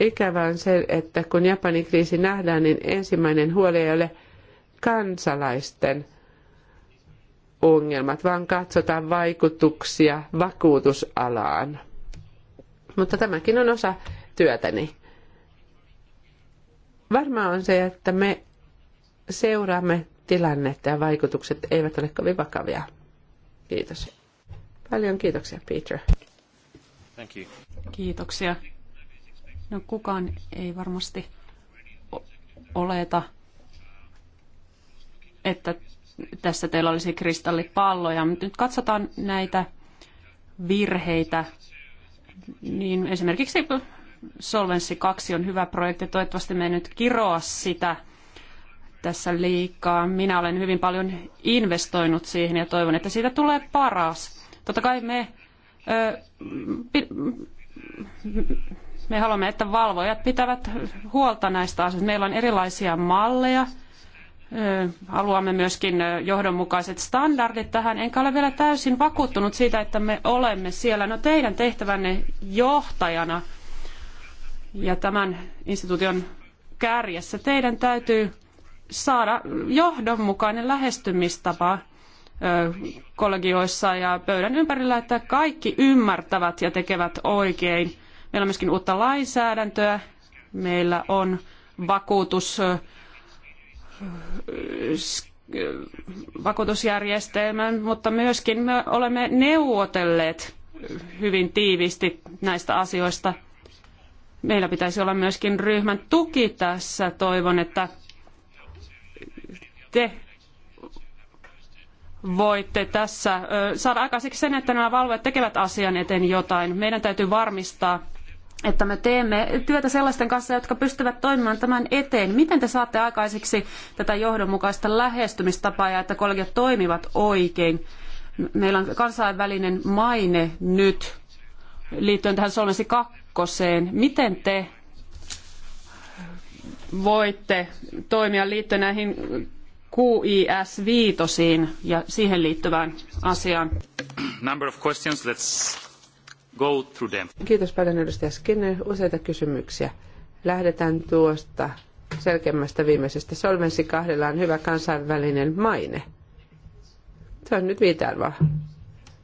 ikävä on se, että kun Japanin kriisi nähdään, niin ensimmäinen huoli ei ole kansalaisten ongelmat, vaan katsotaan vaikutuksia vakuutusalaan. Mutta tämäkin on osa työtäni. Varmaa on se, että me seuraamme tilannetta ja vaikutukset eivät ole kovin vakavia. Kiitos. Paljon kiitoksia, Peter. Thank you. Kiitoksia. No kukaan ei varmasti oleta, että tässä teillä olisi kristallipalloja. Mutta nyt katsotaan näitä virheitä. Niin esimerkiksi Solvenssi 2 on hyvä projekti. Toivottavasti me ei nyt kiroa sitä tässä liikaa. Minä olen hyvin paljon investoinut siihen ja toivon, että siitä tulee paras. Totta kai me, ö, pi, me haluamme, että valvojat pitävät huolta näistä asioista. Meillä on erilaisia malleja Haluamme myöskin johdonmukaiset standardit tähän, enkä ole vielä täysin vakuuttunut siitä, että me olemme siellä. No teidän tehtävänne johtajana ja tämän instituution kärjessä teidän täytyy saada johdonmukainen lähestymistapa kollegioissa ja pöydän ympärillä, että kaikki ymmärtävät ja tekevät oikein. Meillä on myöskin uutta lainsäädäntöä, meillä on vakuutus vakuutusjärjestelmän, mutta myöskin me olemme neuvotelleet hyvin tiiviisti näistä asioista. Meillä pitäisi olla myöskin ryhmän tuki tässä. Toivon, että te voitte tässä saada aikaiseksi sen, että nämä valvojat tekevät asian eteen jotain. Meidän täytyy varmistaa, että me teemme työtä sellaisten kanssa, jotka pystyvät toimimaan tämän eteen. Miten te saatte aikaiseksi tätä johdonmukaista lähestymistapaa ja että kollegiat toimivat oikein? Meillä on kansainvälinen maine nyt liittyen tähän Solmesi kakkoseen. Miten te voitte toimia liittyen näihin QIS-viitosiin ja siihen liittyvään asiaan? Number of questions. Let's go through them. Kiitos paljon edustaja Skinner. Useita kysymyksiä. Lähdetään tuosta selkeämmästä viimeisestä. Solvenssi kahdella on hyvä kansainvälinen maine. Se on nyt viitearvoa.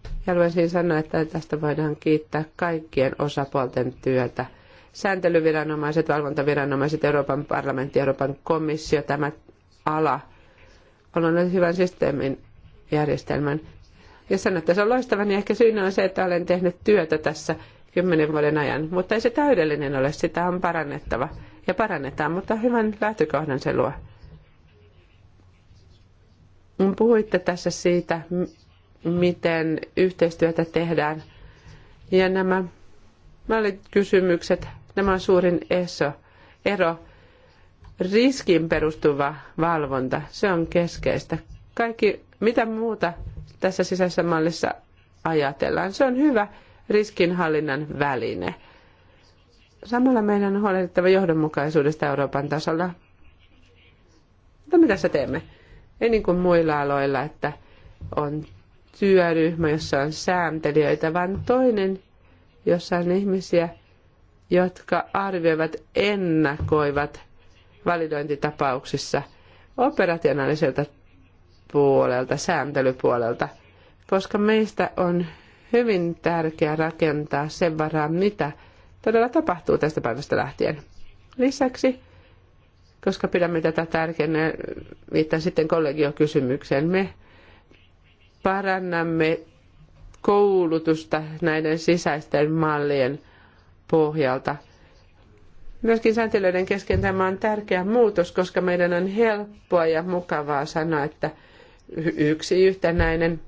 Ja haluaisin sanoa, että tästä voidaan kiittää kaikkien osapuolten työtä. Sääntelyviranomaiset, valvontaviranomaiset, Euroopan parlamentti, Euroopan komissio, tämä ala on ollut hyvän systeemin järjestelmän. Ja sanon, että se on loistava, niin ehkä syynä on se, että olen tehnyt työtä tässä kymmenen vuoden ajan. Mutta ei se täydellinen ole, sitä on parannettava. Ja parannetaan, mutta hyvän lähtökohdan se luo. Puhuitte tässä siitä, miten yhteistyötä tehdään. Ja nämä kysymykset, nämä on suurin eso, ero. Riskin perustuva valvonta, se on keskeistä. Kaikki, mitä muuta tässä sisäisessä mallissa ajatellaan. Se on hyvä riskinhallinnan väline. Samalla meidän on huolehdittava johdonmukaisuudesta Euroopan tasolla. Mutta no, mitä se teemme? Ei niin kuin muilla aloilla, että on työryhmä, jossa on sääntelijöitä, vaan toinen, jossa on ihmisiä, jotka arvioivat, ennakoivat validointitapauksissa operationaaliselta puolelta, sääntelypuolelta, koska meistä on hyvin tärkeää rakentaa sen varaan, mitä todella tapahtuu tästä päivästä lähtien. Lisäksi, koska pidämme tätä tärkeänä, viittaan sitten kollegiokysymykseen, me parannamme koulutusta näiden sisäisten mallien pohjalta. Myöskin sääntelyiden kesken tämä on tärkeä muutos, koska meidän on helppoa ja mukavaa sanoa, että – yksi yhtenäinen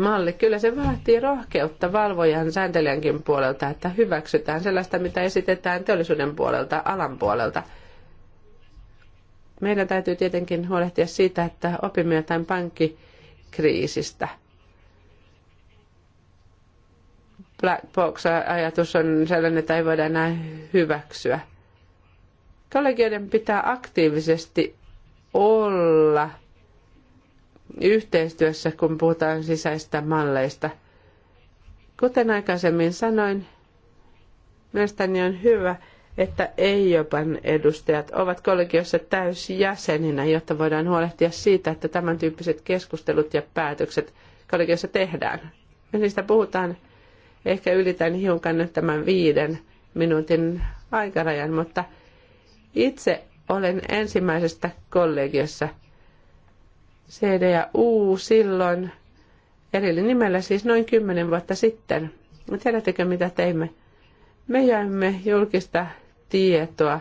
malli. Kyllä se vaatii rohkeutta valvojan sääntelijänkin puolelta, että hyväksytään sellaista, mitä esitetään teollisuuden puolelta, alan puolelta. Meidän täytyy tietenkin huolehtia siitä, että opimme jotain pankkikriisistä. Black box-ajatus on sellainen, että ei voida enää hyväksyä. Kollegioiden pitää aktiivisesti olla – yhteistyössä, kun puhutaan sisäistä malleista. Kuten aikaisemmin sanoin, mielestäni on hyvä, että EIOPan edustajat ovat kollegiossa täysjäseninä, jotta voidaan huolehtia siitä, että tämän tyyppiset keskustelut ja päätökset kollegiossa tehdään. Ja niistä puhutaan, ehkä ylitän hiukan nyt tämän viiden minuutin aikarajan, mutta itse olen ensimmäisestä kollegiossa – CD ja U silloin, erillinen nimellä siis noin kymmenen vuotta sitten. Tiedättekö mitä teimme? Me jäimme julkista tietoa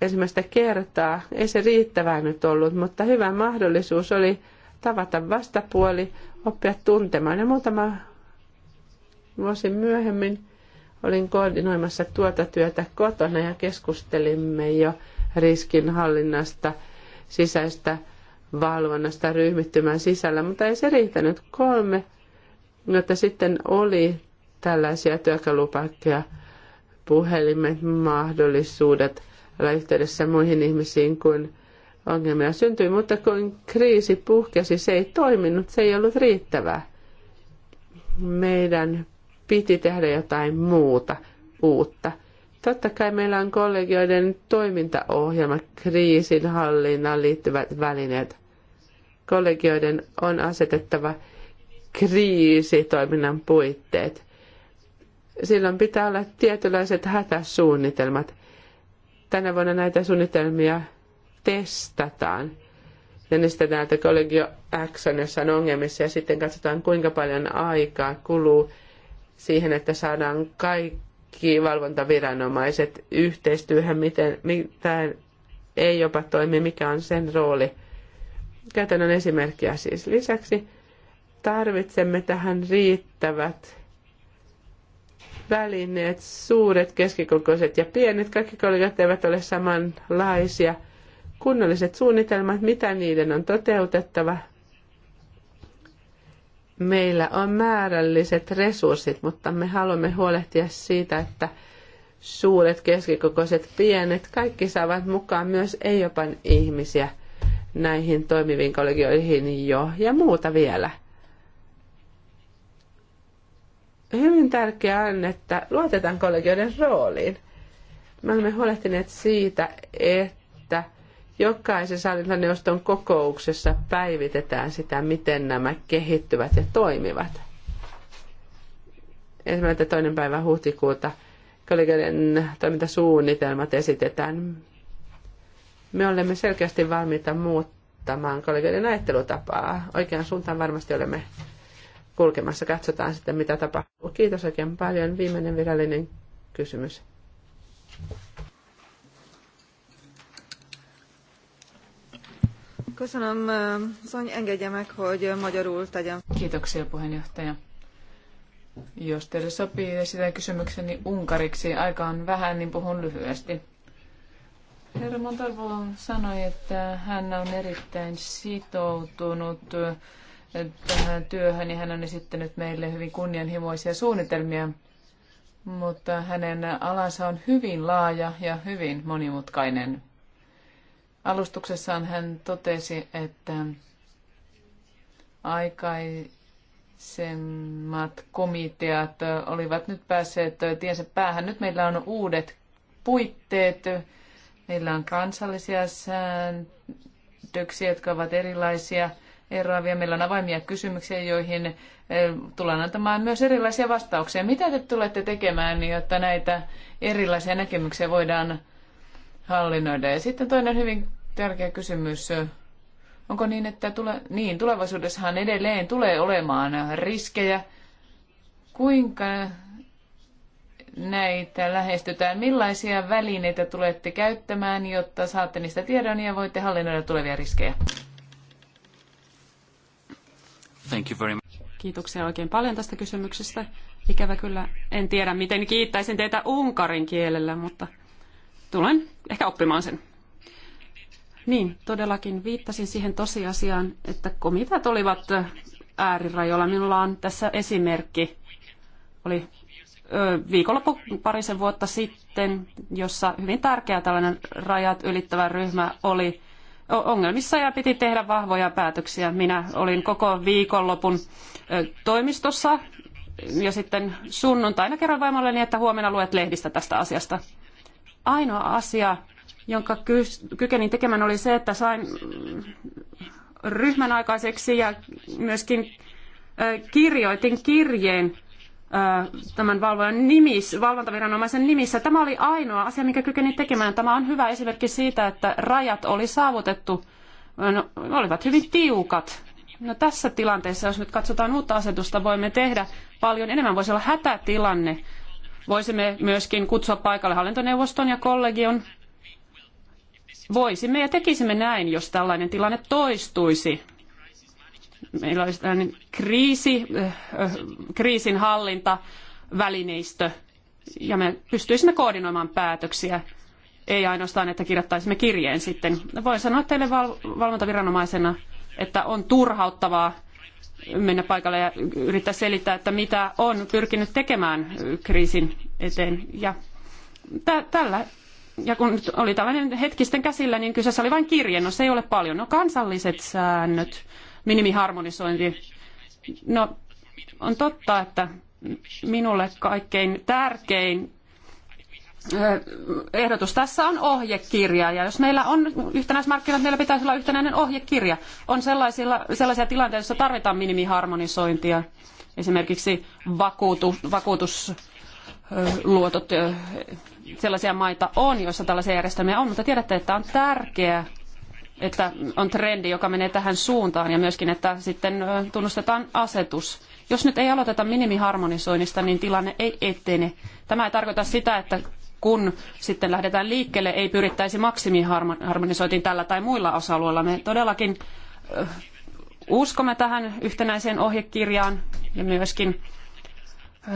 ensimmäistä kertaa. Ei se riittävää nyt ollut, mutta hyvä mahdollisuus oli tavata vastapuoli, oppia tuntemaan. Ja muutama vuosi myöhemmin olin koordinoimassa tuota työtä kotona ja keskustelimme jo riskinhallinnasta, sisäistä valvonnasta ryhmittymän sisällä, mutta ei se riittänyt. Kolme mutta sitten oli tällaisia työkalupakkeja, puhelimet, mahdollisuudet olla yhteydessä muihin ihmisiin, kun ongelmia syntyi. Mutta kun kriisi puhkesi, se ei toiminut, se ei ollut riittävää. Meidän piti tehdä jotain muuta, uutta. Totta kai meillä on kollegioiden toimintaohjelma, kriisinhallinnan liittyvät välineet – kollegioiden on asetettava kriisitoiminnan puitteet. Silloin pitää olla tietynlaiset hätäsuunnitelmat. Tänä vuonna näitä suunnitelmia testataan. Ja niistä näitä kollegio X on jossain ongelmissa ja sitten katsotaan kuinka paljon aikaa kuluu siihen, että saadaan kaikki valvontaviranomaiset yhteistyöhön, miten, mitä ei jopa toimi, mikä on sen rooli – Käytännön esimerkkiä siis lisäksi. Tarvitsemme tähän riittävät välineet, suuret, keskikokoiset ja pienet. Kaikki kollegat eivät ole samanlaisia. Kunnolliset suunnitelmat, mitä niiden on toteutettava. Meillä on määrälliset resurssit, mutta me haluamme huolehtia siitä, että suuret, keskikokoiset, pienet, kaikki saavat mukaan myös ei-jopan ihmisiä – näihin toimiviin kollegioihin jo ja muuta vielä. Hyvin tärkeää on, että luotetaan kollegioiden rooliin. Me olemme huolehtineet siitä, että jokaisessa hallintoneuvoston kokouksessa päivitetään sitä, miten nämä kehittyvät ja toimivat. Ensimmäinen toinen päivä huhtikuuta kollegioiden toimintasuunnitelmat esitetään me olemme selkeästi valmiita muuttamaan kollegoiden ajattelutapaa. Oikean suuntaan varmasti olemme kulkemassa. Katsotaan sitten, mitä tapahtuu. Kiitos oikein paljon. Viimeinen virallinen kysymys. Köszönöm, Zony, engedje meg, hogy magyarul tegyem. Kiitoksia puheenjohtaja. Jos teille sopii esitän kysymykseni unkariksi, aika on vähän, niin puhun lyhyesti. Herra Montalvo sanoi, että hän on erittäin sitoutunut eh, tähän työhön ja hän on esittänyt meille hyvin kunnianhimoisia suunnitelmia, mutta hänen alansa on hyvin laaja ja hyvin monimutkainen. Alustuksessaan hän totesi, että aikaisemmat komiteat olivat nyt päässeet tiensä päähän. Nyt meillä on uudet puitteet, Meillä on kansallisia säännöksiä, jotka ovat erilaisia, eroavia. Meillä on avaimia kysymyksiä, joihin eh, tullaan antamaan myös erilaisia vastauksia. Mitä te tulette tekemään, jotta näitä erilaisia näkemyksiä voidaan hallinnoida? Ja sitten toinen hyvin tärkeä kysymys. Onko niin, että tule, niin, tulevaisuudessahan edelleen tulee olemaan riskejä? Kuinka näitä lähestytään. Millaisia välineitä tulette käyttämään, jotta saatte niistä tiedon ja voitte hallinnoida tulevia riskejä? Thank you very much. Kiitoksia oikein paljon tästä kysymyksestä. Ikävä kyllä en tiedä, miten kiittäisin teitä unkarin kielellä, mutta tulen ehkä oppimaan sen. Niin, todellakin viittasin siihen tosiasiaan, että komiteat olivat äärirajoilla. Minulla on tässä esimerkki. Oli viikonloppu parisen vuotta sitten, jossa hyvin tärkeä tällainen rajat ylittävä ryhmä oli ongelmissa ja piti tehdä vahvoja päätöksiä. Minä olin koko viikonlopun toimistossa ja sitten sunnuntaina vaimolle vaimolleni, että huomenna luet lehdistä tästä asiasta. Ainoa asia, jonka ky- kykenin tekemään, oli se, että sain mm, ryhmän aikaiseksi ja myöskin kirjoitin kirjeen tämän valvojan nimissä, valvontaviranomaisen nimissä. Tämä oli ainoa asia, mikä kykeni tekemään. Tämä on hyvä esimerkki siitä, että rajat oli saavutettu, no, olivat hyvin tiukat. No, tässä tilanteessa, jos nyt katsotaan uutta asetusta, voimme tehdä paljon enemmän. Voisi olla hätätilanne. Voisimme myöskin kutsua paikalle hallintoneuvoston ja kollegion. Voisimme ja tekisimme näin, jos tällainen tilanne toistuisi meillä olisi tällainen kriisi, äh, äh, kriisin hallinta, välineistö, ja me pystyisimme koordinoimaan päätöksiä, ei ainoastaan, että kirjoittaisimme kirjeen sitten. Voin sanoa teille val- valvontaviranomaisena, että on turhauttavaa mennä paikalle ja yrittää selittää, että mitä on pyrkinyt tekemään kriisin eteen. Ja tällä ja kun oli tällainen hetki sitten käsillä, niin kyseessä oli vain kirje. No se ei ole paljon. No kansalliset säännöt minimiharmonisointi. No, on totta, että minulle kaikkein tärkein ehdotus tässä on ohjekirja. Ja jos meillä on yhtenäismarkkinat, meillä pitäisi olla yhtenäinen ohjekirja. On sellaisilla, sellaisia tilanteita, joissa tarvitaan minimiharmonisointia. Esimerkiksi vakuutus, vakuutusluotot, sellaisia maita on, joissa tällaisia järjestelmiä on. Mutta tiedätte, että on tärkeää että on trendi, joka menee tähän suuntaan ja myöskin, että sitten tunnustetaan asetus. Jos nyt ei aloiteta minimiharmonisoinnista, niin tilanne ei etene. Tämä ei tarkoita sitä, että kun sitten lähdetään liikkeelle, ei pyrittäisi maksimiharmonisointiin tällä tai muilla osa-alueilla. Me todellakin uskomme tähän yhtenäiseen ohjekirjaan ja myöskin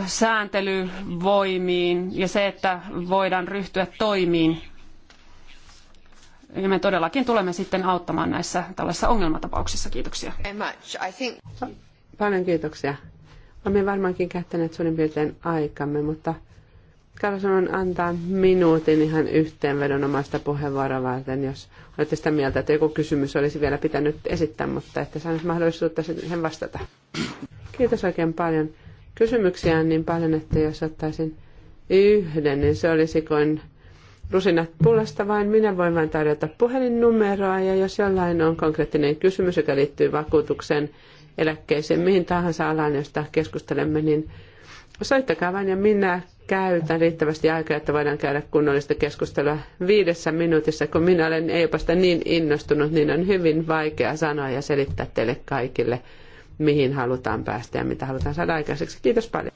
sääntelyvoimiin ja se, että voidaan ryhtyä toimiin ja me todellakin tulemme sitten auttamaan näissä tällaisissa ongelmatapauksissa. Kiitoksia. No, paljon kiitoksia. Olemme varmaankin käyttäneet suurin piirtein aikamme, mutta Carlos sanon antaa minuutin ihan yhteenvedon omasta puheenvuoroa varten, jos olette sitä mieltä, että joku kysymys olisi vielä pitänyt esittää, mutta että saanut mahdollisuutta siihen vastata. Kiitos oikein paljon. Kysymyksiä on niin paljon, että jos ottaisin yhden, niin se olisi kuin rusinat pullasta, vain minä voin vain tarjota puhelinnumeroa ja jos jollain on konkreettinen kysymys, joka liittyy vakuutukseen, eläkkeeseen, mihin tahansa alaan, josta keskustelemme, niin soittakaa vain ja minä käytän riittävästi aikaa, että voidaan käydä kunnollista keskustelua viidessä minuutissa. Kun minä olen eipasta niin innostunut, niin on hyvin vaikea sanoa ja selittää teille kaikille, mihin halutaan päästä ja mitä halutaan saada aikaiseksi. Kiitos paljon.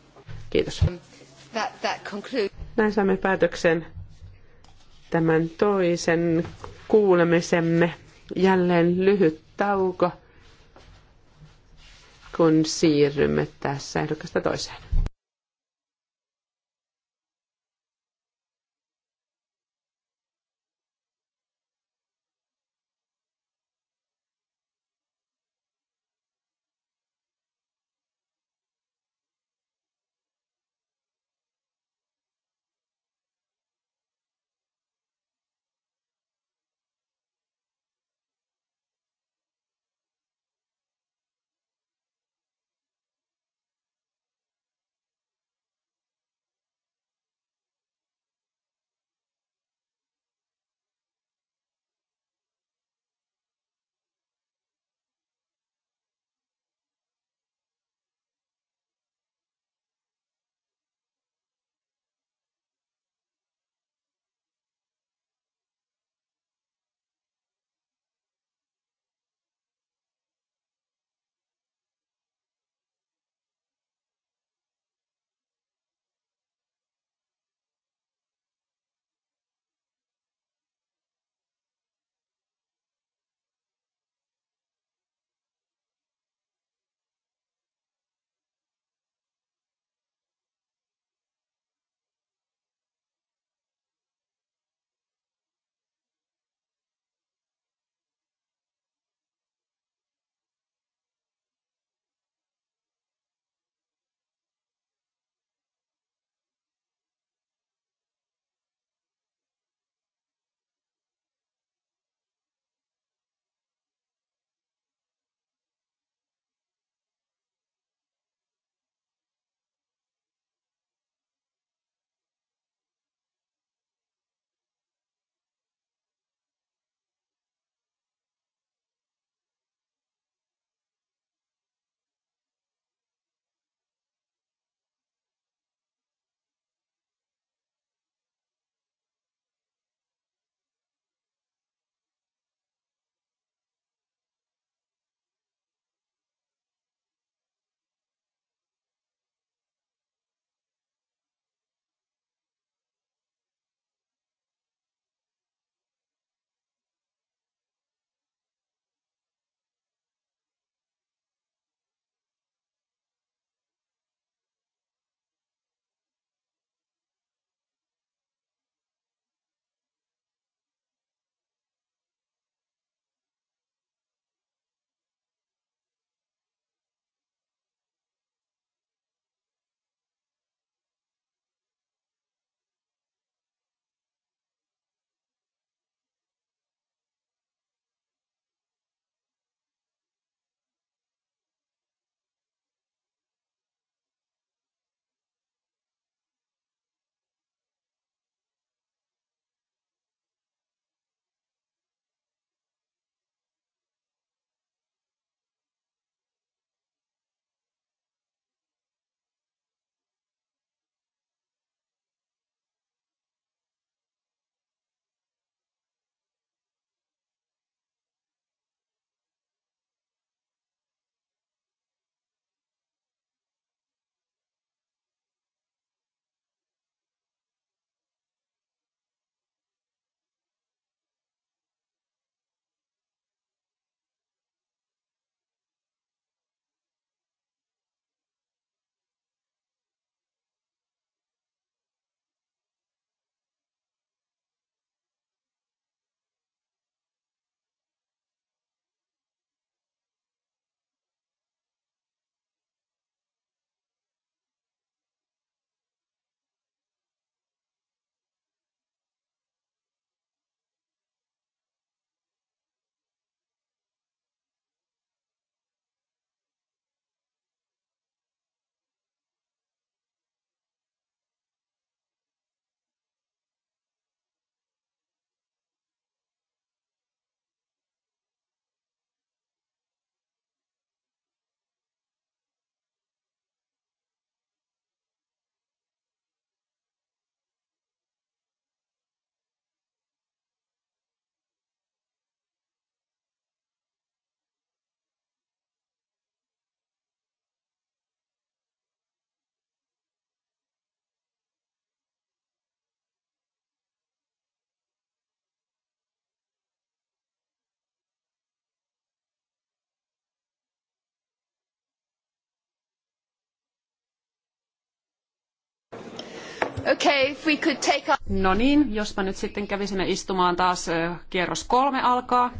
Kiitos. Näin saamme päätöksen tämän toisen kuulemisemme. Jälleen lyhyt tauko, kun siirrymme tässä ehdokasta toiseen. Okay, if we could take up... No niin, jospa nyt sitten kävisimme istumaan taas. Kierros kolme alkaa.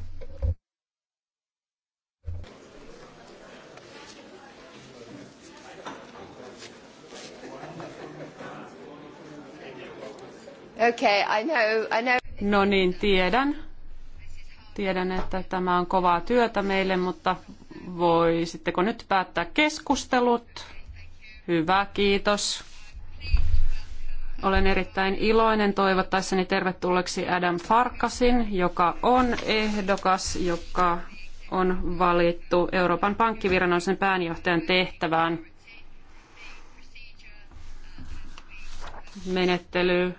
Okay, I know, I know. No niin, tiedän. Tiedän, että tämä on kovaa työtä meille, mutta voisitteko nyt päättää keskustelut? Hyvä, kiitos. Olen erittäin iloinen toivottaessani tervetulleeksi Adam Farkasin, joka on ehdokas, joka on valittu Euroopan pankkiviranomaisen pääjohtajan tehtävään. Menettely,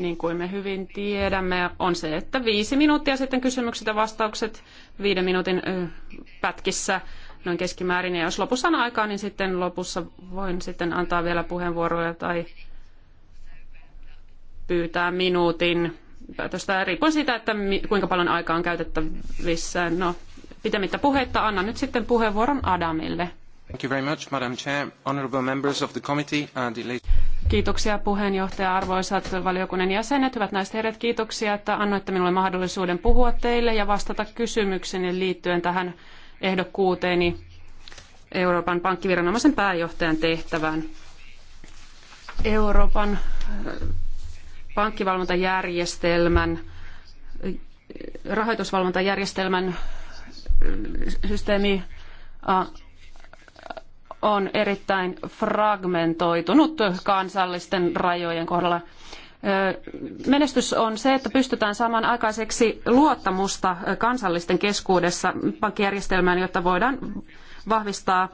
niin kuin me hyvin tiedämme, on se, että viisi minuuttia sitten kysymykset ja vastaukset viiden minuutin pätkissä noin keskimäärin. Ja jos lopussa on aikaa, niin sitten lopussa voin sitten antaa vielä puheenvuoroja tai pyytää minuutin päätöstä riippuen siitä, että kuinka paljon aikaa on käytettävissä. No, pitemmittä puheitta annan nyt sitten puheenvuoron Adamille. Thank you very much, Madam Chair, honorable members of the committee and the Kiitoksia puheenjohtaja, arvoisat valiokunnan jäsenet, hyvät naiset herrat, kiitoksia, että annoitte minulle mahdollisuuden puhua teille ja vastata kysymykseni liittyen tähän ehdokkuuteeni Euroopan pankkiviranomaisen pääjohtajan tehtävään. Euroopan pankkivalvontajärjestelmän, rahoitusvalvontajärjestelmän systeemi on erittäin fragmentoitunut kansallisten rajojen kohdalla. Menestys on se, että pystytään saamaan aikaiseksi luottamusta kansallisten keskuudessa pankkijärjestelmään, jotta voidaan vahvistaa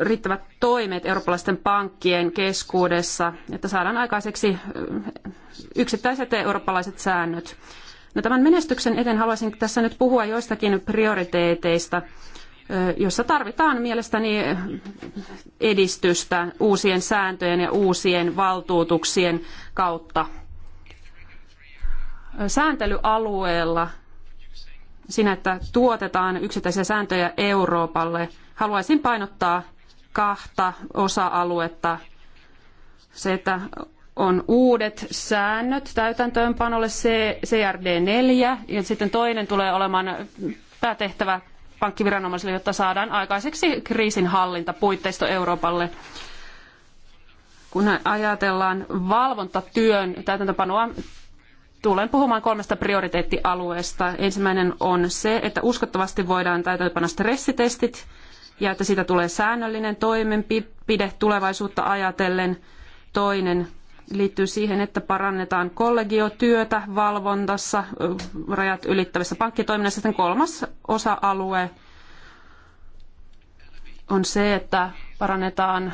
riittävät toimet eurooppalaisten pankkien keskuudessa, että saadaan aikaiseksi yksittäiset eurooppalaiset säännöt. No, tämän menestyksen eteen haluaisin tässä nyt puhua joistakin prioriteeteista, jossa tarvitaan mielestäni edistystä uusien sääntöjen ja uusien valtuutuksien kautta. Sääntelyalueella – siinä, että tuotetaan yksittäisiä sääntöjä Euroopalle. Haluaisin painottaa kahta osa-aluetta. Se, että on uudet säännöt täytäntöönpanolle CRD4 ja sitten toinen tulee olemaan päätehtävä pankkiviranomaisille, jotta saadaan aikaiseksi kriisinhallinta puitteisto Euroopalle. Kun ajatellaan valvontatyön täytäntöpanoa Tulen puhumaan kolmesta prioriteettialueesta. Ensimmäinen on se, että uskottavasti voidaan täytäntöönpanna stressitestit ja että siitä tulee säännöllinen toimenpide tulevaisuutta ajatellen. Toinen liittyy siihen, että parannetaan kollegiotyötä valvontassa, rajat ylittävässä pankkitoiminnassa. Sitten kolmas osa-alue on se, että parannetaan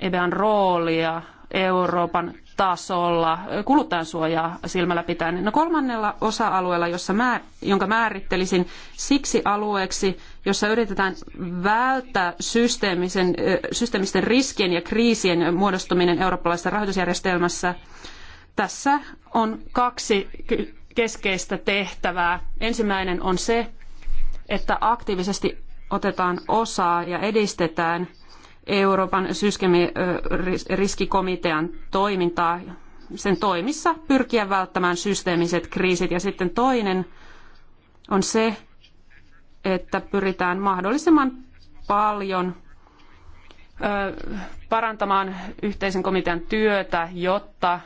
EBAn roolia Euroopan tasolla kuluttajan suojaa silmällä pitäen. No kolmannella osa-alueella, jossa mä, jonka määrittelisin siksi alueeksi, jossa yritetään välttää systeemisen, systeemisten riskien ja kriisien muodostuminen eurooppalaisessa rahoitusjärjestelmässä, tässä on kaksi keskeistä tehtävää. Ensimmäinen on se, että aktiivisesti otetaan osaa ja edistetään – Euroopan systeemiriskikomitean toimintaa, sen toimissa pyrkiä välttämään systeemiset kriisit. Ja sitten toinen on se, että pyritään mahdollisimman paljon parantamaan yhteisen komitean työtä, jotta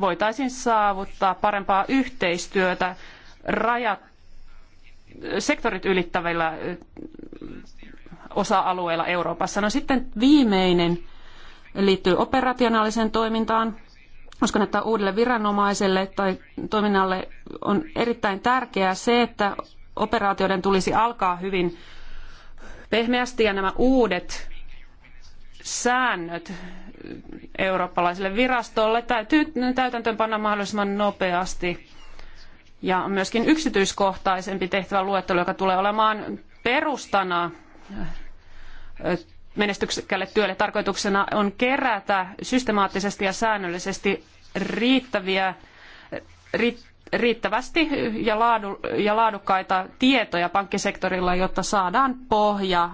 voitaisiin saavuttaa parempaa yhteistyötä rajat, sektorit ylittävillä osa-alueilla Euroopassa. No sitten viimeinen liittyy operationaaliseen toimintaan. Uskon, että uudelle viranomaiselle tai toiminnalle on erittäin tärkeää se, että operaatioiden tulisi alkaa hyvin pehmeästi ja nämä uudet säännöt eurooppalaiselle virastolle täytyy täytäntöönpanna mahdollisimman nopeasti. Ja myöskin yksityiskohtaisempi luettelu, joka tulee olemaan perustana menestyksekkäälle työlle tarkoituksena on kerätä systemaattisesti ja säännöllisesti riittäviä, riittävästi ja, laadukkaita tietoja pankkisektorilla, jotta saadaan pohja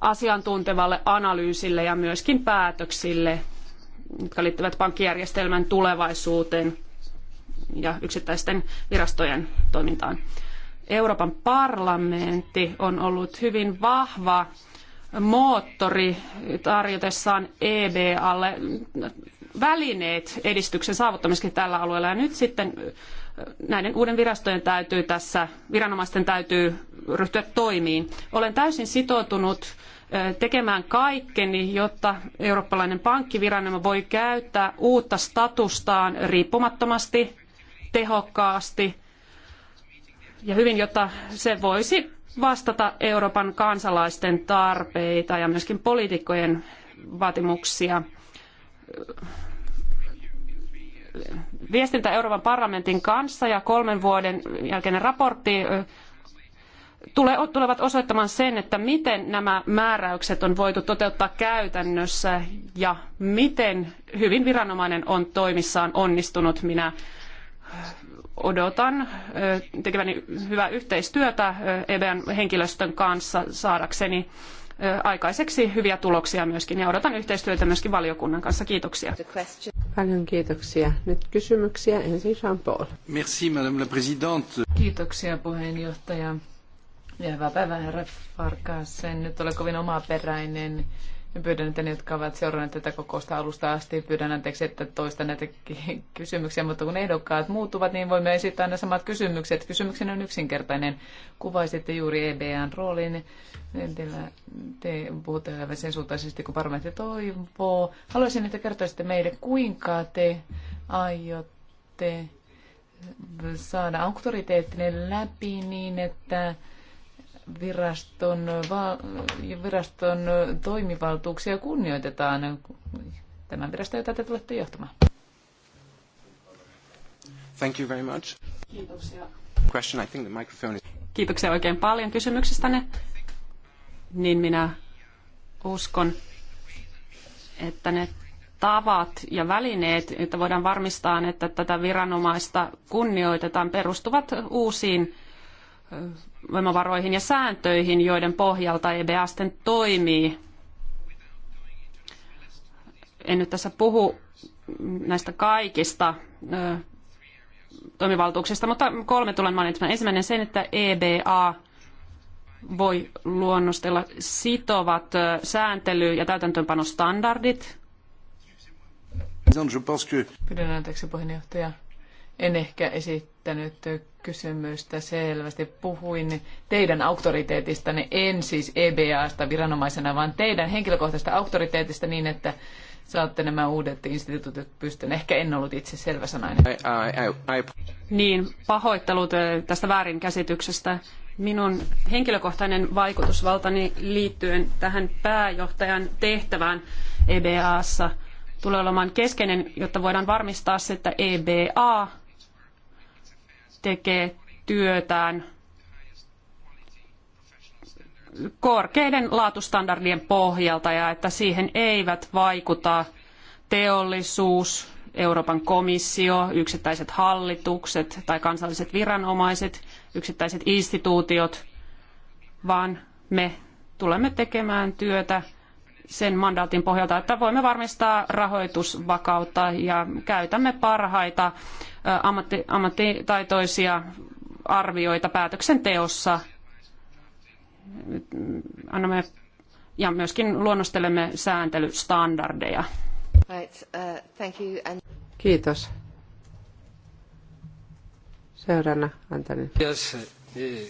asiantuntevalle analyysille ja myöskin päätöksille, jotka liittyvät pankkijärjestelmän tulevaisuuteen ja yksittäisten virastojen toimintaan. Euroopan parlamentti on ollut hyvin vahva moottori tarjotessaan EBAlle välineet edistyksen saavuttamiseksi tällä alueella. Ja nyt sitten näiden uuden virastojen täytyy tässä, viranomaisten täytyy ryhtyä toimiin. Olen täysin sitoutunut tekemään kaikkeni, jotta eurooppalainen pankkiviranoma voi käyttää uutta statustaan riippumattomasti, tehokkaasti ja hyvin, jotta se voisi vastata Euroopan kansalaisten tarpeita ja myöskin poliitikkojen vaatimuksia. Viestintä Euroopan parlamentin kanssa ja kolmen vuoden jälkeinen raportti tulevat osoittamaan sen, että miten nämä määräykset on voitu toteuttaa käytännössä ja miten hyvin viranomainen on toimissaan onnistunut. Minä odotan tekeväni hyvää yhteistyötä EBN henkilöstön kanssa saadakseni aikaiseksi hyviä tuloksia myöskin ja odotan yhteistyötä myöskin valiokunnan kanssa. Kiitoksia. Paljon kiitoksia. Nyt kysymyksiä ensin Jean-Paul. Merci, madame la présidente. Kiitoksia puheenjohtaja. Ja hyvää päivää, herra Farkas. En nyt ole kovin omaperäinen ja pyydän, että ne, jotka ovat seuranneet tätä kokousta alusta asti, pyydän anteeksi, että toista näitä kysymyksiä, mutta kun ehdokkaat muuttuvat, niin voimme esittää aina samat kysymykset. Kysymyksen on yksinkertainen. Kuvaisitte juuri EBAn roolin. te puhutte aivan sen suuntaisesti, kun parlamentti toivoo. Haluaisin, että kertoisitte meille, kuinka te aiotte saada auktoriteettinen läpi niin, että viraston, va- viraston toimivaltuuksia kunnioitetaan tämän viraston, jota te tulette johtamaan. Thank you very much. Kiitoksia. Question, I think the microphone is... Kiitoksia oikein paljon kysymyksestänne. Niin minä uskon, että ne tavat ja välineet, että voidaan varmistaa, että tätä viranomaista kunnioitetaan, perustuvat uusiin voimavaroihin ja sääntöihin, joiden pohjalta EBA sitten toimii. En nyt tässä puhu näistä kaikista toimivaltuuksista, mutta kolme tulen mainitsemaan. Ensimmäinen sen, että EBA voi luonnostella sitovat sääntely- ja täytäntöönpanostandardit. Pyydän anteeksi puheenjohtaja. En ehkä esittänyt kysymystä selvästi. Puhuin teidän auktoriteetistanne, en siis EBAsta viranomaisena, vaan teidän henkilökohtaisesta auktoriteetista niin, että saatte nämä uudet instituutiot pystyn. Ehkä en ollut itse selväsanainen. I, I, I... Niin, pahoittelut eh, tästä väärinkäsityksestä. Minun henkilökohtainen vaikutusvaltani liittyen tähän pääjohtajan tehtävään EBAssa tulee olemaan keskeinen, jotta voidaan varmistaa se, että EBA tekee työtään korkeiden laatustandardien pohjalta ja että siihen eivät vaikuta teollisuus, Euroopan komissio, yksittäiset hallitukset tai kansalliset viranomaiset, yksittäiset instituutiot, vaan me tulemme tekemään työtä sen mandaatin pohjalta, että voimme varmistaa rahoitusvakautta ja käytämme parhaita ammatti, ammattitaitoisia arvioita päätöksenteossa. Annamme ja myöskin luonnostelemme sääntelystandardeja. Uh, Kiitos. Seuraavana Antoni. Eh,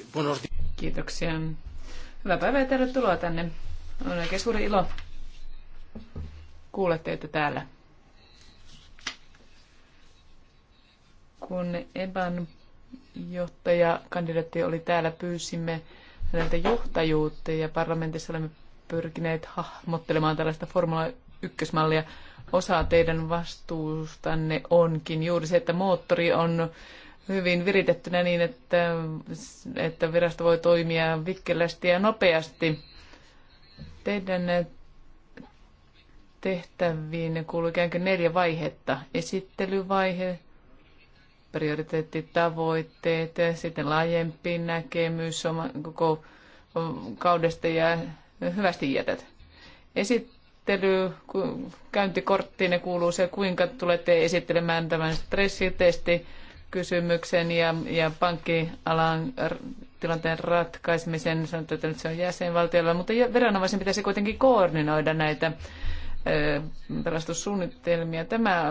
Kiitoksia. Hyvää päivää ja tervetuloa tänne on oikein suuri ilo kuulla teitä täällä. Kun EBAN johtaja, kandidaatti oli täällä, pyysimme häneltä johtajuutta ja parlamentissa olemme pyrkineet hahmottelemaan tällaista Formula 1-mallia. Osa teidän vastuustanne onkin juuri se, että moottori on hyvin viritettynä niin, että, että virasto voi toimia vikkelästi ja nopeasti Teidän tehtäviin kuuluu ikään kuin neljä vaihetta. Esittelyvaihe, prioriteettitavoitteet, sitten laajempi näkemys oma, koko kaudesta ja hyvästi jätät. Esittely, käyntikorttiin kuuluu se, kuinka tulette esittelemään tämän stressitesti kysymyksen ja, ja pankkialan tilanteen ratkaisemisen. Sanotaan, että nyt se on jäsenvaltiolla, mutta viranomaisen pitäisi kuitenkin koordinoida näitä pelastussuunnitelmia. Tämä,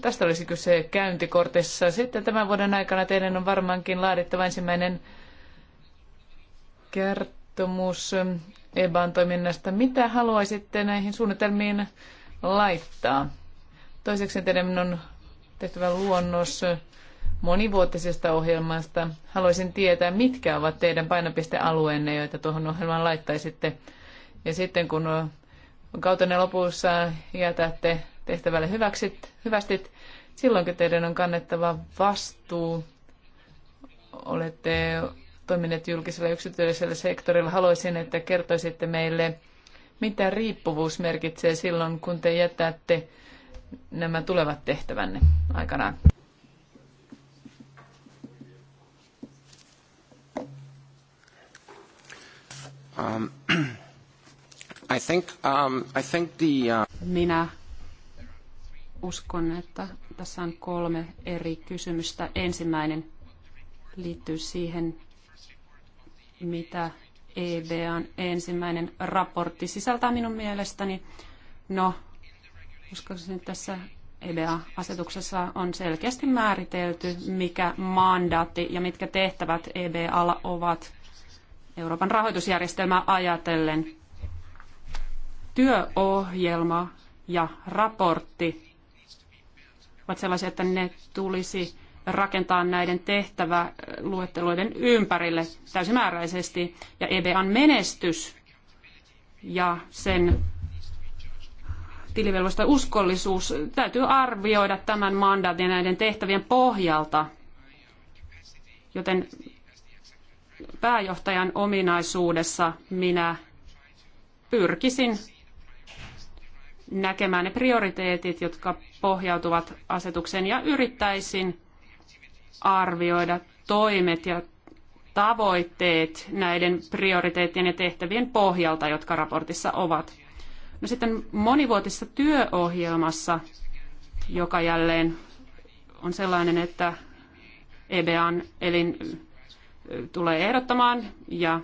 tästä olisi kyse käyntikortissa. Sitten tämän vuoden aikana teidän on varmaankin laadittava ensimmäinen kertomus EBAn toiminnasta. Mitä haluaisitte näihin suunnitelmiin laittaa? Toiseksi teidän on tehtävä luonnos monivuotisesta ohjelmasta. Haluaisin tietää, mitkä ovat teidän painopistealueenne, joita tuohon ohjelmaan laittaisitte. Ja sitten kun kautenne lopussa jätätte tehtävälle hyväksit, hyvästit, silloinkin teidän on kannettava vastuu. Olette toimineet julkisella yksityisellä sektorilla. Haluaisin, että kertoisitte meille, mitä riippuvuus merkitsee silloin, kun te jätätte nämä tulevat tehtävänne aikanaan. Um, I think, um, I think the, uh... Minä uskon, että tässä on kolme eri kysymystä. Ensimmäinen liittyy siihen, mitä EBAn ensimmäinen raportti sisältää minun mielestäni. No, uskoisin, että tässä EBA-asetuksessa on selkeästi määritelty, mikä mandaatti ja mitkä tehtävät EBAlla ovat. Euroopan rahoitusjärjestelmää ajatellen. Työohjelma ja raportti ovat sellaisia, että ne tulisi rakentaa näiden tehtäväluetteloiden ympärille täysimääräisesti. Ja EBAn menestys ja sen tilivelvollista uskollisuus täytyy arvioida tämän mandaatin ja näiden tehtävien pohjalta. Joten pääjohtajan ominaisuudessa minä pyrkisin näkemään ne prioriteetit, jotka pohjautuvat asetukseen ja yrittäisin arvioida toimet ja tavoitteet näiden prioriteettien ja tehtävien pohjalta, jotka raportissa ovat. No sitten monivuotisessa työohjelmassa, joka jälleen on sellainen, että EBAn elin tulee ehdottamaan ja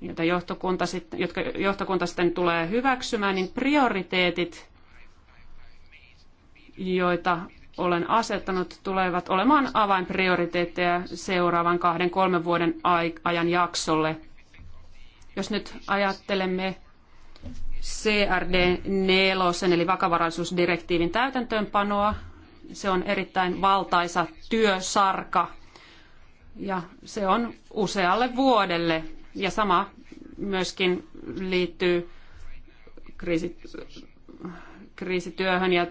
jota johtokunta sitten, jotka johtokunta sitten tulee hyväksymään, niin prioriteetit, joita olen asettanut, tulevat olemaan avainprioriteetteja seuraavan kahden kolmen vuoden ajan jaksolle. Jos nyt ajattelemme CRD 4, eli vakavaraisuusdirektiivin täytäntöönpanoa, se on erittäin valtaisa työsarka – ja se on usealle vuodelle. Ja sama myöskin liittyy kriisi, kriisityöhön ja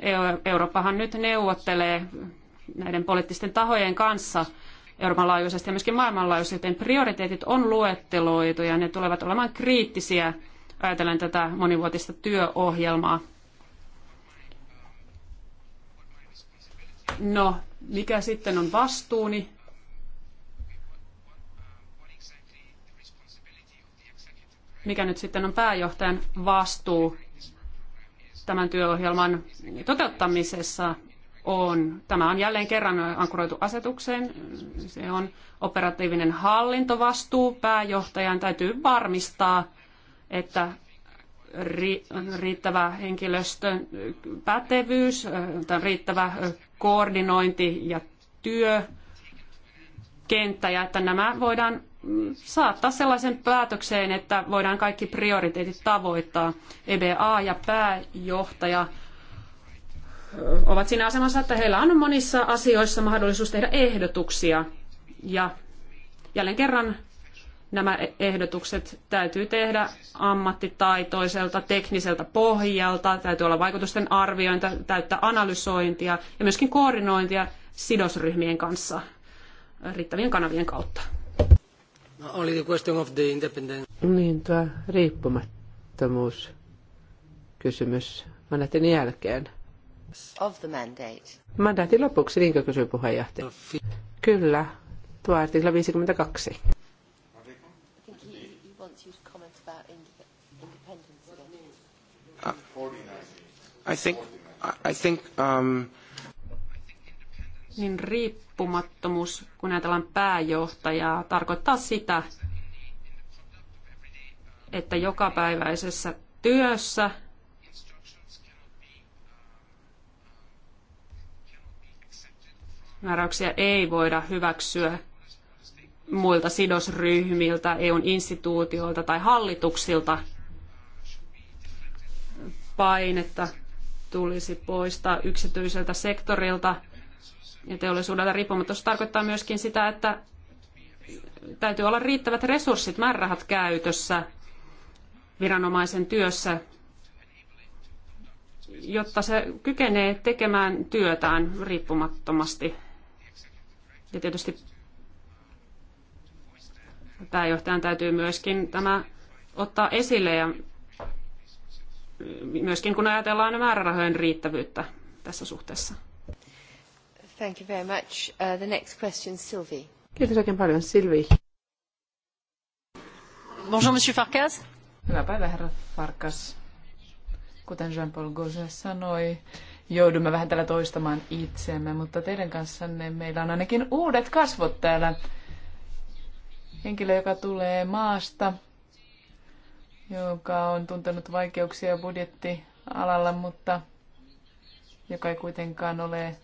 e Eurooppahan nyt neuvottelee näiden poliittisten tahojen kanssa Euroopan laajuisesti ja myöskin maailmanlaajuisesti, joten prioriteetit on luetteloitu ja ne tulevat olemaan kriittisiä ajatellen tätä monivuotista työohjelmaa. No, mikä sitten on vastuuni mikä nyt sitten on pääjohtajan vastuu tämän työohjelman toteuttamisessa on. Tämä on jälleen kerran ankkuroitu asetukseen. Se on operatiivinen hallintovastuu. Pääjohtajan täytyy varmistaa, että riittävä henkilöstön pätevyys, riittävä koordinointi ja työkenttä, ja että nämä voidaan mm, saattaa sellaisen päätökseen, että voidaan kaikki prioriteetit tavoittaa. EBA ja pääjohtaja ovat siinä asemassa, että heillä on monissa asioissa mahdollisuus tehdä ehdotuksia. Ja jälleen kerran nämä ehdotukset täytyy tehdä ammattitaitoiselta, tekniseltä pohjalta, täytyy olla vaikutusten arviointia, täyttä analysointia ja myöskin koordinointia sidosryhmien kanssa riittävien kanavien kautta. Oli no, the question of the independence. Niin, tuo riippumattomuus kysymys mandatin jälkeen. Of the mandate. Mandaatin lopuksi, niinkö kysyy puheenjohtaja? No, Kyllä, tuo artikla 52. I think, um... Niin riippumattomuus, kun ajatellaan pääjohtajaa, tarkoittaa sitä, että jokapäiväisessä työssä määräyksiä ei voida hyväksyä muilta sidosryhmiltä, EUn instituutioilta tai hallituksilta painetta tulisi poistaa yksityiseltä sektorilta ja teollisuudelta riippumatta. Se tarkoittaa myöskin sitä, että täytyy olla riittävät resurssit, määrärahat käytössä viranomaisen työssä, jotta se kykenee tekemään työtään riippumattomasti. Ja tietysti pääjohtajan täytyy myöskin tämä ottaa esille ja myöskin kun ajatellaan määrärahojen riittävyyttä tässä suhteessa. Thank you very much. Uh, the next question, Sylvie. Kiitos oikein paljon, Sylvie. Bonjour, Monsieur Farkas. Hyvää päivää, herra Farkas. Kuten Jean-Paul Gauzet sanoi, joudumme vähän täällä toistamaan itseämme, mutta teidän kanssanne meillä on ainakin uudet kasvot täällä. Henkilö, joka tulee maasta, joka on tuntenut vaikeuksia budjettialalla, mutta joka ei kuitenkaan ole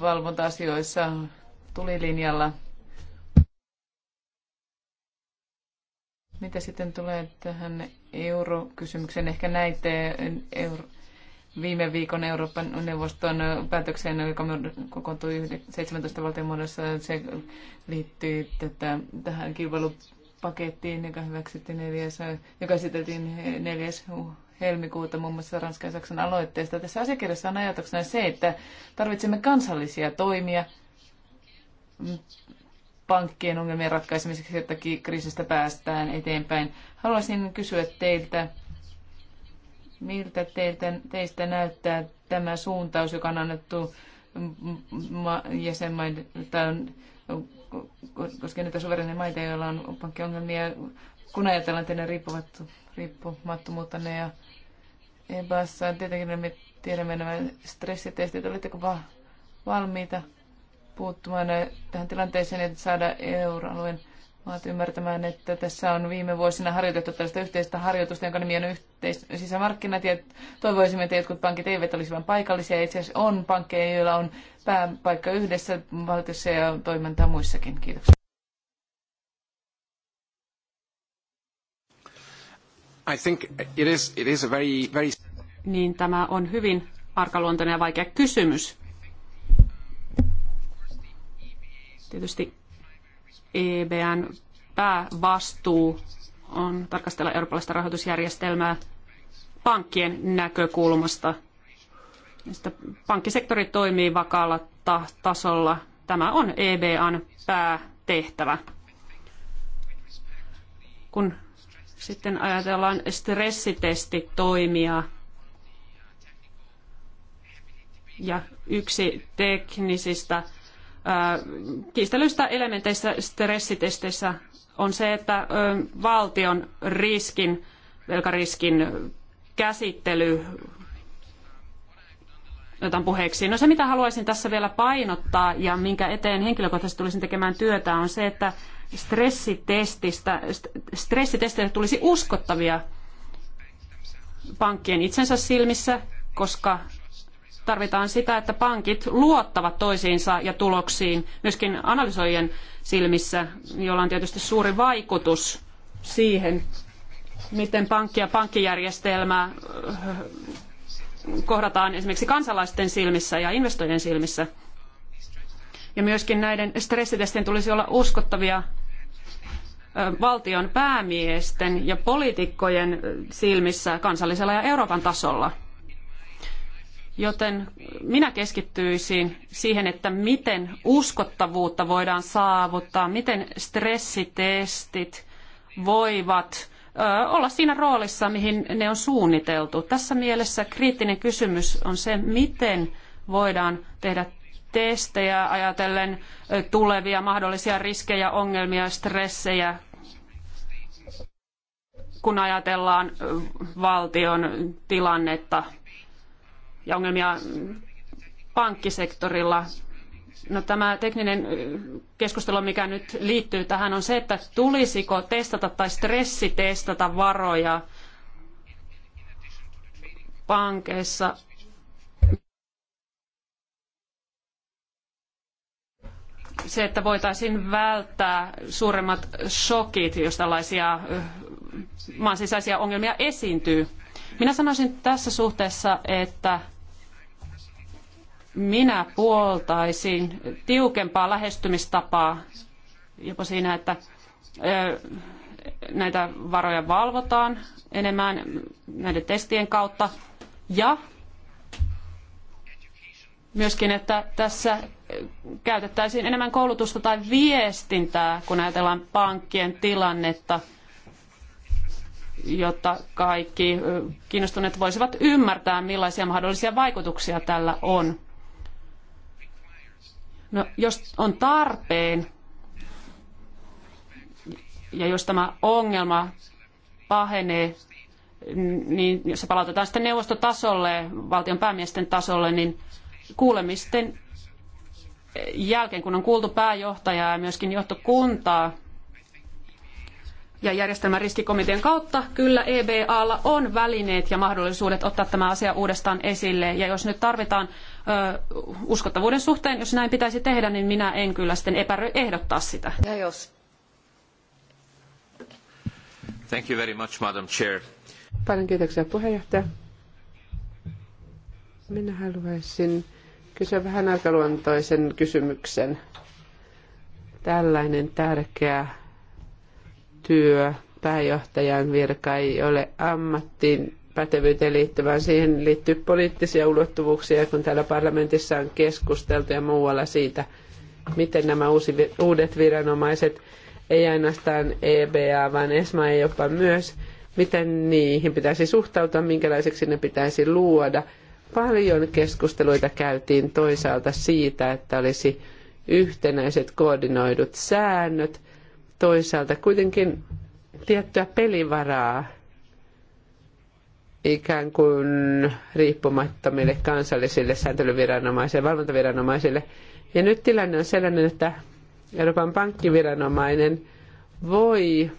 valvonta-asioissa tulilinjalla. Mitä sitten tulee tähän eurokysymykseen? Ehkä näitte euro, viime viikon Euroopan neuvoston päätökseen, joka kokoontui 17 valtion muodossa. Se liittyy tätä, tähän kilpailu pakettiin, joka hyväksyttiin neljäs, joka esiteltiin neljäs helmikuuta muun muassa Ranskan ja Saksan aloitteesta. Tässä asiakirjassa on ajatuksena se, että tarvitsemme kansallisia toimia pankkien ongelmien ratkaisemiseksi, että kriisistä päästään eteenpäin. Haluaisin kysyä teiltä, miltä teiltä, teistä näyttää tämä suuntaus, joka on annettu jäsenmailta nyt on suvereneja maita, joilla on pankkiongelmia, kun ajatellaan teidän ne ja EBAssa, tietenkin me tiedämme nämä stressitestit, oletteko valmiita puuttumaan tähän tilanteeseen, että saada euroalueen olet ymmärtämään, että tässä on viime vuosina harjoitettu tällaista yhteistä harjoitusta, jonka nimi on yhteis- sisämarkkinat. Ja toivoisimme, että jotkut pankit eivät olisi vain paikallisia. Itse asiassa on pankkeja, joilla on pääpaikka yhdessä valtiossa ja toimintaa muissakin. Kiitoksia. I think it is, it is a very, very... Niin tämä on hyvin arkaluontoinen ja vaikea kysymys. Tietysti EBN päävastuu on tarkastella eurooppalaista rahoitusjärjestelmää pankkien näkökulmasta. pankkisektori toimii vakaalla ta- tasolla. Tämä on EBAn päätehtävä. Kun sitten ajatellaan stressitestitoimia ja yksi teknisistä kiistelyistä elementeissä stressitesteissä on se, että valtion riskin, velkariskin käsittely otan puheeksi. No se, mitä haluaisin tässä vielä painottaa ja minkä eteen henkilökohtaisesti tulisin tekemään työtä, on se, että stressitestistä, stressitesteistä tulisi uskottavia pankkien itsensä silmissä, koska tarvitaan sitä, että pankit luottavat toisiinsa ja tuloksiin myöskin analysoijien silmissä, jolla on tietysti suuri vaikutus siihen, miten pankki ja pankkijärjestelmä äh, kohdataan esimerkiksi kansalaisten silmissä ja investoijien silmissä. Ja myöskin näiden stressitestien tulisi olla uskottavia äh, valtion päämiesten ja poliitikkojen äh, silmissä kansallisella ja Euroopan tasolla – Joten minä keskittyisin siihen, että miten uskottavuutta voidaan saavuttaa, miten stressitestit voivat olla siinä roolissa, mihin ne on suunniteltu. Tässä mielessä kriittinen kysymys on se, miten voidaan tehdä testejä ajatellen tulevia mahdollisia riskejä, ongelmia, stressejä, kun ajatellaan valtion tilannetta ja ongelmia pankkisektorilla. No, tämä tekninen keskustelu, mikä nyt liittyy tähän, on se, että tulisiko testata tai stressitestata varoja pankeissa se, että voitaisiin välttää suuremmat shokit, jos tällaisia maan sisäisiä ongelmia esiintyy. Minä sanoisin tässä suhteessa, että minä puoltaisin tiukempaa lähestymistapaa jopa siinä, että näitä varoja valvotaan enemmän näiden testien kautta ja myöskin, että tässä käytettäisiin enemmän koulutusta tai viestintää, kun ajatellaan pankkien tilannetta, jotta kaikki kiinnostuneet voisivat ymmärtää, millaisia mahdollisia vaikutuksia tällä on. No, jos on tarpeen ja jos tämä ongelma pahenee, niin se palautetaan sitten neuvostotasolle, valtion päämiesten tasolle, niin kuulemisten jälkeen, kun on kuultu pääjohtajaa ja myöskin johtokuntaa ja järjestelmän riskikomitean kautta, kyllä EBAlla on välineet ja mahdollisuudet ottaa tämä asia uudestaan esille. Ja jos nyt tarvitaan uskottavuuden suhteen, jos näin pitäisi tehdä, niin minä en kyllä sitten epäröi ehdottaa sitä. Ja jos. Thank you very much, Madam Chair. Paljon kiitoksia puheenjohtaja. Minä haluaisin kysyä vähän arkaluontoisen kysymyksen. Tällainen tärkeä työ, pääjohtajan virka ei ole ammattiin pätevyyteen liittyvään. Siihen liittyy poliittisia ulottuvuuksia, kun täällä parlamentissa on keskusteltu ja muualla siitä, miten nämä uusi, uudet viranomaiset, ei ainoastaan EBA, vaan ESMA ja jopa myös, miten niihin pitäisi suhtautua, minkälaiseksi ne pitäisi luoda. Paljon keskusteluita käytiin toisaalta siitä, että olisi yhtenäiset koordinoidut säännöt, toisaalta kuitenkin tiettyä pelivaraa ikään kuin riippumattomille kansallisille sääntelyviranomaisille, valvontaviranomaisille. Ja nyt tilanne on sellainen, että Euroopan pankkiviranomainen voi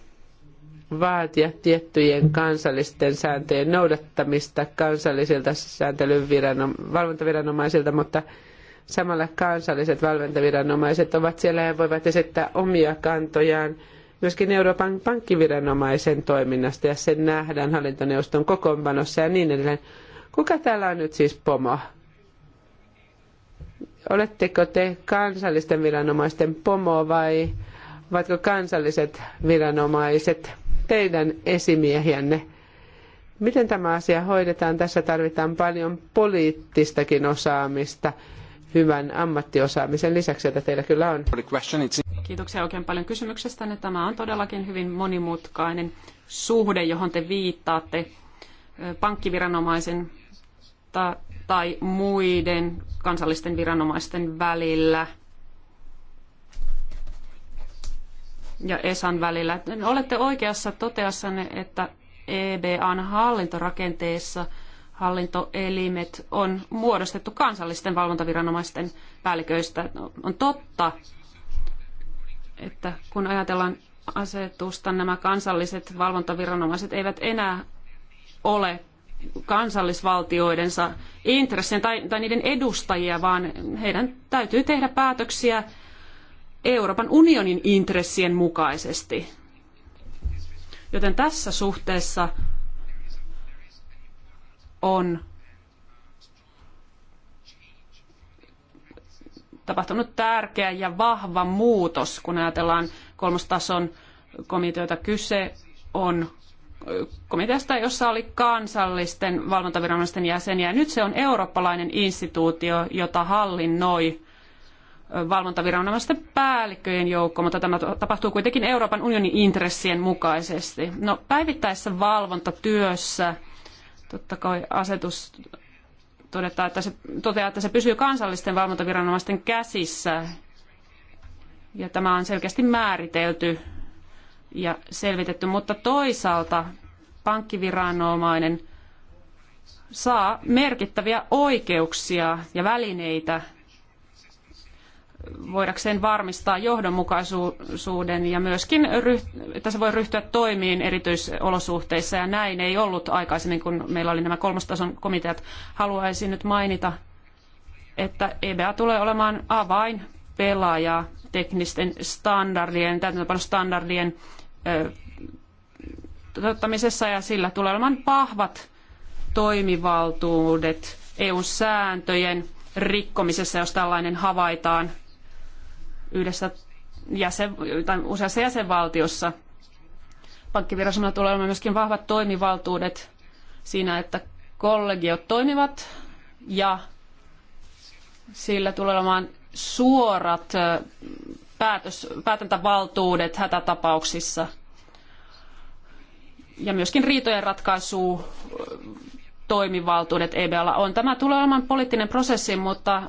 vaatia tiettyjen kansallisten sääntöjen noudattamista kansallisilta sääntelyviranoma- valvontaviranomaisilta, mutta samalla kansalliset valvontaviranomaiset ovat siellä ja voivat esittää omia kantojaan – myöskin Euroopan pankkiviranomaisen toiminnasta ja sen nähdään hallintoneuvoston kokoonpanossa ja niin edelleen. Kuka täällä on nyt siis pomo? Oletteko te kansallisten viranomaisten pomo vai ovatko kansalliset viranomaiset teidän esimiehiänne? Miten tämä asia hoidetaan? Tässä tarvitaan paljon poliittistakin osaamista hyvän ammattiosaamisen lisäksi, jota teillä kyllä on. Kiitoksia oikein paljon kysymyksestänne. Tämä on todellakin hyvin monimutkainen suhde, johon te viittaatte pankkiviranomaisen tai muiden kansallisten viranomaisten välillä ja ESAn välillä. Olette oikeassa toteassanne, että EBAn hallintorakenteessa hallintoelimet on muodostettu kansallisten valvontaviranomaisten päälliköistä. On totta, että kun ajatellaan asetusta, nämä kansalliset valvontaviranomaiset eivät enää ole kansallisvaltioidensa intressien tai, tai niiden edustajia, vaan heidän täytyy tehdä päätöksiä Euroopan unionin intressien mukaisesti. Joten tässä suhteessa on tapahtunut tärkeä ja vahva muutos, kun ajatellaan kolmostason komiteoita. Kyse on komiteasta, jossa oli kansallisten valvontaviranomaisten jäseniä. Nyt se on eurooppalainen instituutio, jota hallinnoi valvontaviranomaisten päällikköjen joukko, mutta tämä tapahtuu kuitenkin Euroopan unionin intressien mukaisesti. No, päivittäisessä valvontatyössä totta kai asetus todetaan, että se, toteaa, että se pysyy kansallisten valvontaviranomaisten käsissä. Ja tämä on selkeästi määritelty ja selvitetty, mutta toisaalta pankkiviranomainen saa merkittäviä oikeuksia ja välineitä – voidakseen varmistaa johdonmukaisuuden ja myöskin, että se voi ryhtyä toimiin erityisolosuhteissa ja näin ei ollut aikaisemmin, kun meillä oli nämä kolmostason komiteat. Haluaisin nyt mainita, että EBA tulee olemaan avain pelaaja teknisten standardien, täytäntöönpanostandardien toteuttamisessa ja sillä tulee olemaan vahvat toimivaltuudet EU-sääntöjen rikkomisessa, jos tällainen havaitaan yhdessä jäsen, tai useassa jäsenvaltiossa. Pankkivirastolla tulee olemaan myöskin vahvat toimivaltuudet siinä, että kollegiot toimivat ja sillä tulee olemaan suorat päätös, päätäntävaltuudet hätätapauksissa ja myöskin riitojen ratkaisu toimivaltuudet EBLA on. Tämä tulee olemaan poliittinen prosessi, mutta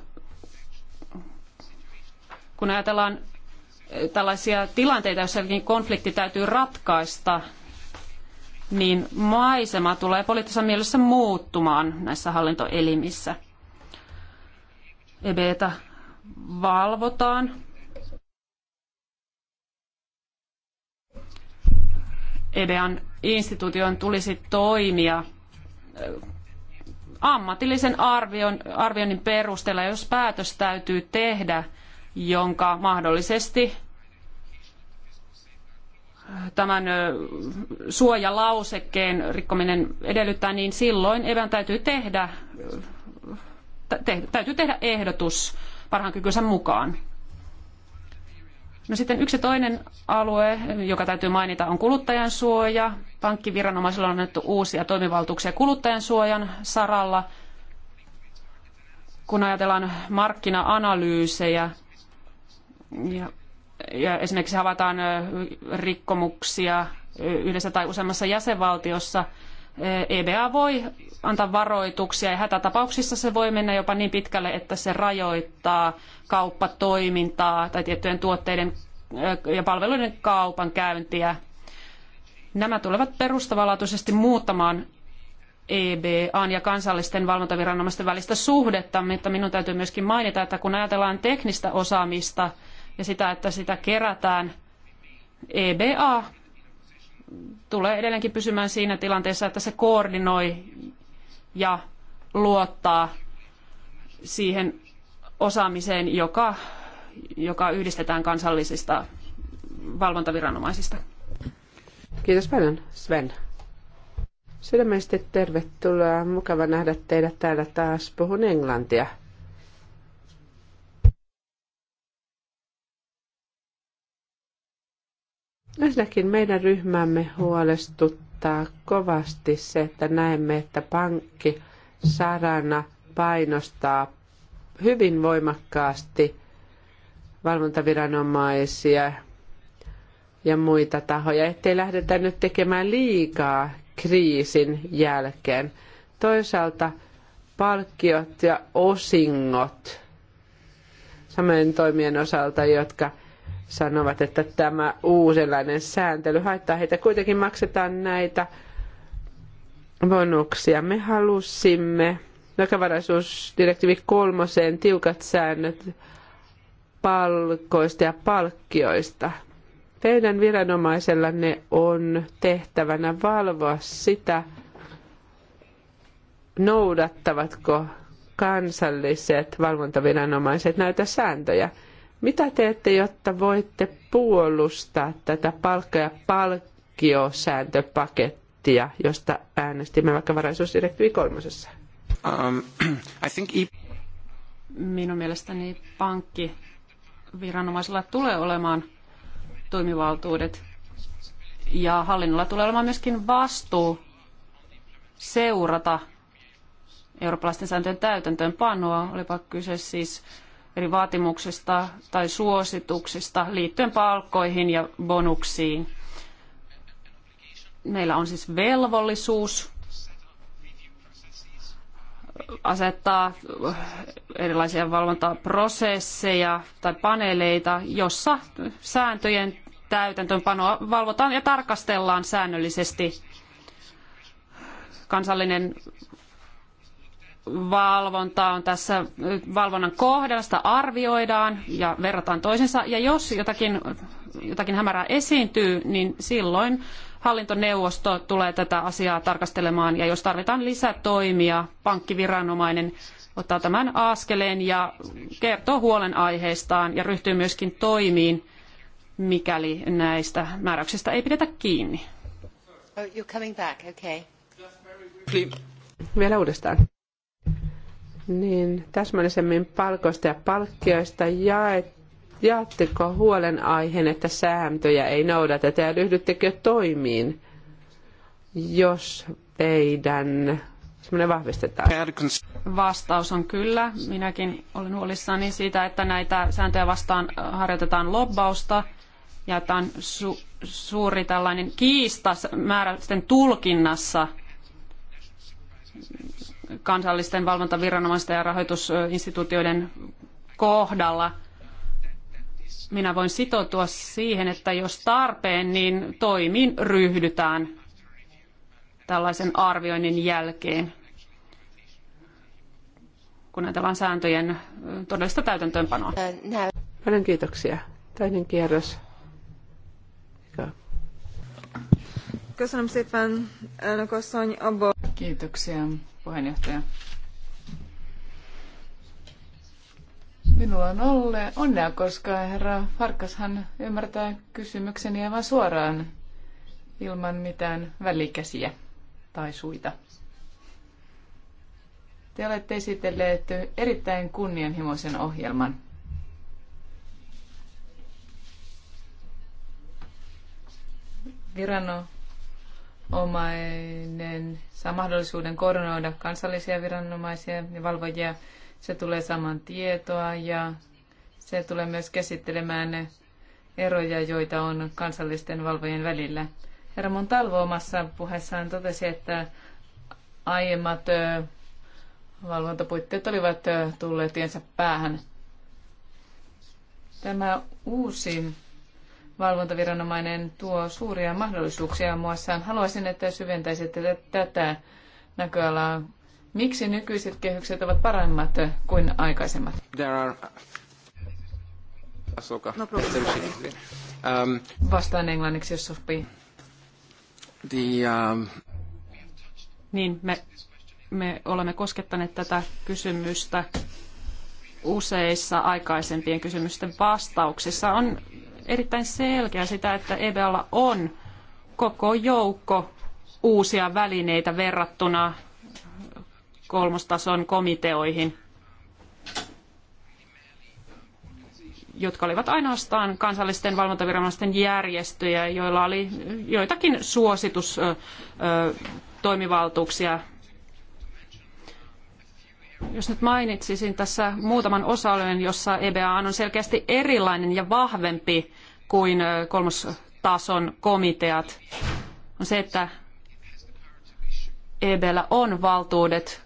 kun ajatellaan eh, tällaisia tilanteita, joissa jokin konflikti täytyy ratkaista, niin maisema tulee poliittisessa mielessä muuttumaan näissä hallintoelimissä. EBtä valvotaan. EBAn instituution tulisi toimia eh, ammatillisen arvion, arvioinnin perusteella, jos päätös täytyy tehdä – jonka mahdollisesti tämän suojalausekkeen rikkominen edellyttää, niin silloin evän täytyy tehdä, täytyy tehdä ehdotus parhaan kykynsä mukaan. No sitten yksi toinen alue, joka täytyy mainita, on kuluttajan suoja. Pankkiviranomaisilla on annettu uusia toimivaltuuksia kuluttajan suojan saralla. Kun ajatellaan markkina-analyysejä, ja, ja esimerkiksi havataan rikkomuksia yhdessä tai useammassa jäsenvaltiossa. EBA voi antaa varoituksia ja hätätapauksissa se voi mennä jopa niin pitkälle, että se rajoittaa kauppatoimintaa tai tiettyjen tuotteiden ja palveluiden kaupan käyntiä. Nämä tulevat perustavanlaatuisesti muuttamaan EBAn ja kansallisten valvontaviranomaisten välistä suhdetta, mutta minun täytyy myöskin mainita, että kun ajatellaan teknistä osaamista – ja sitä, että sitä kerätään, EBA tulee edelleenkin pysymään siinä tilanteessa, että se koordinoi ja luottaa siihen osaamiseen, joka, joka yhdistetään kansallisista valvontaviranomaisista. Kiitos paljon, Sven. Sydämesti tervetuloa. Mukava nähdä teidät täällä taas. Puhun englantia. Ensinnäkin meidän ryhmämme huolestuttaa kovasti se, että näemme, että pankki sarana painostaa hyvin voimakkaasti valvontaviranomaisia ja muita tahoja, ettei lähdetä nyt tekemään liikaa kriisin jälkeen. Toisaalta palkkiot ja osingot samojen toimien osalta, jotka – sanovat, että tämä uusenlainen sääntely haittaa heitä. Kuitenkin maksetaan näitä bonuksia. Me halusimme vakavaraisuusdirektiivi kolmoseen tiukat säännöt palkoista ja palkkioista. Teidän viranomaisellanne on tehtävänä valvoa sitä, noudattavatko kansalliset valvontaviranomaiset näitä sääntöjä – mitä teette, jotta voitte puolustaa tätä palkka- ja palkkiosääntöpakettia, josta äänestimme vaikka varaisuusdirektiivi kolmosessa? Um, I think... E- Minun mielestäni pankkiviranomaisilla tulee olemaan toimivaltuudet ja hallinnolla tulee olemaan myöskin vastuu seurata eurooppalaisten sääntöjen täytäntöönpanoa, olipa kyse siis eli vaatimuksista tai suosituksista liittyen palkkoihin ja bonuksiin. Meillä on siis velvollisuus asettaa erilaisia valvontaprosesseja tai paneeleita, jossa sääntöjen täytäntöönpanoa valvotaan ja tarkastellaan säännöllisesti. Kansallinen valvontaa on tässä, valvonnan kohdasta arvioidaan ja verrataan toisensa. Ja jos jotakin, jotakin hämärää esiintyy, niin silloin hallintoneuvosto tulee tätä asiaa tarkastelemaan. Ja jos tarvitaan lisätoimia, pankkiviranomainen ottaa tämän askeleen ja kertoo huolenaiheistaan ja ryhtyy myöskin toimiin, mikäli näistä määräyksistä ei pidetä kiinni. Oh, you're coming back. Okay. Vielä uudestaan niin täsmällisemmin palkoista ja palkkioista jaet, jaatteko huolenaiheen, että sääntöjä ei noudateta ja ryhdyttekö toimiin, jos teidän semmoinen vahvistetaan? Vastaus on kyllä. Minäkin olen huolissani siitä, että näitä sääntöjä vastaan harjoitetaan lobbausta ja että on su- suuri tällainen kiista määräisten tulkinnassa kansallisten valvontaviranomaisten ja rahoitusinstituutioiden kohdalla. Minä voin sitoutua siihen, että jos tarpeen, niin toimiin ryhdytään tällaisen arvioinnin jälkeen, kun ajatellaan sääntöjen todellista täytäntöönpanoa. Paljon kiitoksia. Toinen kierros. Kiitoksia puheenjohtaja. Minulla on ollut onnea, koska herra Farkashan ymmärtää kysymykseni aivan suoraan ilman mitään välikäsiä tai suita. Te olette esitelleet erittäin kunnianhimoisen ohjelman. Virano, viranomainen saa mahdollisuuden koordinoida kansallisia viranomaisia ja valvojia. Se tulee saman tietoa ja se tulee myös käsittelemään eroja, joita on kansallisten valvojen välillä. Herra Montalvo omassa puheessaan totesi, että aiemmat valvontapuitteet olivat tulleet tiensä päähän. Tämä uusi valvontaviranomainen tuo suuria mahdollisuuksia muassa. Haluaisin, että syventäisitte tätä näköalaa. Miksi nykyiset kehykset ovat paremmat kuin aikaisemmat? There are... no um, Vastaan englanniksi, jos sopii. The, um... Niin, me, me olemme koskettaneet tätä kysymystä useissa aikaisempien kysymysten vastauksissa. On erittäin selkeä sitä, että EBAlla on koko joukko uusia välineitä verrattuna kolmostason komiteoihin, jotka olivat ainoastaan kansallisten valvontaviranomaisten järjestöjä, joilla oli joitakin toimivaltuuksia jos nyt mainitsisin tässä muutaman osa-alueen, jossa EBA on selkeästi erilainen ja vahvempi kuin kolmostason komiteat, on se, että EBllä on valtuudet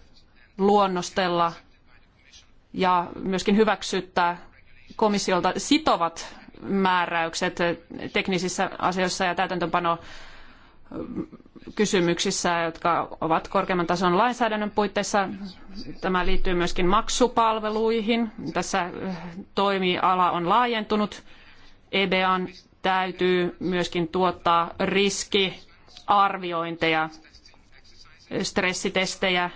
luonnostella ja myöskin hyväksyttää komissiolta sitovat määräykset teknisissä asioissa ja täytäntöpano kysymyksissä, jotka ovat korkeamman tason lainsäädännön puitteissa. Tämä liittyy myöskin maksupalveluihin. Tässä eh, toimiala on laajentunut. EBAn täytyy myöskin tuottaa riskiarviointeja, stressitestejä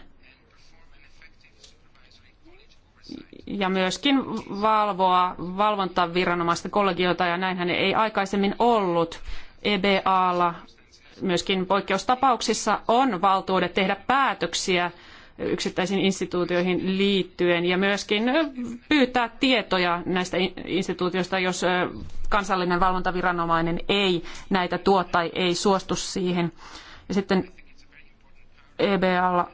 ja myöskin valvoa valvontaviranomaisten kollegiota, ja näinhän ei aikaisemmin ollut. EBAlla myöskin poikkeustapauksissa on valtuudet tehdä päätöksiä yksittäisiin instituutioihin liittyen ja myöskin pyytää tietoja näistä instituutioista, jos kansallinen valvontaviranomainen ei näitä tuo tai ei suostu siihen. Ja sitten EBAlla,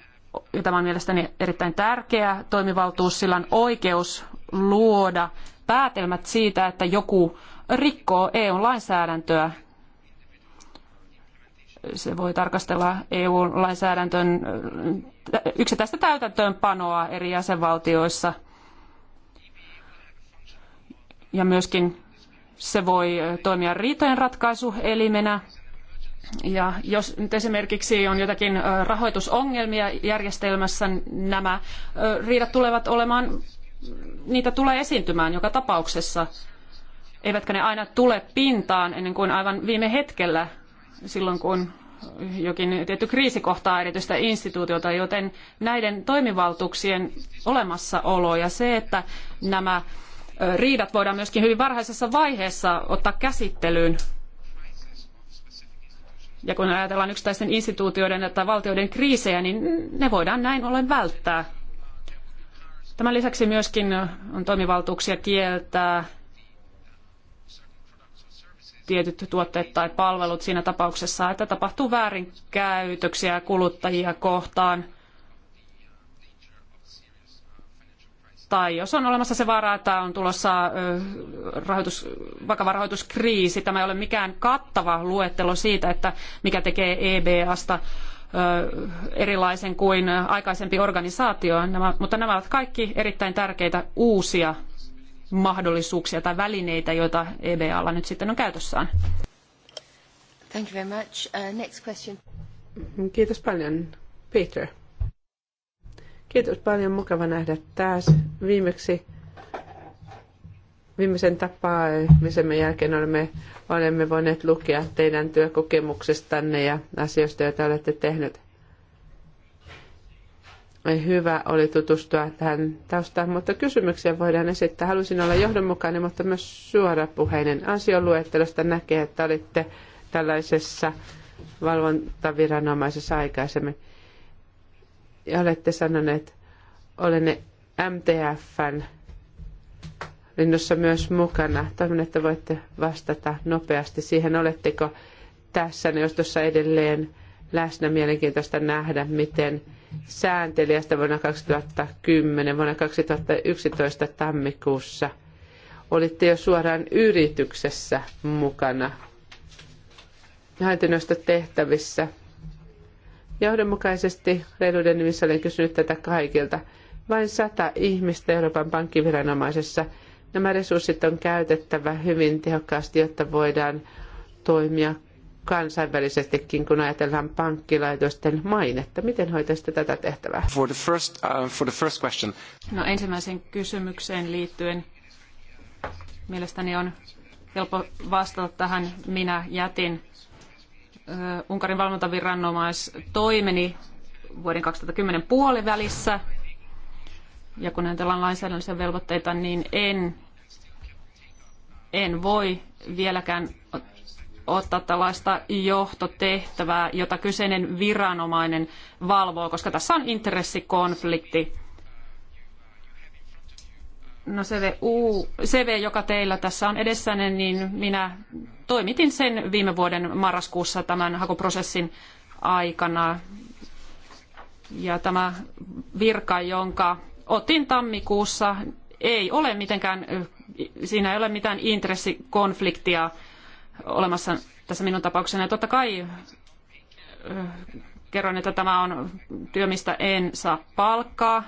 ja tämä on mielestäni erittäin tärkeä toimivaltuus, sillä on oikeus luoda päätelmät siitä, että joku rikkoo EUn lainsäädäntöä se voi tarkastella EU-lainsäädäntön äh, yksittäistä täytäntöönpanoa eri jäsenvaltioissa. Ja myöskin se voi toimia riitojenratkaisuelimenä. Ja jos nyt esimerkiksi on jotakin äh, rahoitusongelmia järjestelmässä, nämä äh, riidat tulevat olemaan, niitä tulee esiintymään joka tapauksessa. Eivätkä ne aina tule pintaan ennen kuin aivan viime hetkellä silloin, kun jokin tietty kriisi kohtaa erityistä instituutiota, joten näiden toimivaltuuksien olemassaolo ja se, että nämä riidat voidaan myöskin hyvin varhaisessa vaiheessa ottaa käsittelyyn. Ja kun ajatellaan yksittäisten instituutioiden tai valtioiden kriisejä, niin ne voidaan näin ollen välttää. Tämän lisäksi myöskin on toimivaltuuksia kieltää tietyt tuotteet tai palvelut siinä tapauksessa, että tapahtuu väärinkäytöksiä kuluttajia kohtaan. Tai jos on olemassa se vaara, että on tulossa rahoitus, vakava rahoituskriisi, tämä ei ole mikään kattava luettelo siitä, että mikä tekee EBAsta erilaisen kuin aikaisempi organisaatio, nämä, mutta nämä ovat kaikki erittäin tärkeitä uusia mahdollisuuksia tai välineitä, joita EBAlla nyt sitten on käytössään. Thank you very much. Uh, next question. Kiitos paljon, Peter. Kiitos paljon, mukava nähdä taas. Viimeksi viimeisen tapaamisemme jälkeen olemme, olemme voineet lukea teidän työkokemuksestanne ja asioista, joita olette tehneet hyvä oli tutustua tähän taustaan, mutta kysymyksiä voidaan esittää. Halusin olla johdonmukainen, mutta myös suorapuheinen. Ansioluettelosta näkee, että olitte tällaisessa valvontaviranomaisessa aikaisemmin. Ja olette sanoneet, olen MTFn linnossa myös mukana. Toivon, että voitte vastata nopeasti siihen. Oletteko tässä neuvostossa edelleen läsnä? Mielenkiintoista nähdä, miten sääntelijästä vuonna 2010, vuonna 2011 tammikuussa olitte jo suoraan yrityksessä mukana hallintoneuvoston tehtävissä. Johdonmukaisesti reiluuden nimissä olen kysynyt tätä kaikilta. Vain sata ihmistä Euroopan pankkiviranomaisessa. Nämä resurssit on käytettävä hyvin tehokkaasti, jotta voidaan toimia kansainvälisestikin, kun ajatellaan pankkilaitosten mainetta. Miten hoitaisitte tätä tehtävää? For the first, uh, for the first question. No ensimmäisen kysymykseen liittyen mielestäni on helppo vastata tähän. Minä jätin uh, Unkarin valvontaviranomaistoimeni vuoden 2010 puolivälissä. Ja kun ajatellaan lainsäädännöllisiä velvoitteita, niin en, en voi vieläkään ottaa tällaista johtotehtävää, jota kyseinen viranomainen valvoo, koska tässä on intressikonflikti. No U, CV, joka teillä tässä on edessäni, niin minä toimitin sen viime vuoden marraskuussa tämän hakuprosessin aikana. Ja tämä virka, jonka otin tammikuussa, ei ole mitenkään, siinä ei ole mitään intressikonfliktia olemassa tässä minun tapauksessani, Ja totta kai kerroin, että tämä on työ, mistä en saa palkkaa.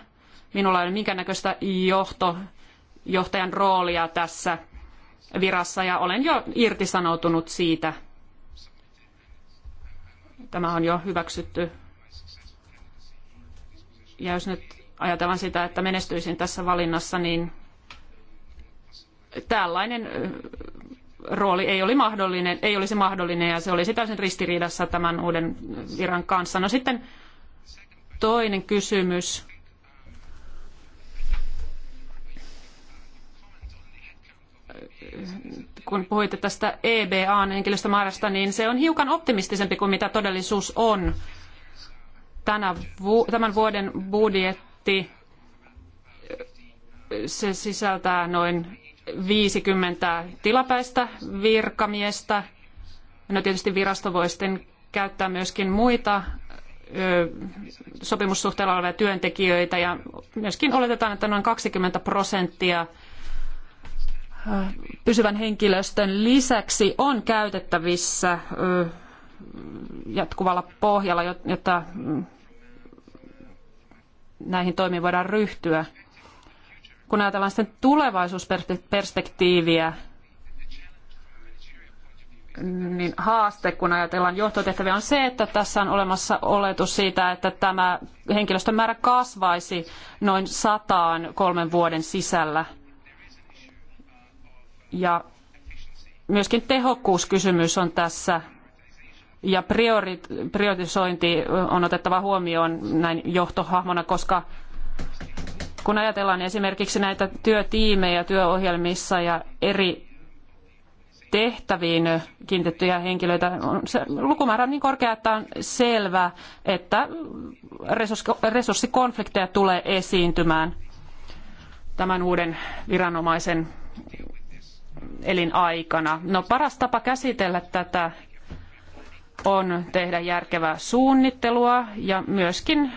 Minulla ei ole minkäännäköistä johto, johtajan roolia tässä virassa ja olen jo irtisanoutunut siitä. Tämä on jo hyväksytty. Ja jos nyt ajatellaan sitä, että menestyisin tässä valinnassa, niin tällainen rooli ei, oli mahdollinen, ei olisi mahdollinen ja se olisi täysin ristiriidassa tämän uuden viran kanssa. No sitten toinen kysymys. Kun puhuitte tästä EBAn henkilöstömäärästä, niin se on hiukan optimistisempi kuin mitä todellisuus on. Tänä tämän vuoden budjetti se sisältää noin 50 tilapäistä virkamiestä. No tietysti virasto voi sitten käyttää myöskin muita sopimussuhteella olevia työntekijöitä ja myöskin oletetaan, että noin 20 prosenttia pysyvän henkilöstön lisäksi on käytettävissä jatkuvalla pohjalla, jotta mm, näihin toimiin voidaan ryhtyä kun ajatellaan sitten tulevaisuusperspektiiviä, niin haaste, kun ajatellaan johtotehtäviä, on se, että tässä on olemassa oletus siitä, että tämä henkilöstön määrä kasvaisi noin sataan kolmen vuoden sisällä. Ja myöskin tehokkuuskysymys on tässä ja priori, priorisointi on otettava huomioon näin johtohahmona, koska kun ajatellaan esimerkiksi näitä työtiimejä työohjelmissa ja eri tehtäviin kiinnitettyjä henkilöitä, on se lukumäärä on niin korkea, että on selvää, että resurssikonflikteja tulee esiintymään tämän uuden viranomaisen elinaikana. No paras tapa käsitellä tätä on tehdä järkevää suunnittelua ja myöskin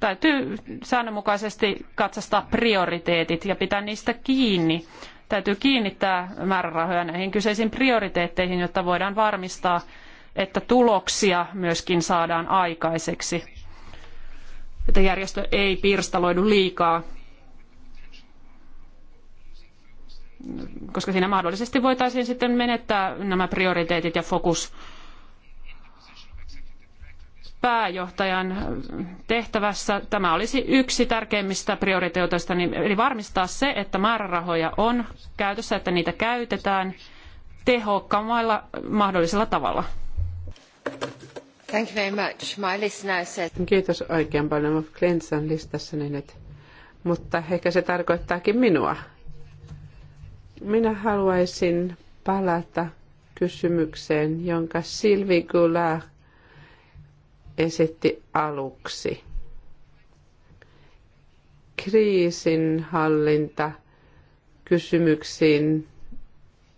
täytyy säännönmukaisesti katsastaa prioriteetit ja pitää niistä kiinni. Täytyy kiinnittää määrärahoja näihin kyseisiin prioriteetteihin, jotta voidaan varmistaa, että tuloksia myöskin saadaan aikaiseksi, että järjestö ei pirstaloidu liikaa koska siinä mahdollisesti voitaisiin sitten menettää nämä prioriteetit ja fokus pääjohtajan tehtävässä tämä olisi yksi tärkeimmistä prioriteeteista, niin- eli varmistaa se, että määrärahoja on käytössä, että niitä käytetään tehokkaammalla mahdollisella tavalla. Thank you very much. My list now says... Kiitos oikein paljon. Clinton listassani nyt. Mutta ehkä se tarkoittaakin minua. Minä haluaisin palata kysymykseen, jonka Sylvie Goulart esitti aluksi. kriisin hallinta kysymyksiin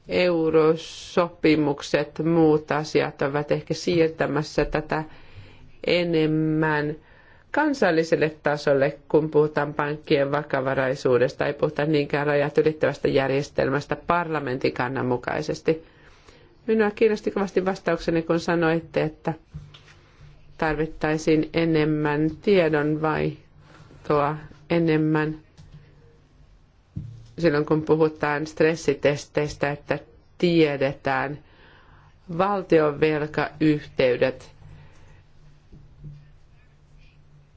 eurosopimukset, muut asiat ovat ehkä siirtämässä tätä enemmän kansalliselle tasolle, kun puhutaan pankkien vakavaraisuudesta, ei puhuta niinkään rajat ylittävästä järjestelmästä parlamentin kannan mukaisesti. Minua kiinnosti kovasti vastaukseni, kun sanoitte, että tarvittaisiin enemmän tiedonvaihtoa, enemmän silloin kun puhutaan stressitesteistä, että tiedetään valtion velkayhteydet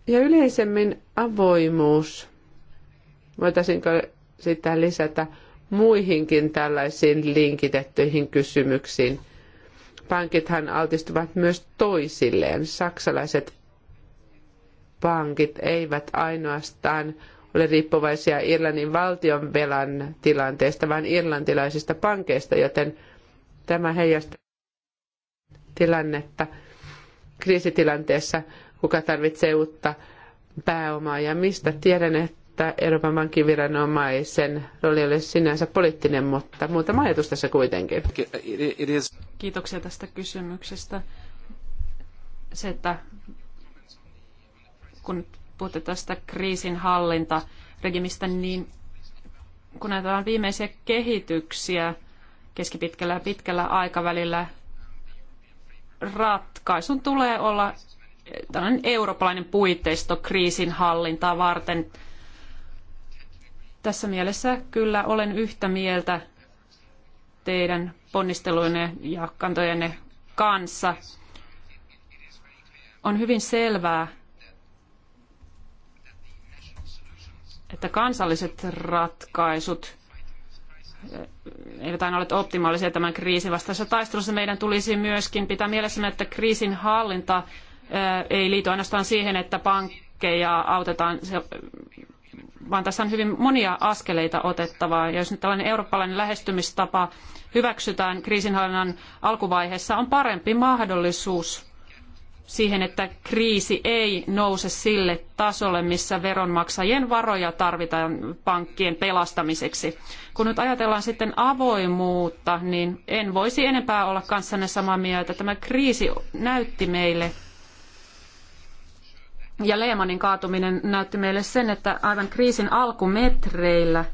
ja yleisemmin avoimuus. Voitaisiinko sitä lisätä muihinkin tällaisiin linkitettyihin kysymyksiin – pankithan altistuvat myös toisilleen. Saksalaiset pankit eivät ainoastaan ole riippuvaisia Irlannin valtion velan tilanteesta, vaan irlantilaisista pankeista, joten tämä heijastaa tilannetta kriisitilanteessa, kuka tarvitsee uutta pääomaa ja mistä. Tiedän, että että Euroopan pankkiviranomaisen rooli ole sinänsä poliittinen, mutta muutama ajatus tässä kuitenkin. Kiitoksia tästä kysymyksestä. Se, että kun puhutte tästä kriisinhallintaregimistä, niin kun ajatellaan viimeisiä kehityksiä keskipitkällä ja pitkällä aikavälillä, ratkaisun tulee olla tällainen eurooppalainen puitteisto kriisinhallintaa varten – tässä mielessä kyllä olen yhtä mieltä teidän ponnisteluinen ja kantojenne kanssa. On hyvin selvää, että kansalliset ratkaisut eh, eivät aina ole optimaalisia tämän kriisin vastaisessa taistelussa. Meidän tulisi myöskin pitää mielessämme, että kriisin hallinta eh, ei liity ainoastaan siihen, että pankkeja autetaan vaan tässä on hyvin monia askeleita otettavaa. Ja jos nyt tällainen eurooppalainen lähestymistapa hyväksytään kriisinhallinnan alkuvaiheessa, on parempi mahdollisuus siihen, että kriisi ei nouse sille tasolle, missä veronmaksajien varoja tarvitaan pankkien pelastamiseksi. Kun nyt ajatellaan sitten avoimuutta, niin en voisi enempää olla kanssanne samaa mieltä. Tämä kriisi näytti meille ja Lehmanin kaatuminen näytti meille sen, että aivan kriisin alkumetreillä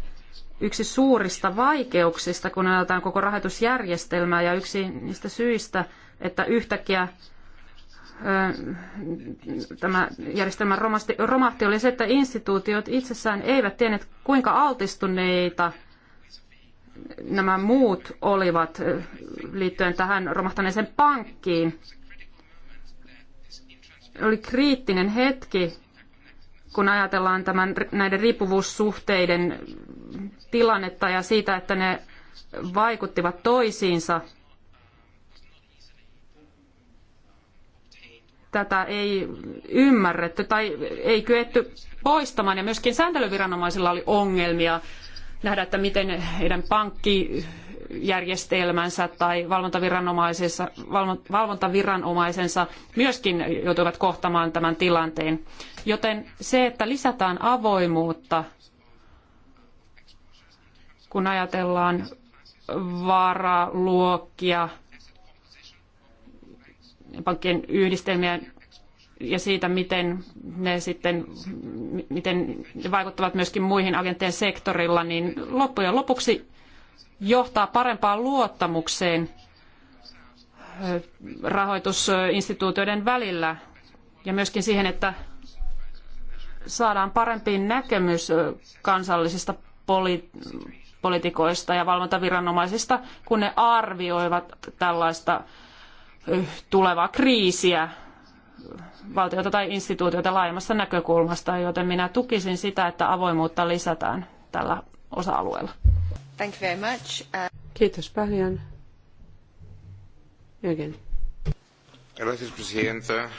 yksi suurista vaikeuksista, kun ajatellaan koko rahoitusjärjestelmää ja yksi niistä syistä, että yhtäkkiä tämä järjestelmä romahti, oli se, että instituutiot itsessään eivät tienneet, kuinka altistuneita nämä muut olivat liittyen tähän romahtaneeseen pankkiin oli kriittinen hetki, kun ajatellaan tämän, näiden riippuvuussuhteiden tilannetta ja siitä, että ne vaikuttivat toisiinsa. Tätä ei ymmärretty tai ei kyetty poistamaan ja myöskin sääntelyviranomaisilla oli ongelmia nähdä, että miten heidän pankki järjestelmänsä tai valvontaviranomaisensa, valvontaviranomaisensa myöskin joutuivat kohtamaan tämän tilanteen. Joten se, että lisätään avoimuutta, kun ajatellaan varaluokkia, pankkien yhdistelmiä ja siitä, miten ne sitten miten ne vaikuttavat myöskin muihin agenttien sektorilla, niin loppujen lopuksi johtaa parempaan luottamukseen rahoitusinstituutioiden välillä ja myöskin siihen, että saadaan parempi näkemys kansallisista poli- poliitikoista ja valvontaviranomaisista, kun ne arvioivat tällaista tulevaa kriisiä valtiota tai instituutiota laajemmasta näkökulmasta, joten minä tukisin sitä, että avoimuutta lisätään tällä osa-alueella. Thank you very much. Uh, Kiitos paljon. Jürgen. Gracias, presidenta.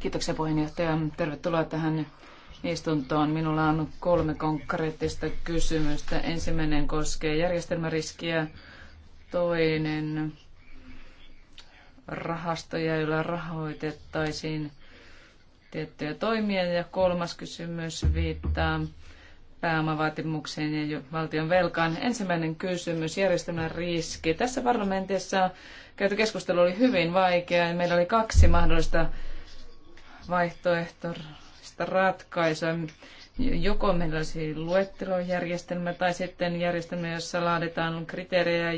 Kiitoksia puheenjohtaja. Tervetuloa tähän istuntoon. Minulla on kolme konkreettista kysymystä. Ensimmäinen koskee järjestelmäriskiä, toinen rahastoja, joilla rahoitettaisiin tiettyjä toimia ja kolmas kysymys viittaa pääomavaatimuksiin ja valtion velkaan. Ensimmäinen kysymys, järjestelmän riski. Tässä parlamentissa käyty keskustelu oli hyvin vaikea ja meillä oli kaksi mahdollista vaihtoehtoista ratkaisua. Joko meillä olisi luettelojärjestelmä tai sitten järjestelmä, jossa laaditaan kriteerejä,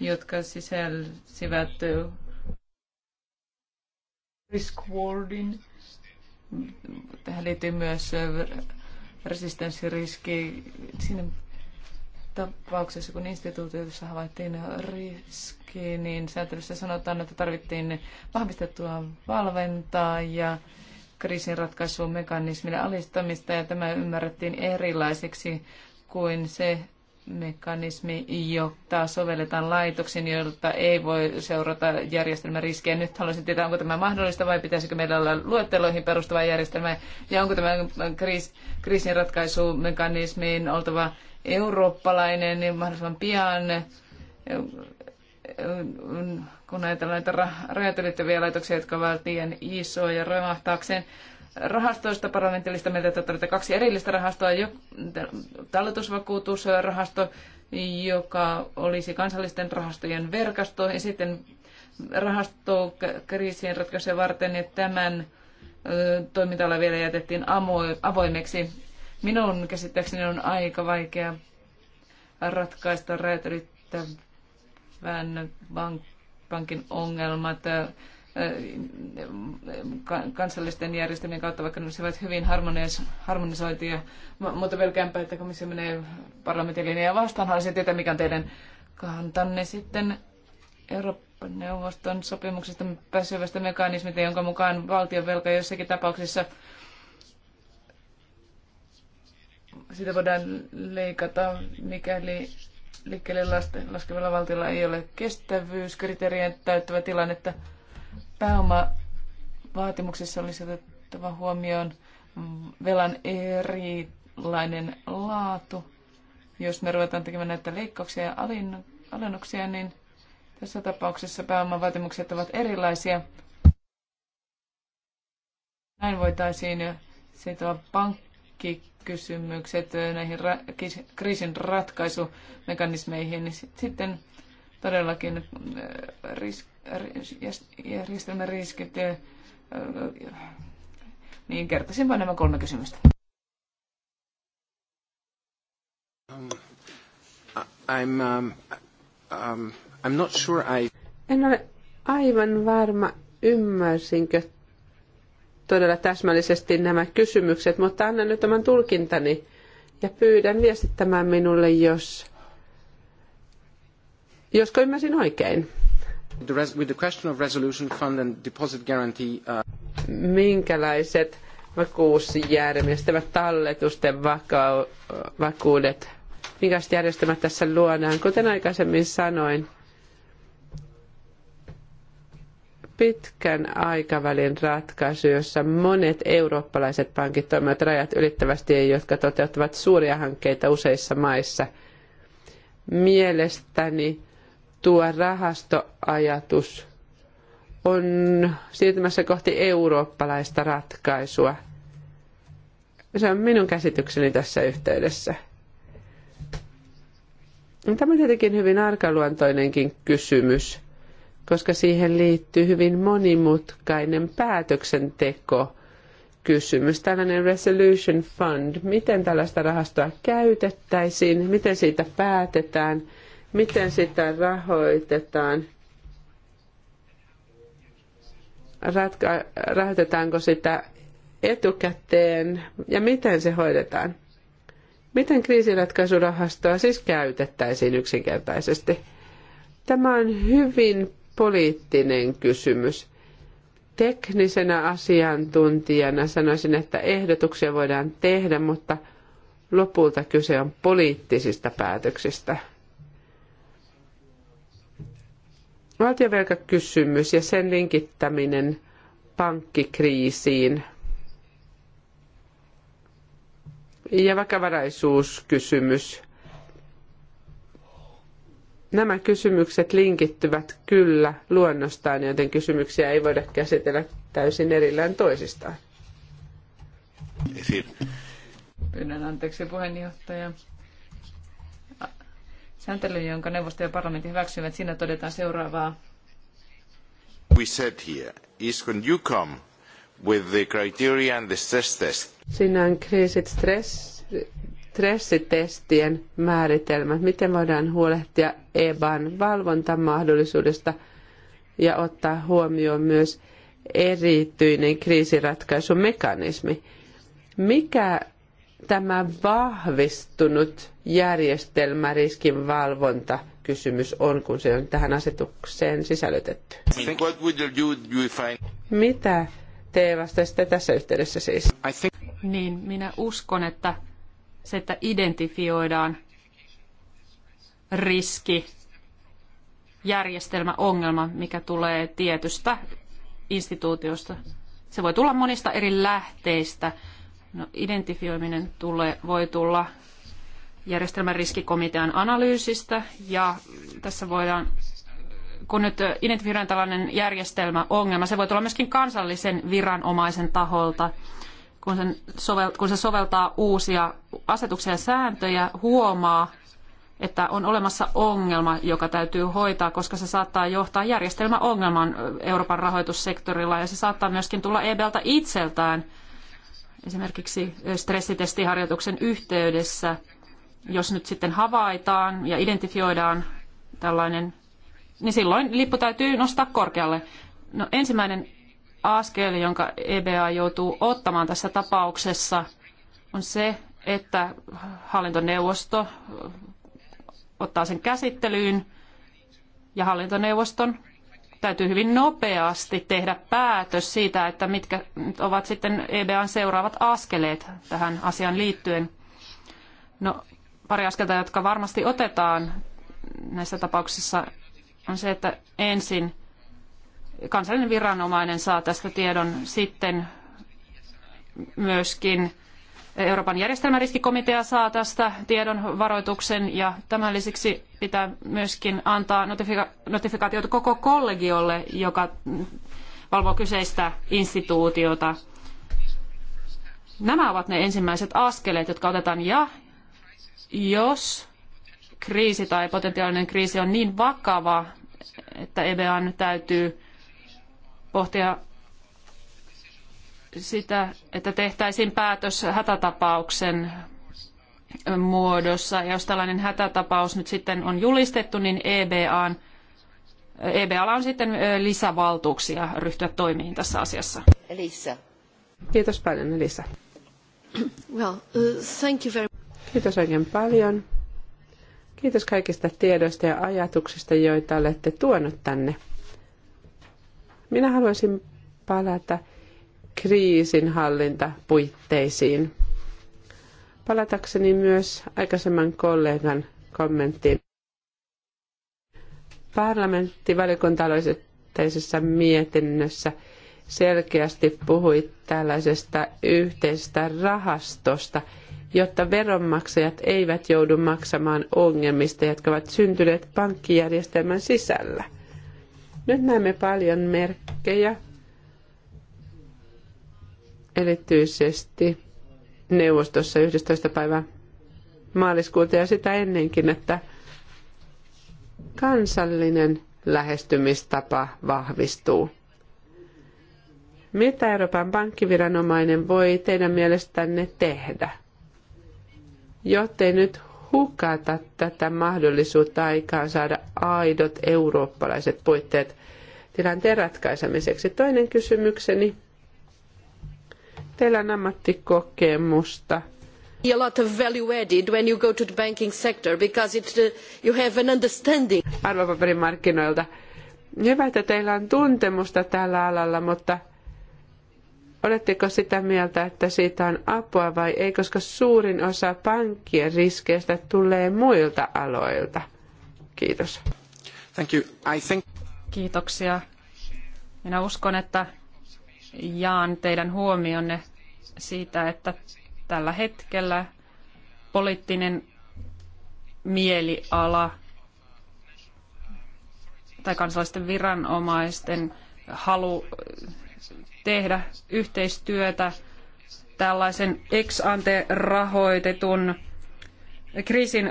jotka sisälsivät risk Tähän liittyy myös resistenssiriski siinä tapauksessa, kun instituutioissa havaittiin riski, niin säätelyssä sanotaan, että tarvittiin vahvistettua valventaa ja kriisinratkaisumekanismille alistamista, ja tämä ymmärrettiin erilaiseksi kuin se mekanismi, jota sovelletaan laitoksen, jolta ei voi seurata järjestelmän riskejä. Nyt haluaisin tietää, onko tämä mahdollista vai pitäisikö meillä olla luetteloihin perustuva järjestelmä ja onko tämä kriis, kriisinratkaisumekanismiin oltava eurooppalainen niin mahdollisimman pian kun ajatellaan näitä rajat ylittäviä laitoksia, jotka ovat liian isoja römähtääkseen rahastoista parlamentillista mieltä, että tarvitaan kaksi erillistä rahastoa, jo, talletusvakuutusrahasto, joka olisi kansallisten rahastojen verkosto, ja sitten rahasto kriisien ratkaisuja varten, ja tämän toimintalla vielä jätettiin avoimeksi. Minun käsittääkseni on aika vaikea ratkaista räätälyttävän pankin ongelmat kansallisten järjestelmien kautta, vaikka ne olisivat hyvin harmonisoituja, mutta pelkäänpä, että komissio menee parlamentin linjaa vastaan. Haluaisin tietää, mikä on teidän kantanne sitten Euroopan neuvoston sopimuksesta pääsevästä mekanismista, jonka mukaan valtion velka jossakin tapauksessa sitä voidaan leikata, mikäli liikkeelle laskevalla valtiolla ei ole kestävyyskriteerien täyttävä tilannetta. että pääomavaatimuksissa olisi otettava huomioon velan erilainen laatu. Jos me ruvetaan tekemään näitä leikkauksia ja alennuksia, niin tässä tapauksessa pääomavaatimukset ovat erilaisia. Näin voitaisiin sitoa pankkikysymykset näihin ra- kriisin ratkaisumekanismeihin. Sitten todellakin äh, risk- järjestelmän riskit. Niin kertaisin vain nämä kolme kysymystä. Um, I'm, um, um, I'm not sure I... En ole aivan varma, ymmärsinkö todella täsmällisesti nämä kysymykset, mutta annan nyt tämän tulkintani ja pyydän viestittämään minulle, jos, josko ymmärsin oikein. Minkälaiset vakuusjärjestelmät, talletusten vakau, vakuudet, minkälaiset järjestelmät tässä luodaan? Kuten aikaisemmin sanoin, pitkän aikavälin ratkaisu, jossa monet eurooppalaiset pankit toimivat rajat ylittävästi, jotka toteuttavat suuria hankkeita useissa maissa. Mielestäni tuo rahastoajatus on siirtymässä kohti eurooppalaista ratkaisua. Se on minun käsitykseni tässä yhteydessä. Tämä on tietenkin hyvin arkaluontoinenkin kysymys, koska siihen liittyy hyvin monimutkainen päätöksenteko kysymys, tällainen resolution fund, miten tällaista rahastoa käytettäisiin, miten siitä päätetään – miten sitä rahoitetaan, Ratka- rahoitetaanko sitä etukäteen ja miten se hoidetaan. Miten kriisiratkaisurahastoa siis käytettäisiin yksinkertaisesti? Tämä on hyvin poliittinen kysymys. Teknisenä asiantuntijana sanoisin, että ehdotuksia voidaan tehdä, mutta lopulta kyse on poliittisista päätöksistä – Valtiovelkakysymys ja sen linkittäminen pankkikriisiin ja vakavaraisuuskysymys. Nämä kysymykset linkittyvät kyllä luonnostaan, joten kysymyksiä ei voida käsitellä täysin erillään toisistaan. Pyydän anteeksi puheenjohtaja. Sääntely, jonka neuvosto ja parlamentti hyväksyivät, siinä todetaan seuraavaa. We said here is when you come with the criteria and the stress test. Siinä on kriisit stress, stressitestien määritelmät. Miten voidaan huolehtia EBAn valvontamahdollisuudesta ja ottaa huomioon myös erityinen kriisiratkaisumekanismi. Mikä tämä vahvistunut järjestelmäriskin valvonta kysymys on, kun se on tähän asetukseen sisällytetty. Mitä te vastasitte tässä yhteydessä siis? Niin, minä uskon, että se, että identifioidaan riski, järjestelmäongelma, mikä tulee tietystä instituutiosta. Se voi tulla monista eri lähteistä, No, identifioiminen tulee, voi tulla järjestelmän riskikomitean analyysistä ja tässä voidaan kun nyt identifioidaan tällainen järjestelmä ongelma, se voi tulla myöskin kansallisen viranomaisen taholta, kun, sen sovel, kun se soveltaa uusia asetuksia ja sääntöjä, huomaa, että on olemassa ongelma, joka täytyy hoitaa, koska se saattaa johtaa järjestelmäongelman Euroopan rahoitussektorilla ja se saattaa myöskin tulla EBLtä itseltään – esimerkiksi stressitestiharjoituksen yhteydessä, jos nyt sitten havaitaan ja identifioidaan tällainen, niin silloin lippu täytyy nostaa korkealle. No, ensimmäinen askel, jonka EBA joutuu ottamaan tässä tapauksessa, on se, että hallintoneuvosto ottaa sen käsittelyyn ja hallintoneuvoston täytyy hyvin nopeasti tehdä päätös siitä, että mitkä ovat sitten EBAn seuraavat askeleet tähän asiaan liittyen. No, pari askelta, jotka varmasti otetaan näissä tapauksissa, on se, että ensin kansallinen viranomainen saa tästä tiedon, sitten myöskin Euroopan järjestelmäriskikomitea saa tästä tiedon varoituksen ja tämän lisäksi pitää myöskin antaa notifika- notifikaatiota koko kollegiolle, joka valvoo kyseistä instituutiota. Nämä ovat ne ensimmäiset askeleet, jotka otetaan ja jos kriisi tai potentiaalinen kriisi on niin vakava, että EBAn täytyy pohtia sitä, että tehtäisiin päätös hätätapauksen muodossa. Ja jos tällainen hätätapaus nyt sitten on julistettu, niin EBAn, EBAlla on sitten lisävaltuuksia ryhtyä toimiin tässä asiassa. Elisa. Kiitos paljon, Elisa. Well, uh, thank you very... Kiitos oikein paljon. Kiitos kaikista tiedoista ja ajatuksista, joita olette tuonut tänne. Minä haluaisin palata kriisinhallintapuitteisiin. Palatakseni myös aikaisemman kollegan kommenttiin. Parlamentti valiokunta-aloitteisessa mietinnössä selkeästi puhui tällaisesta yhteisestä rahastosta, jotta veronmaksajat eivät joudu maksamaan ongelmista, jotka ovat syntyneet pankkijärjestelmän sisällä. Nyt näemme paljon merkkejä erityisesti neuvostossa 11. päivä maaliskuuta ja sitä ennenkin, että kansallinen lähestymistapa vahvistuu. Mitä Euroopan pankkiviranomainen voi teidän mielestänne tehdä, jottei nyt hukata tätä mahdollisuutta aikaan saada aidot eurooppalaiset puitteet tilanteen ratkaisemiseksi? Toinen kysymykseni Teillä on ammattikokemusta a lot of value added when you go to the banking sector because it, uh, you have an understanding. Arvopaperimarkkinoilta. Hyvä, että teillä on tuntemusta tällä alalla, mutta oletteko sitä mieltä, että siitä on apua vai ei, koska suurin osa pankkien riskeistä tulee muilta aloilta? Kiitos. Thank you. I think... Kiitoksia. Minä uskon, että jaan teidän huomionne siitä, että tällä hetkellä poliittinen mieliala tai kansalaisten viranomaisten halu tehdä yhteistyötä tällaisen ex ante rahoitetun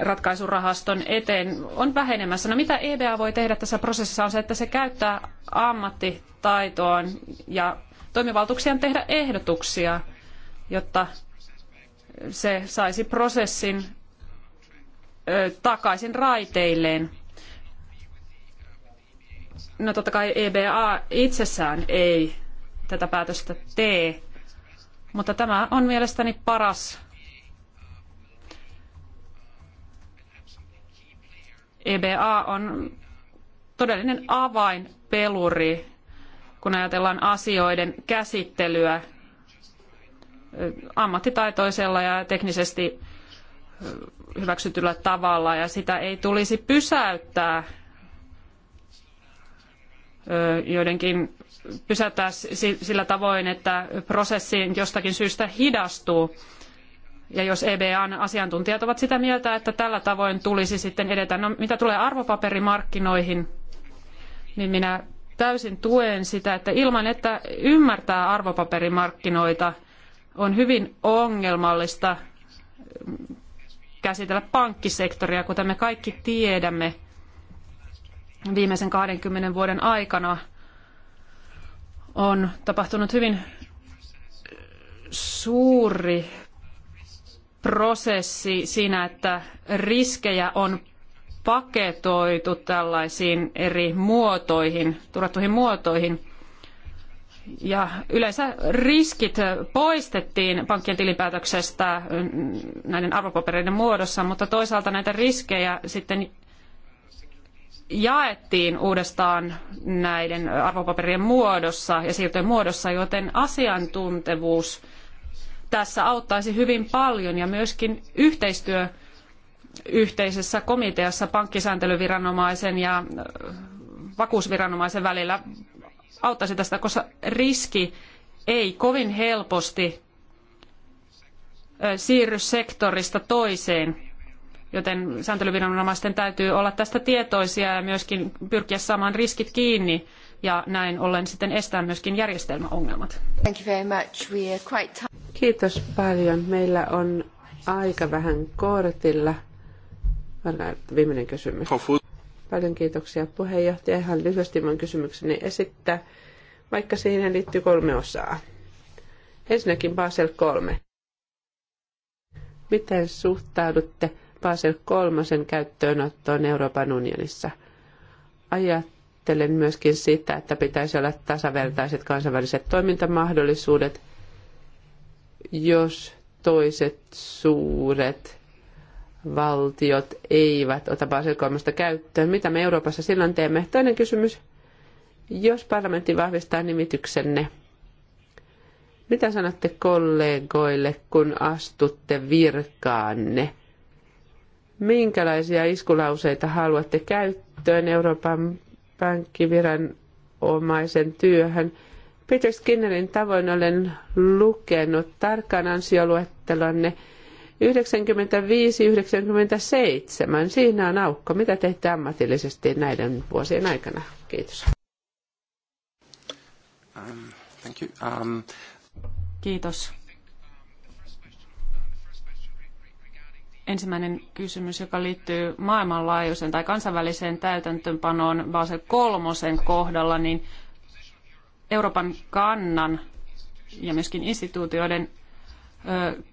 ratkaisurahaston eteen on vähenemässä. No mitä EBA voi tehdä tässä prosessissa on se, että se käyttää ammattitaitoaan ja toimivaltuuksiaan tehdä ehdotuksia, jotta se saisi prosessin takaisin raiteilleen. No totta kai EBA itsessään ei tätä päätöstä tee, mutta tämä on mielestäni paras EBA on todellinen avainpeluri kun ajatellaan asioiden käsittelyä ammattitaitoisella ja teknisesti hyväksytyllä tavalla ja sitä ei tulisi pysäyttää joidenkin pysäyttää sillä tavoin, että prosessi jostakin syystä hidastuu. Ja jos EBAn asiantuntijat ovat sitä mieltä, että tällä tavoin tulisi sitten edetä. No, mitä tulee arvopaperimarkkinoihin, niin minä täysin tuen sitä, että ilman että ymmärtää arvopaperimarkkinoita on hyvin ongelmallista mm, käsitellä pankkisektoria, kuten me kaikki tiedämme viimeisen 20 vuoden aikana on tapahtunut hyvin suuri prosessi siinä, että riskejä on paketoitu tällaisiin eri muotoihin, turvattuihin muotoihin. Ja yleensä riskit poistettiin pankkien tilinpäätöksestä näiden arvopapereiden muodossa, mutta toisaalta näitä riskejä sitten jaettiin uudestaan näiden arvopaperien muodossa ja siirtojen muodossa, joten asiantuntevuus tässä auttaisi hyvin paljon ja myöskin yhteistyö yhteisessä komiteassa pankkisääntelyviranomaisen ja äh, vakuusviranomaisen välillä auttaisi tästä, koska riski ei kovin helposti äh, siirry sektorista toiseen, joten sääntelyviranomaisten täytyy olla tästä tietoisia ja myöskin pyrkiä saamaan riskit kiinni ja näin ollen sitten estää myöskin järjestelmäongelmat. Thank you very much. We are quite Kiitos paljon. Meillä on aika vähän kortilla viimeinen kysymys. Paljon kiitoksia puheenjohtaja. Ihan lyhyesti minun kysymykseni esittää, vaikka siihen liittyy kolme osaa. Ensinnäkin Basel 3. Miten suhtaudutte Basel 3 käyttöönottoon Euroopan unionissa? Ajattelen myöskin sitä, että pitäisi olla tasavertaiset kansainväliset toimintamahdollisuudet, jos toiset suuret valtiot eivät ota Basel käyttöön. Mitä me Euroopassa silloin teemme? Toinen kysymys. Jos parlamentti vahvistaa nimityksenne, mitä sanotte kollegoille, kun astutte virkaanne? Minkälaisia iskulauseita haluatte käyttöön Euroopan pankkiviranomaisen työhön? Peter Skinnerin tavoin olen lukenut tarkan ansioluettelonne 95-97, siinä on aukko. Mitä teitte ammatillisesti näiden vuosien aikana? Kiitos. Um, thank you. Um... Kiitos. Ensimmäinen kysymys, joka liittyy maailmanlaajuiseen tai kansainväliseen täytäntöönpanoon Basel kolmosen kohdalla, niin Euroopan kannan ja myöskin instituutioiden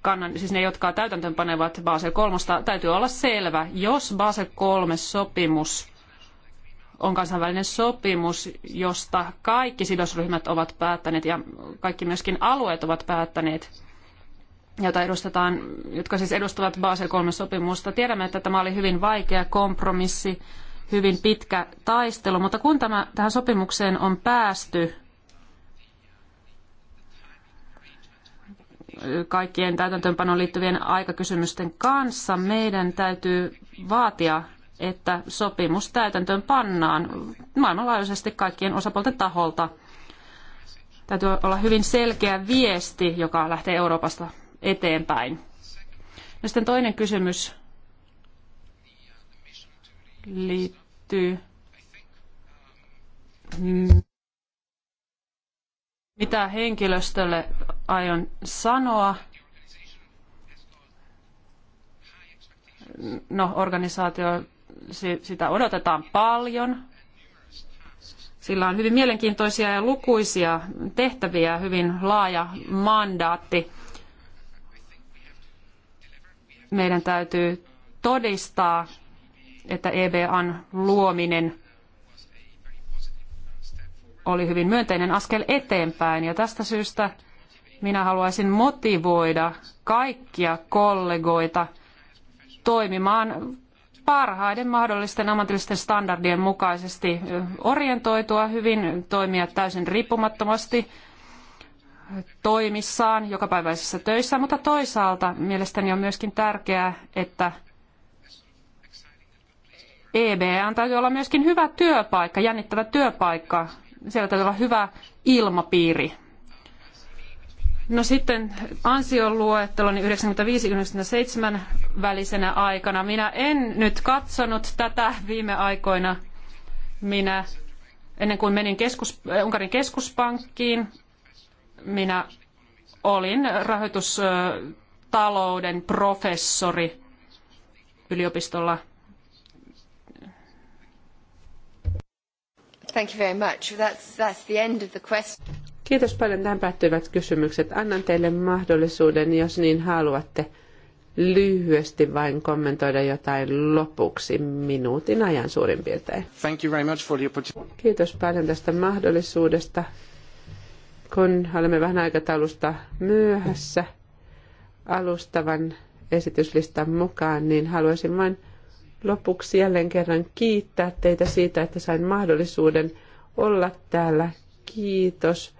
kannan, siis ne, jotka täytäntöönpanevat Basel 3, täytyy olla selvä. Jos Basel 3 sopimus on kansainvälinen sopimus, josta kaikki sidosryhmät ovat päättäneet ja kaikki myöskin alueet ovat päättäneet, jota edustetaan, jotka siis edustavat Basel 3 sopimusta. Tiedämme, että tämä oli hyvin vaikea kompromissi, hyvin pitkä taistelu, mutta kun tämä, tähän sopimukseen on päästy, kaikkien täytäntöönpanoon liittyvien aikakysymysten kanssa. Meidän täytyy vaatia, että sopimus täytäntöön pannaan maailmanlaajuisesti kaikkien osapuolten taholta. Täytyy olla hyvin selkeä viesti, joka lähtee Euroopasta eteenpäin. Ja sitten toinen kysymys liittyy mm, mitä henkilöstölle aion sanoa. No, organisaatio, sitä odotetaan paljon. Sillä on hyvin mielenkiintoisia ja lukuisia tehtäviä, hyvin laaja mandaatti. Meidän täytyy todistaa, että EBAn luominen oli hyvin myönteinen askel eteenpäin. Ja tästä syystä minä haluaisin motivoida kaikkia kollegoita toimimaan parhaiden mahdollisten ammatillisten standardien mukaisesti, orientoitua hyvin, toimia täysin riippumattomasti toimissaan, jokapäiväisissä töissä, mutta toisaalta mielestäni on myöskin tärkeää, että EBA täytyy olla myöskin hyvä työpaikka, jännittävä työpaikka. Siellä täytyy olla hyvä ilmapiiri No sitten ansioluetteloni 95-97 välisenä aikana. Minä en nyt katsonut tätä viime aikoina. Minä ennen kuin menin keskus, äh, Unkarin keskuspankkiin, minä olin rahoitustalouden professori yliopistolla. Thank you very much. That's, that's the end of the question. Kiitos paljon. Tähän päättyivät kysymykset. Annan teille mahdollisuuden, jos niin haluatte, lyhyesti vain kommentoida jotain lopuksi minuutin ajan suurin piirtein. Thank you very much for the Kiitos paljon tästä mahdollisuudesta. Kun olemme vähän aikataulusta myöhässä alustavan esityslistan mukaan, niin haluaisin vain lopuksi jälleen kerran kiittää teitä siitä, että sain mahdollisuuden olla täällä. Kiitos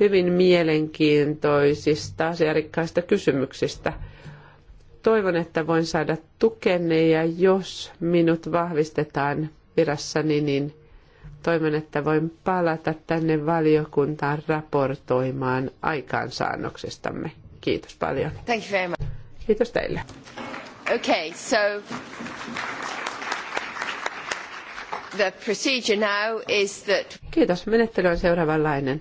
hyvin mielenkiintoisista asiarikkaista kysymyksistä. Toivon, että voin saada tukenne ja jos minut vahvistetaan virassani, niin toivon, että voin palata tänne valiokuntaan raportoimaan aikaansaannoksestamme. Kiitos paljon. Thank you very much. Kiitos teille. Okay, so the procedure now is that... Kiitos. Menettely on seuraavanlainen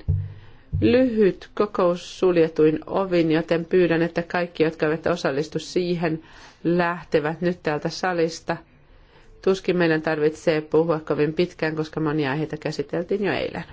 lyhyt kokous suljetuin ovin, joten pyydän, että kaikki, jotka eivät osallistu siihen, lähtevät nyt täältä salista. Tuskin meidän tarvitsee puhua kovin pitkään, koska monia aiheita käsiteltiin jo eilen.